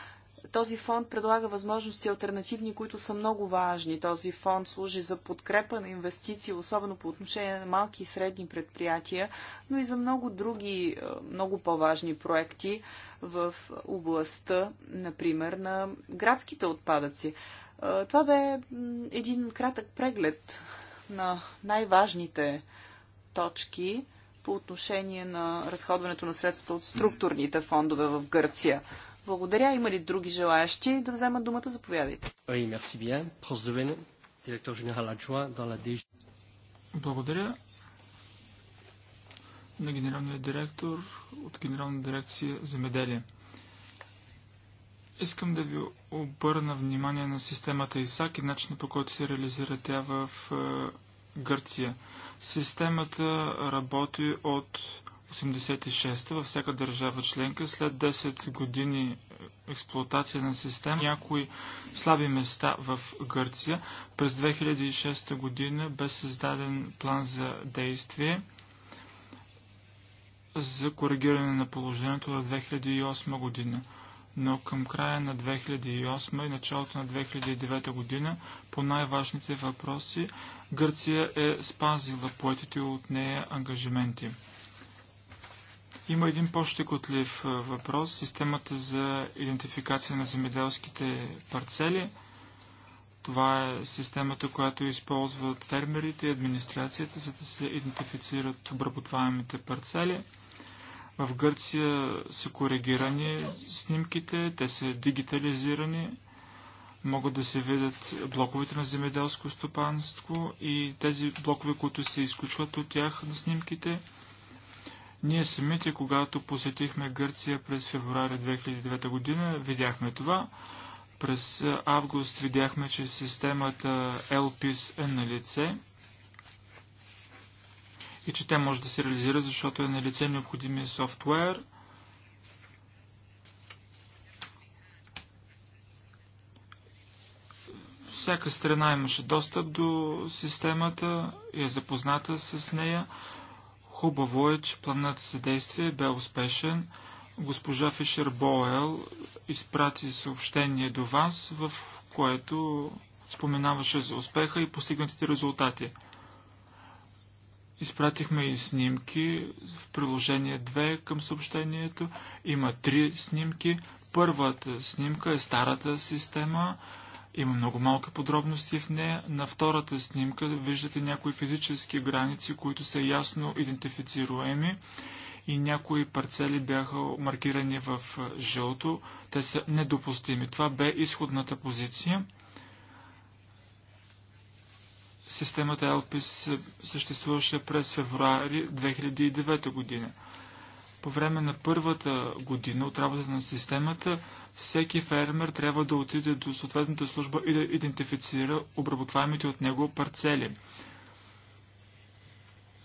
Speaker 1: този фонд предлага възможности альтернативни, които са много важни. Този фонд служи за подкрепа на инвестиции, особено по отношение на малки и средни предприятия, но и за много други, е, много по-важни проекти в областта, например, на градските отпадъци. Е, това бе един кратък преглед на най-важните точки по отношение на разходването на средствата от структурните фондове в Гърция. Благодаря. Има ли други желаящи да вземат думата? Заповядайте.
Speaker 2: Благодаря на генералния директор от Генерална дирекция Земеделие. Искам да ви обърна внимание на системата ИСАК и начина по който се реализира тя в е, Гърция. Системата работи от 86 във всяка държава членка след 10 години е, експлуатация на система някои слаби места в Гърция. През 2006 година бе създаден план за действие за коригиране на положението в 2008 година. Но към края на 2008 и началото на 2009 година по най-важните въпроси Гърция е спазила поетите от нея ангажименти. Има един по-щекотлив въпрос. Системата за идентификация на земеделските парцели. Това е системата, която използват фермерите и администрацията, за да се идентифицират обработваемите парцели. В Гърция са коригирани снимките, те са дигитализирани, могат да се видят блоковете на земеделско стопанство и тези блокове, които се изключват от тях на снимките – ние самите, когато посетихме Гърция през февруари 2009 година, видяхме това. През август видяхме, че системата LPIS е на лице и че тя може да се реализира, защото е на лице необходимия софтуер. Всяка страна имаше достъп до системата и е запозната с нея. Хубаво е, че планът за действие бе успешен. Госпожа Фишер Боел изпрати съобщение до вас, в което споменаваше за успеха и постигнатите резултати. Изпратихме и снимки в приложение 2 към съобщението. Има три снимки. Първата снимка е старата система, има много малка подробности в нея. На втората снимка виждате някои физически граници, които са ясно идентифицируеми и някои парцели бяха маркирани в жълто. Те са недопустими. Това бе изходната позиция. Системата Елпис съществуваше през февруари 2009 година. По време на първата година от работата на системата всеки фермер трябва да отиде до съответната служба и да идентифицира обработваемите от него парцели.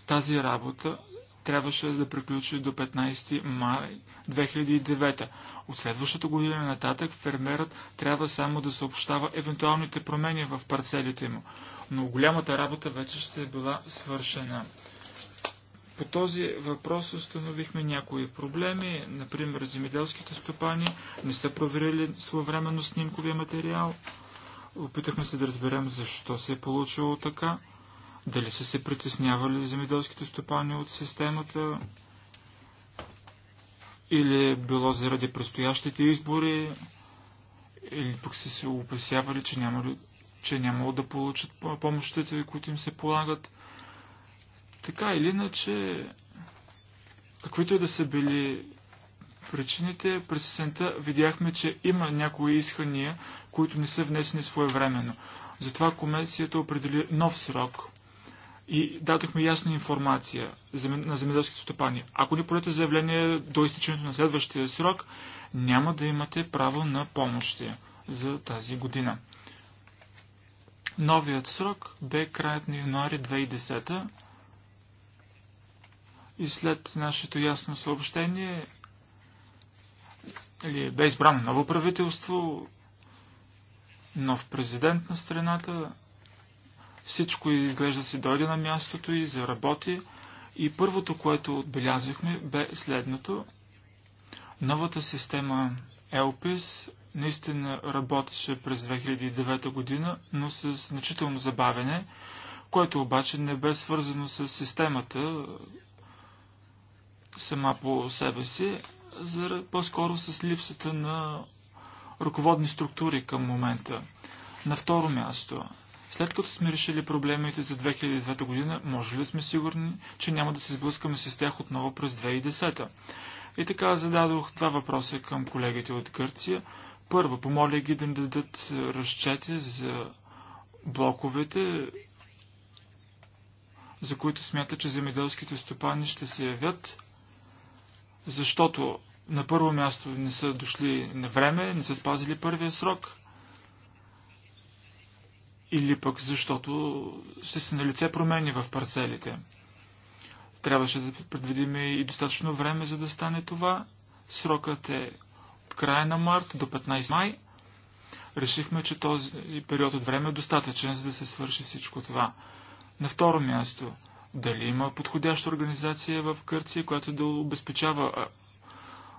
Speaker 2: Тази работа трябваше да приключи до 15 май 2009. От следващата година нататък фермерът трябва само да съобщава евентуалните промени в парцелите му, но голямата работа вече ще е била свършена. По този въпрос установихме някои проблеми, например земеделските стопани не са проверили своевременно снимковия материал. Опитахме се да разберем защо се е получило така, дали са се притеснявали земеделските стопани от системата или е било заради предстоящите избори, или пък са се опасявали, че няма, че няма да получат помощите, които им се полагат. Така или иначе, каквито и да са били причините, през сесента видяхме, че има някои искания, които не са внесени своевременно. Затова комисията определи нов срок и дадохме ясна информация на земеделските стопани. Ако не подадете заявление до изтичането на следващия срок, няма да имате право на помощи за тази година. Новият срок бе краят на януари 2010 и след нашето ясно съобщение, или бе избрано ново правителство, нов президент на страната, всичко изглежда си дойде на мястото и заработи. И първото, което отбелязахме, бе следното. Новата система ELPIS наистина работеше през 2009 година, но с значително забавене, което обаче не бе свързано с системата сама по себе си, по-скоро с липсата на ръководни структури към момента. На второ място, след като сме решили проблемите за 2009 година, може ли сме сигурни, че няма да се сблъскаме с тях отново през 2010? И така зададох два въпроса към колегите от Гърция. Първо, помоля ги да дадат разчети за блоковете, за които смята, че земеделските стопани ще се явят защото на първо място не са дошли на време, не са спазили първия срок, или пък защото са се налице промени в парцелите. Трябваше да предвидим и достатъчно време, за да стане това. Срокът е от края на март до 15 май. Решихме, че този период от време е достатъчен, за да се свърши всичко това. На второ място, дали има подходяща организация в Гърция, която да обезпечава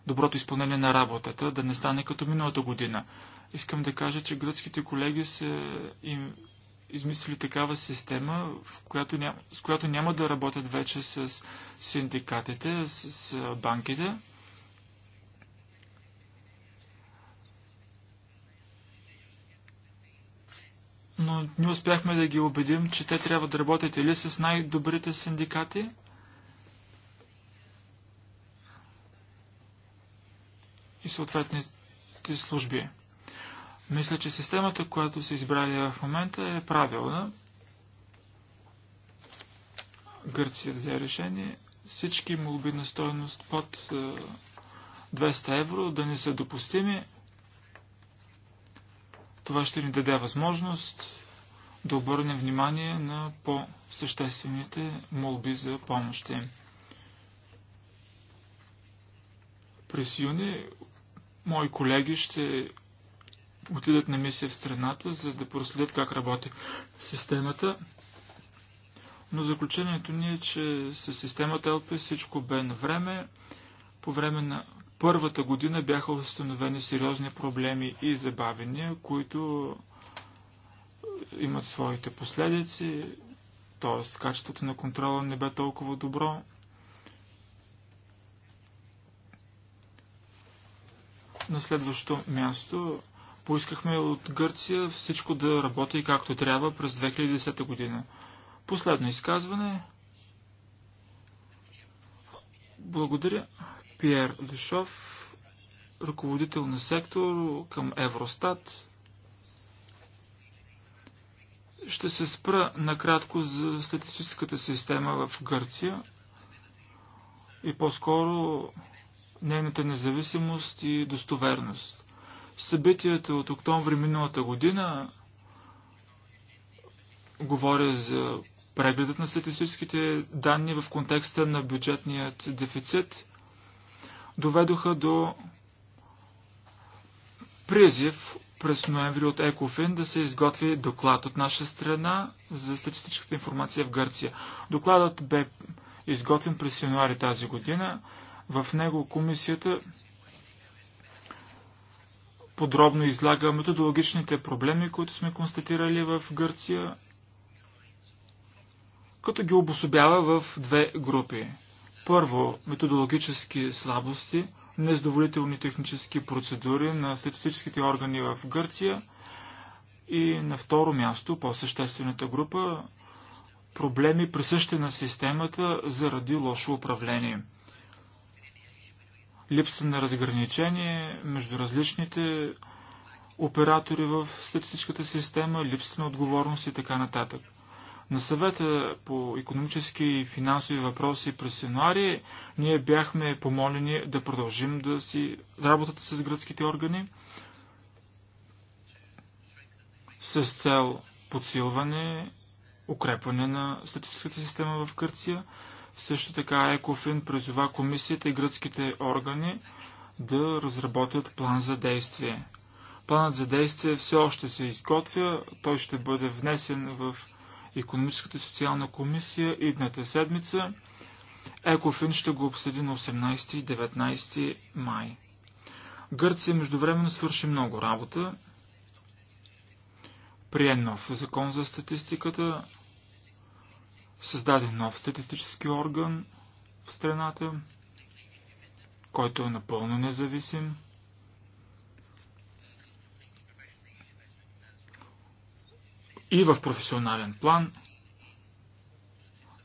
Speaker 2: доброто изпълнение на работата, да не стане като миналата година. Искам да кажа, че гръцките колеги са им измислили такава система, в която ням, с която няма да работят вече с синдикатите, с, с банките, но ние успяхме да ги убедим, че те трябва да работят или с най-добрите синдикати, и съответните служби. Мисля, че системата, която се избрали в момента е правилна. Гърция взе решение всички молби на стоеност под 200 е, евро да не са допустими. Това ще ни даде възможност да обърнем внимание на по-съществените молби за помощи. През юни мои колеги ще отидат на мисия в страната, за да проследят как работи системата. Но заключението ни е, че с системата ЛП всичко бе на време. По време на първата година бяха установени сериозни проблеми и забавения, които имат своите последици, т.е. качеството на контрола не бе толкова добро. На следващото място поискахме от Гърция всичко да работи както трябва през 2010 година. Последно изказване. Благодаря. Пьер Душов, ръководител на сектор към Евростат. Ще се спра накратко за статистическата система в Гърция и по-скоро нейната независимост и достоверност. Събитията от октомври миналата година говоря за прегледът на статистическите данни в контекста на бюджетният дефицит – доведоха до призив през ноември от Екофин да се изготви доклад от наша страна за статистическата информация в Гърция. Докладът бе изготвен през януари тази година. В него комисията подробно излага методологичните проблеми, които сме констатирали в Гърция, като ги обособява в две групи – първо, методологически слабости, незадоволителни технически процедури на статистическите органи в Гърция и на второ място, по-съществената група, проблеми присъщи на системата заради лошо управление. Липса на разграничение между различните оператори в статистическата система, липса на отговорност и така нататък. На съвета по економически и финансови въпроси през януари ние бяхме помолени да продължим да си работата с гръцките органи с цел подсилване, укрепване на статистическата система в Гърция. Също така Екофин призова комисията и гръцките органи да разработят план за действие. Планът за действие все още се изготвя, той ще бъде внесен в економическата и социална комисия идната седмица. Екофин ще го обсъди на 18 и 19 май. Гърция междувременно свърши много работа. Прие нов закон за статистиката, създаде нов статистически орган в страната, който е напълно независим. и в професионален план.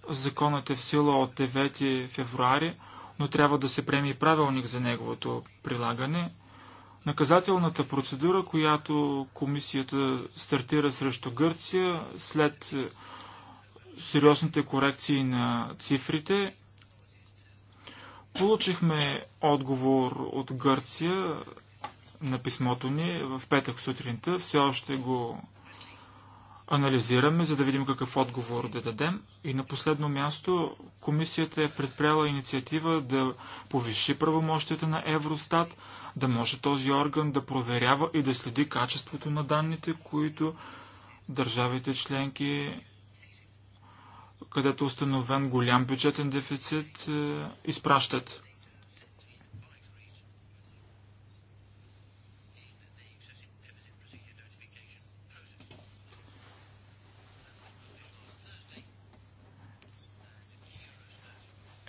Speaker 2: Законът е в сила от 9 февруари, но трябва да се приеме и правилник за неговото прилагане. Наказателната процедура, която комисията стартира срещу Гърция след е, сериозните корекции на цифрите, получихме отговор от Гърция на писмото ни в петък сутринта. Все още го анализираме, за да видим какъв отговор да дадем. И на последно място, комисията е предприяла инициатива да повиши правомощите на Евростат, да може този орган да проверява и да следи качеството на данните, които държавите членки, където установен голям бюджетен дефицит, е, изпращат.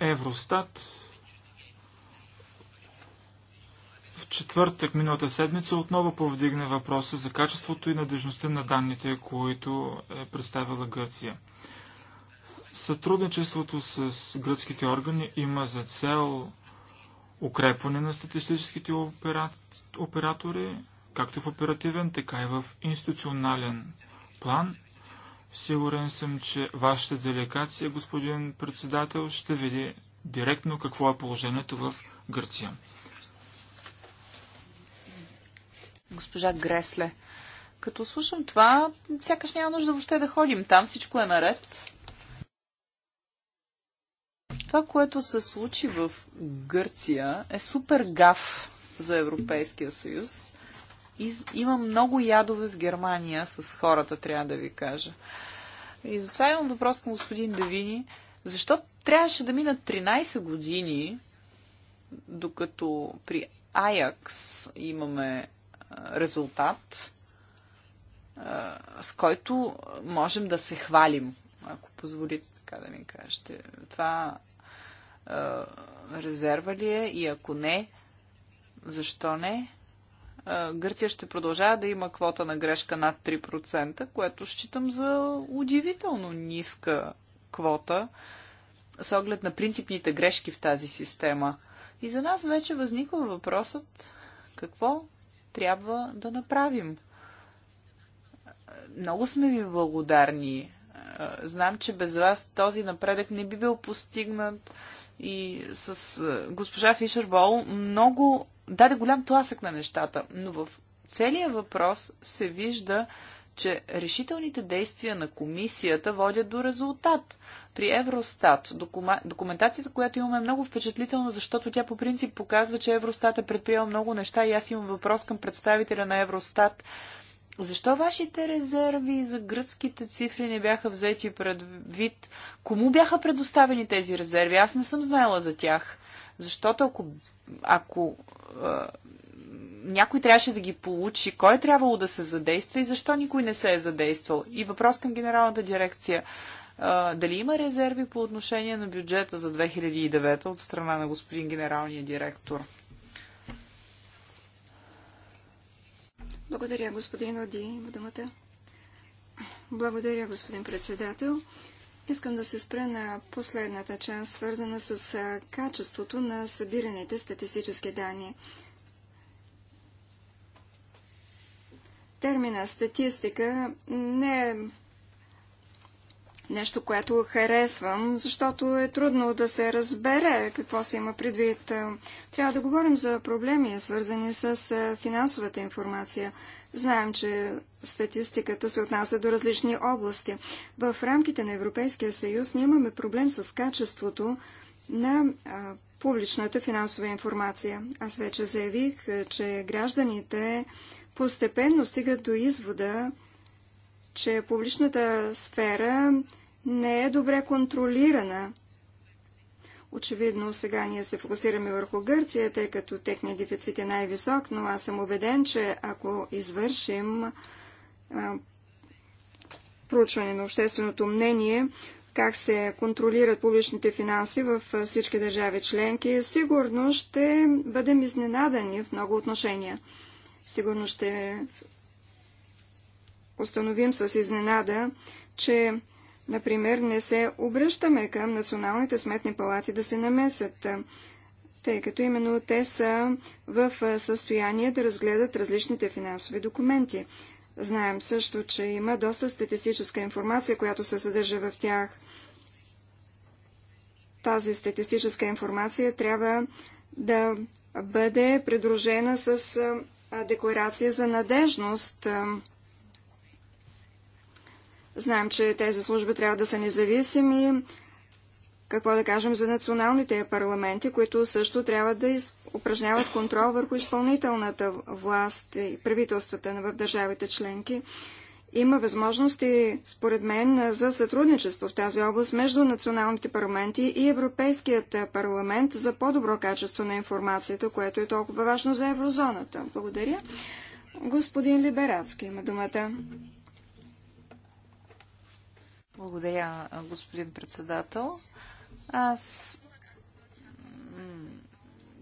Speaker 2: Евростат в четвъртък миналата седмица отново повдигна въпроса за качеството и надежността на данните, които е представила Гърция. Сътрудничеството с гръцките органи има за цел укрепване на статистическите оператори, както в оперативен, така и в институционален план Сигурен съм, че вашата делегация, господин председател, ще види директно какво е положението в Гърция.
Speaker 1: Госпожа Гресле, като слушам това, сякаш няма нужда въобще да ходим там, всичко е наред. Това, което се случи в Гърция, е супер гав за Европейския съюз. Из... Има много ядове в Германия с хората, трябва да ви кажа. И затова имам въпрос към господин Давини. Защо трябваше да минат 13 години, докато при Аякс имаме резултат, с който можем да се хвалим, ако позволите така да ми кажете. Това резерва ли е и ако не, защо не? Гърция ще продължава да има квота на грешка над 3%, което считам за удивително ниска квота с оглед на принципните грешки в тази система. И за нас вече възниква въпросът какво трябва да направим. Много сме ви благодарни. Знам, че без вас този напредък не би бил постигнат и с госпожа Фишербол много даде голям тласък на нещата, но в целият въпрос се вижда, че решителните действия на комисията водят до резултат. При Евростат документацията, която имаме е много впечатлителна, защото тя по принцип показва, че Евростат е предприел много неща и аз имам въпрос към представителя на Евростат. Защо вашите резерви за гръцките цифри не бяха взети предвид? Кому бяха предоставени тези резерви? Аз не съм знаела за тях. Защото ако ако някой трябваше да ги получи, кой е трябвало да се задейства и защо никой не се е задействал. И въпрос към генералната дирекция. дали има резерви по отношение на бюджета за 2009 от страна на господин генералния директор?
Speaker 3: Благодаря, господин Оди. думата. Благодаря, господин председател. Искам да се спра на последната част, свързана с качеството на събираните статистически данни. Термина статистика не е нещо, което харесвам, защото е трудно да се разбере какво се има предвид. Трябва да говорим за проблеми, свързани с финансовата информация. Знаем, че статистиката се отнася до различни области. В рамките на Европейския съюз ние имаме проблем с качеството на а, публичната финансова информация. Аз вече заявих, че гражданите постепенно стигат до извода, че публичната сфера не е добре контролирана Очевидно сега ние се фокусираме върху Гърция, тъй като техният дефицит е най-висок, но аз съм убеден, че ако извършим а, проучване на общественото мнение, как се контролират публичните финанси в всички държави членки, сигурно ще бъдем изненадани в много отношения. Сигурно ще установим с изненада, че Например, не се обръщаме към националните сметни палати да се намесят, тъй като именно те са в състояние да разгледат различните финансови документи. Знаем също, че има доста статистическа информация, която се съдържа в тях. Тази статистическа информация трябва да бъде придружена с декларация за надежност Знаем, че тези служби трябва да са независими. Какво да кажем за националните парламенти, които също трябва да из... упражняват контрол върху изпълнителната власт и правителствата в държавите членки. Има възможности, според мен, за сътрудничество в тази област между националните парламенти и Европейският парламент за по-добро качество на информацията, което е толкова важно за еврозоната. Благодаря. Господин Либерацки има думата.
Speaker 1: Благодаря, господин председател. Аз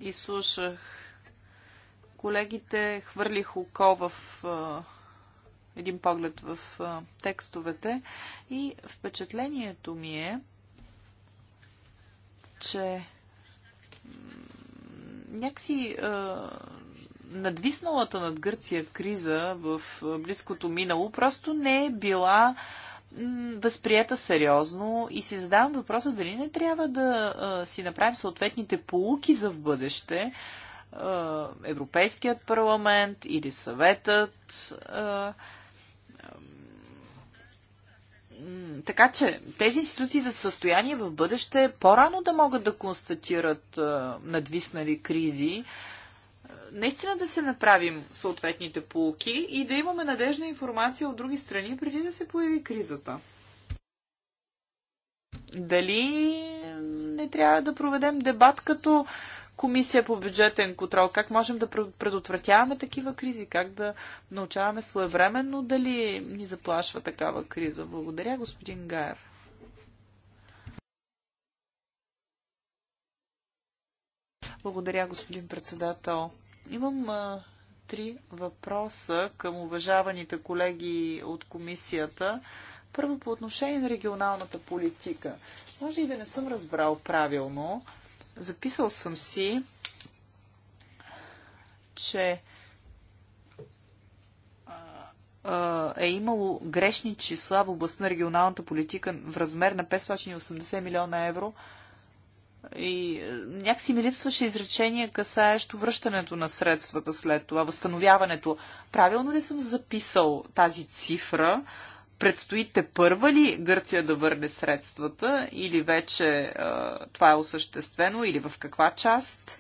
Speaker 1: изслушах колегите, хвърлих око в един поглед в текстовете и впечатлението ми е, че някакси надвисналата над Гърция криза в близкото минало просто не е била възприета сериозно и си задавам въпроса дали не трябва да а, си направим съответните полуки за в бъдеще. А, Европейският парламент или съветът. А, така че тези институции да са в състояние в бъдеще по-рано да могат да констатират надвиснали кризи, наистина да се направим съответните полуки и да имаме надежна информация от други страни преди да се появи кризата. Дали не трябва да проведем дебат като комисия по бюджетен контрол? Как можем да предотвратяваме такива кризи? Как да научаваме своевременно дали ни заплашва такава криза? Благодаря, господин Гайер. Благодаря, господин председател. Имам а, три въпроса към уважаваните колеги от комисията. Първо по отношение на регионалната политика. Може и да не съм разбрал правилно. Записал съм си, че е имало грешни числа в област на регионалната политика в размер на 580 милиона евро – и е, някакси ми липсваше изречение, касаещо връщането на средствата след това, възстановяването. Правилно ли съм записал тази цифра? Предстоите първа ли Гърция да върне средствата или вече а, е, това е осъществено или в каква част?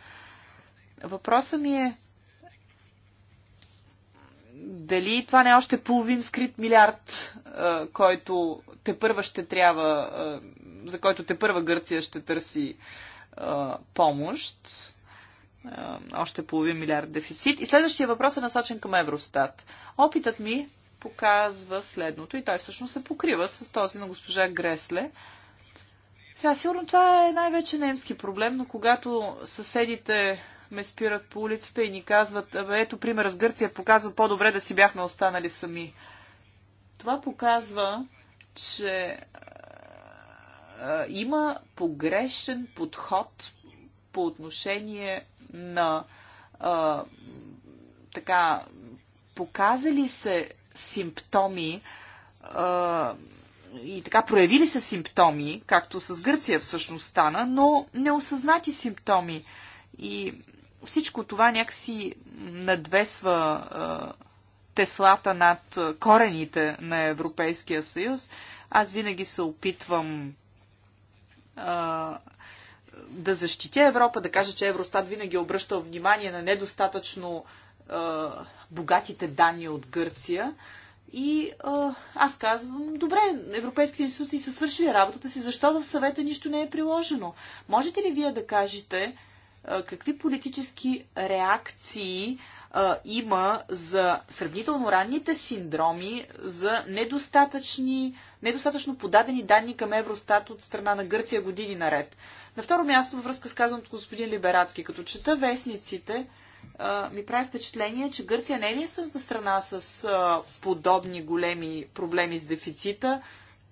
Speaker 1: Въпросът ми е дали това не е още половин скрит милиард, а, е, който те първа ще трябва а, за който те първа Гърция ще търси а, помощ. още половин милиард дефицит. И следващия въпрос е насочен към Евростат. Опитът ми показва следното и той всъщност се покрива с този на госпожа Гресле. Сега, сигурно това е най-вече немски проблем, но когато съседите ме спират по улицата и ни казват, ето пример с Гърция показва по-добре да си бяхме останали сами. Това показва, че има погрешен подход по отношение на а, така показали се симптоми а, и така проявили се симптоми, както с Гърция всъщност стана, но неосъзнати симптоми. И всичко това някакси надвесва а, теслата над корените на Европейския съюз. Аз винаги се опитвам а, да защитя Европа, да кажа, че Евростат винаги обръща внимание на недостатъчно а, богатите данни от Гърция. И а, аз казвам, добре, европейските институции са свършили работата си, защо в съвета нищо не е приложено? Можете ли вие да кажете а, какви политически реакции а, има за сравнително ранните синдроми, за недостатъчни недостатъчно подадени данни към Евростат от страна на Гърция години наред. На второ място, във връзка с казаното господин Либерацки, като чета вестниците, ми прави впечатление, че Гърция не е единствената страна с подобни големи проблеми с дефицита.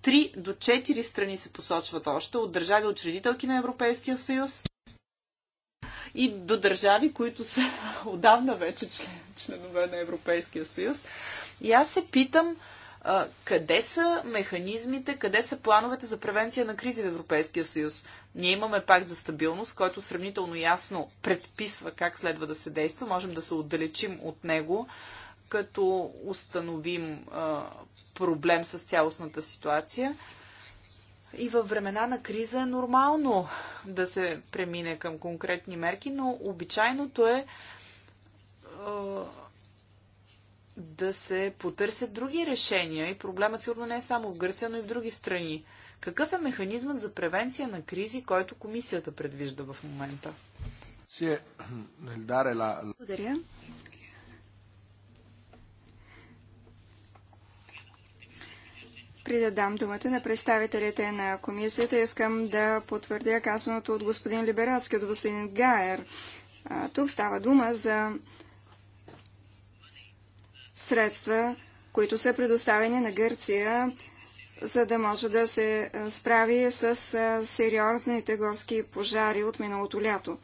Speaker 1: Три до четири страни се посочват още от държави учредителки на Европейския съюз и до държави, които са *laughs* отдавна вече член, членове на Европейския съюз. И аз се питам, къде са механизмите, къде са плановете за превенция на кризи в Европейския съюз. Ние имаме пакт за стабилност, който сравнително ясно предписва как следва да се действа. Можем да се отдалечим от него, като установим а, проблем с цялостната ситуация. И във времена на криза е нормално да се премине към конкретни мерки, но обичайното е да се потърсят други решения и проблемът сигурно не е само в Гърция, но и в други страни. Какъв е механизмът за превенция на кризи, който комисията предвижда в момента?
Speaker 3: Е, Благодаря. Преди да дам думата на представителите на комисията, искам да потвърдя казаното от господин Либерацки, от господин Гайер. Тук става дума за средства, които са предоставени на Гърция, за да може да се справи с сериозните горски пожари от миналото лято.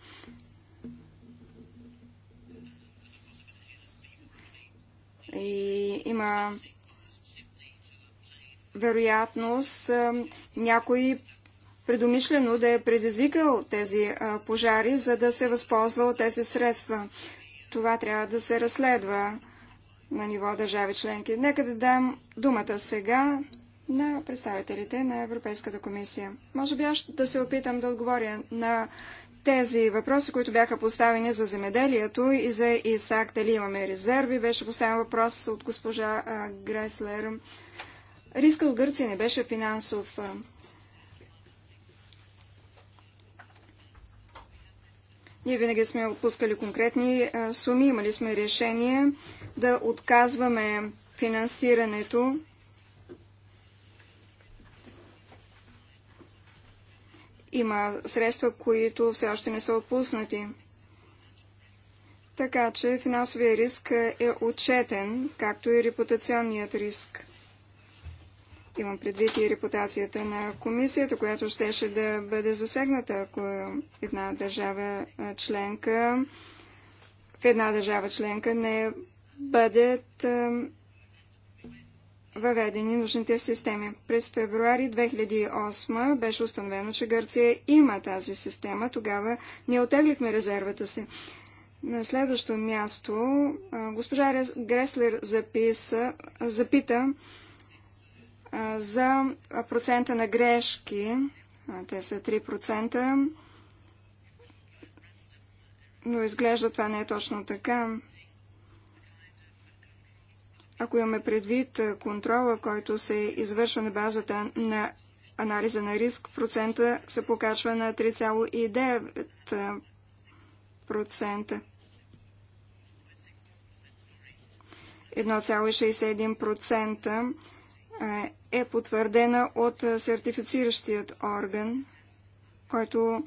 Speaker 3: И има вероятност някой предумишлено да е предизвикал тези пожари, за да се възползва от тези средства. Това трябва да се разследва на ниво държави членки. Нека да дам думата сега на представителите на Европейската комисия. Може би аз да се опитам да отговоря на тези въпроси, които бяха поставени за земеделието и за ИСАК, дали имаме резерви, беше поставен въпрос от госпожа а, Греслер. Риска от Гърция не беше финансов. Ние винаги сме отпускали конкретни суми, имали сме решения да отказваме финансирането Има средства, които все още не са отпуснати. Така че финансовия риск е отчетен, както и репутационният риск. Имам предвид и репутацията на комисията, която щеше да бъде засегната, ако една държава членка в една държава членка не бъдат е, въведени нужните системи. През февруари 2008 беше установено, че Гърция има тази система. Тогава ние отеглихме резервата си. На следващо място е, госпожа Греслер записа, запита е, за процента на грешки. Те са 3%, но изглежда това не е точно така ако имаме предвид е, контрола, който се извършва на базата на анализа на риск, процента се покачва на 3,9%. 1,61% е, е, е потвърдена от сертифициращият орган, който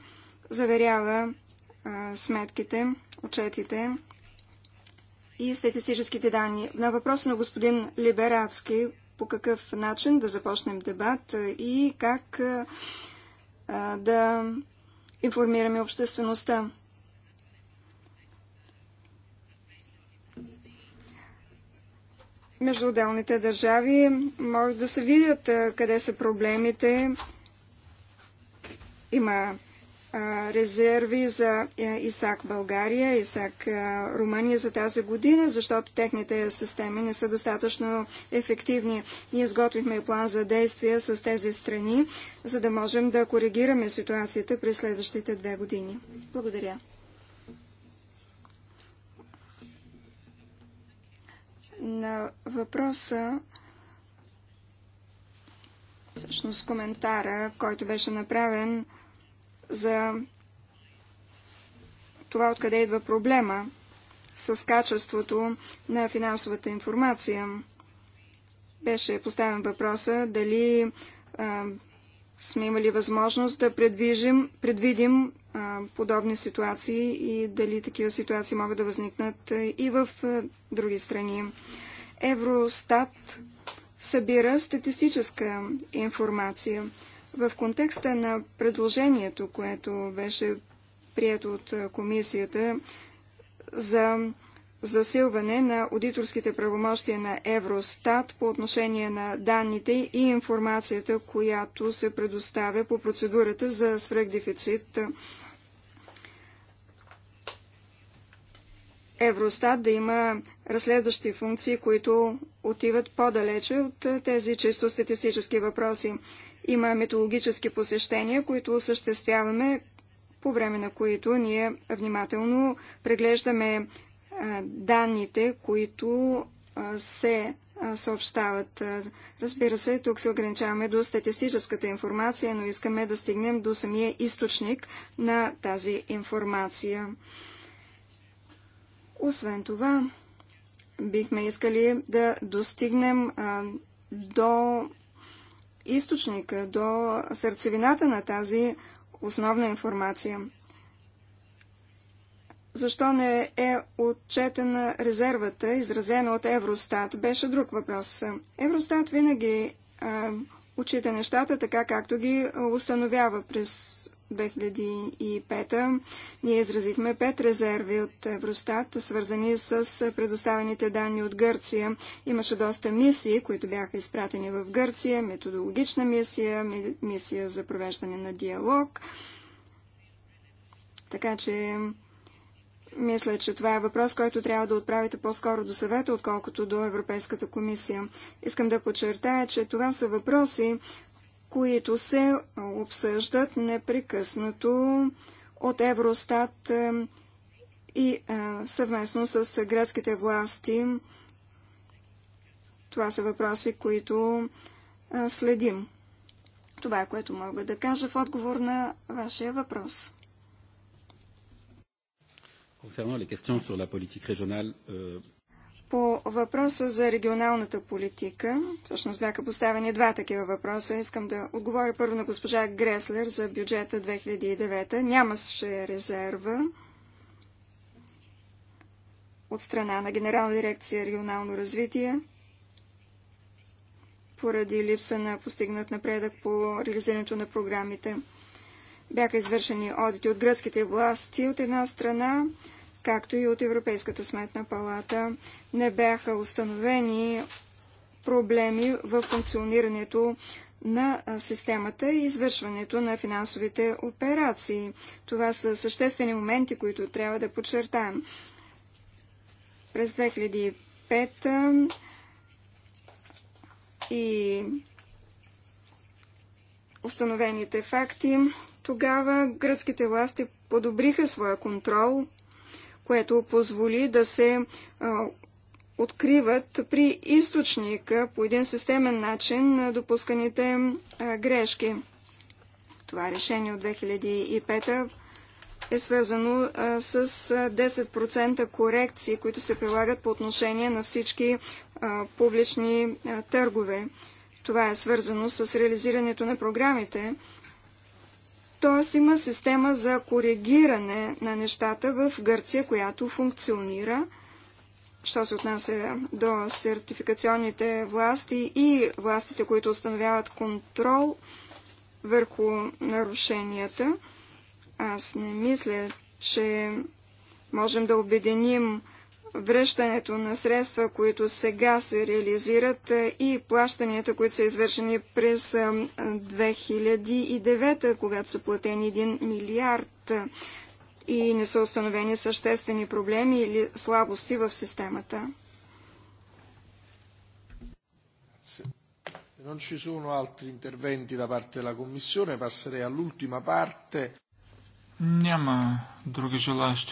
Speaker 3: заверява сметките, отчетите и статистическите данни. На въпроса на господин Либерацки по какъв начин да започнем дебат и как да информираме обществеността. Между отделните държави може да се видят къде са проблемите. Има резерви за ИСАК България, ИСАК Румъния за тази година, защото техните системи не са достатъчно ефективни. Ние изготвихме план за действие с тези страни, за да можем да коригираме ситуацията през следващите две години. Благодаря. На въпроса всъщност коментара, който беше направен за това откъде идва проблема с качеството на финансовата информация. Беше поставен въпроса дали а, сме имали възможност да предвижим, предвидим а, подобни ситуации и дали такива ситуации могат да възникнат и в а, други страни. Евростат събира статистическа информация. В контекста на предложението, което беше прието от комисията за засилване на аудиторските правомощия на Евростат по отношение на данните и информацията, която се предоставя по процедурата за свръхдефицит. Евростат да има разследващи функции, които отиват по-далече от тези чисто статистически въпроси. Има метологически посещения, които осъществяваме, по време на които ние внимателно преглеждаме данните, които се съобщават. Разбира се, тук се ограничаваме до статистическата информация, но искаме да стигнем до самия източник на тази информация. Освен това, бихме искали да достигнем до източника, до сърцевината на тази основна информация. Защо не е отчетена резервата, изразена от Евростат, беше друг въпрос. Евростат винаги а, нещата така, както ги установява през 2005 ние изразихме пет резерви от Евростат, свързани с предоставените данни от Гърция. Имаше доста мисии, които бяха изпратени в Гърция, методологична мисия, мисия за провеждане на диалог. Така че мисля, че това е въпрос, който трябва да отправите по-скоро до съвета, отколкото до Европейската комисия. Искам да подчертая, че това са въпроси, които се обсъждат непрекъснато от Евростат е, и е, съвместно с гръцките власти. Това са въпроси, които е, следим. Това е което мога да кажа в отговор на вашия въпрос.
Speaker 2: Concernant les questions sur la politique régionale, euh,
Speaker 3: по въпроса за регионалната политика, всъщност бяха поставени два такива въпроса. Искам да отговоря първо на госпожа Греслер за бюджета 2009. Нямаше резерва от страна на Генерална дирекция регионално развитие поради липса на постигнат напредък по реализирането на програмите. Бяха извършени одити от гръцките власти от една страна, както и от Европейската сметна палата, не бяха установени проблеми в функционирането на системата и извършването на финансовите операции. Това са съществени моменти, които трябва да подчертаем. През 2005 и установените факти, тогава гръцките власти подобриха своя контрол което позволи да се а, откриват при източника по един системен начин допусканите а, грешки. Това решение от 2005 е свързано а, с 10% корекции, които се прилагат по отношение на всички а, публични а, търгове. Това е свързано с реализирането на програмите, т.е. има система за коригиране на нещата в Гърция, която функционира. Що се отнася до сертификационните власти и властите, които установяват контрол върху нарушенията, аз не мисля, че можем да обединим връщането на средства, които сега се реализират е, и плащанията, които са извършени през 2009, е, когато са платени 1 милиард е, и не са установени съществени проблеми или слабости в системата.
Speaker 1: Non ci sono altri interventi da parte della Commissione, passerei all'ultima parte.
Speaker 2: Няма други желаящи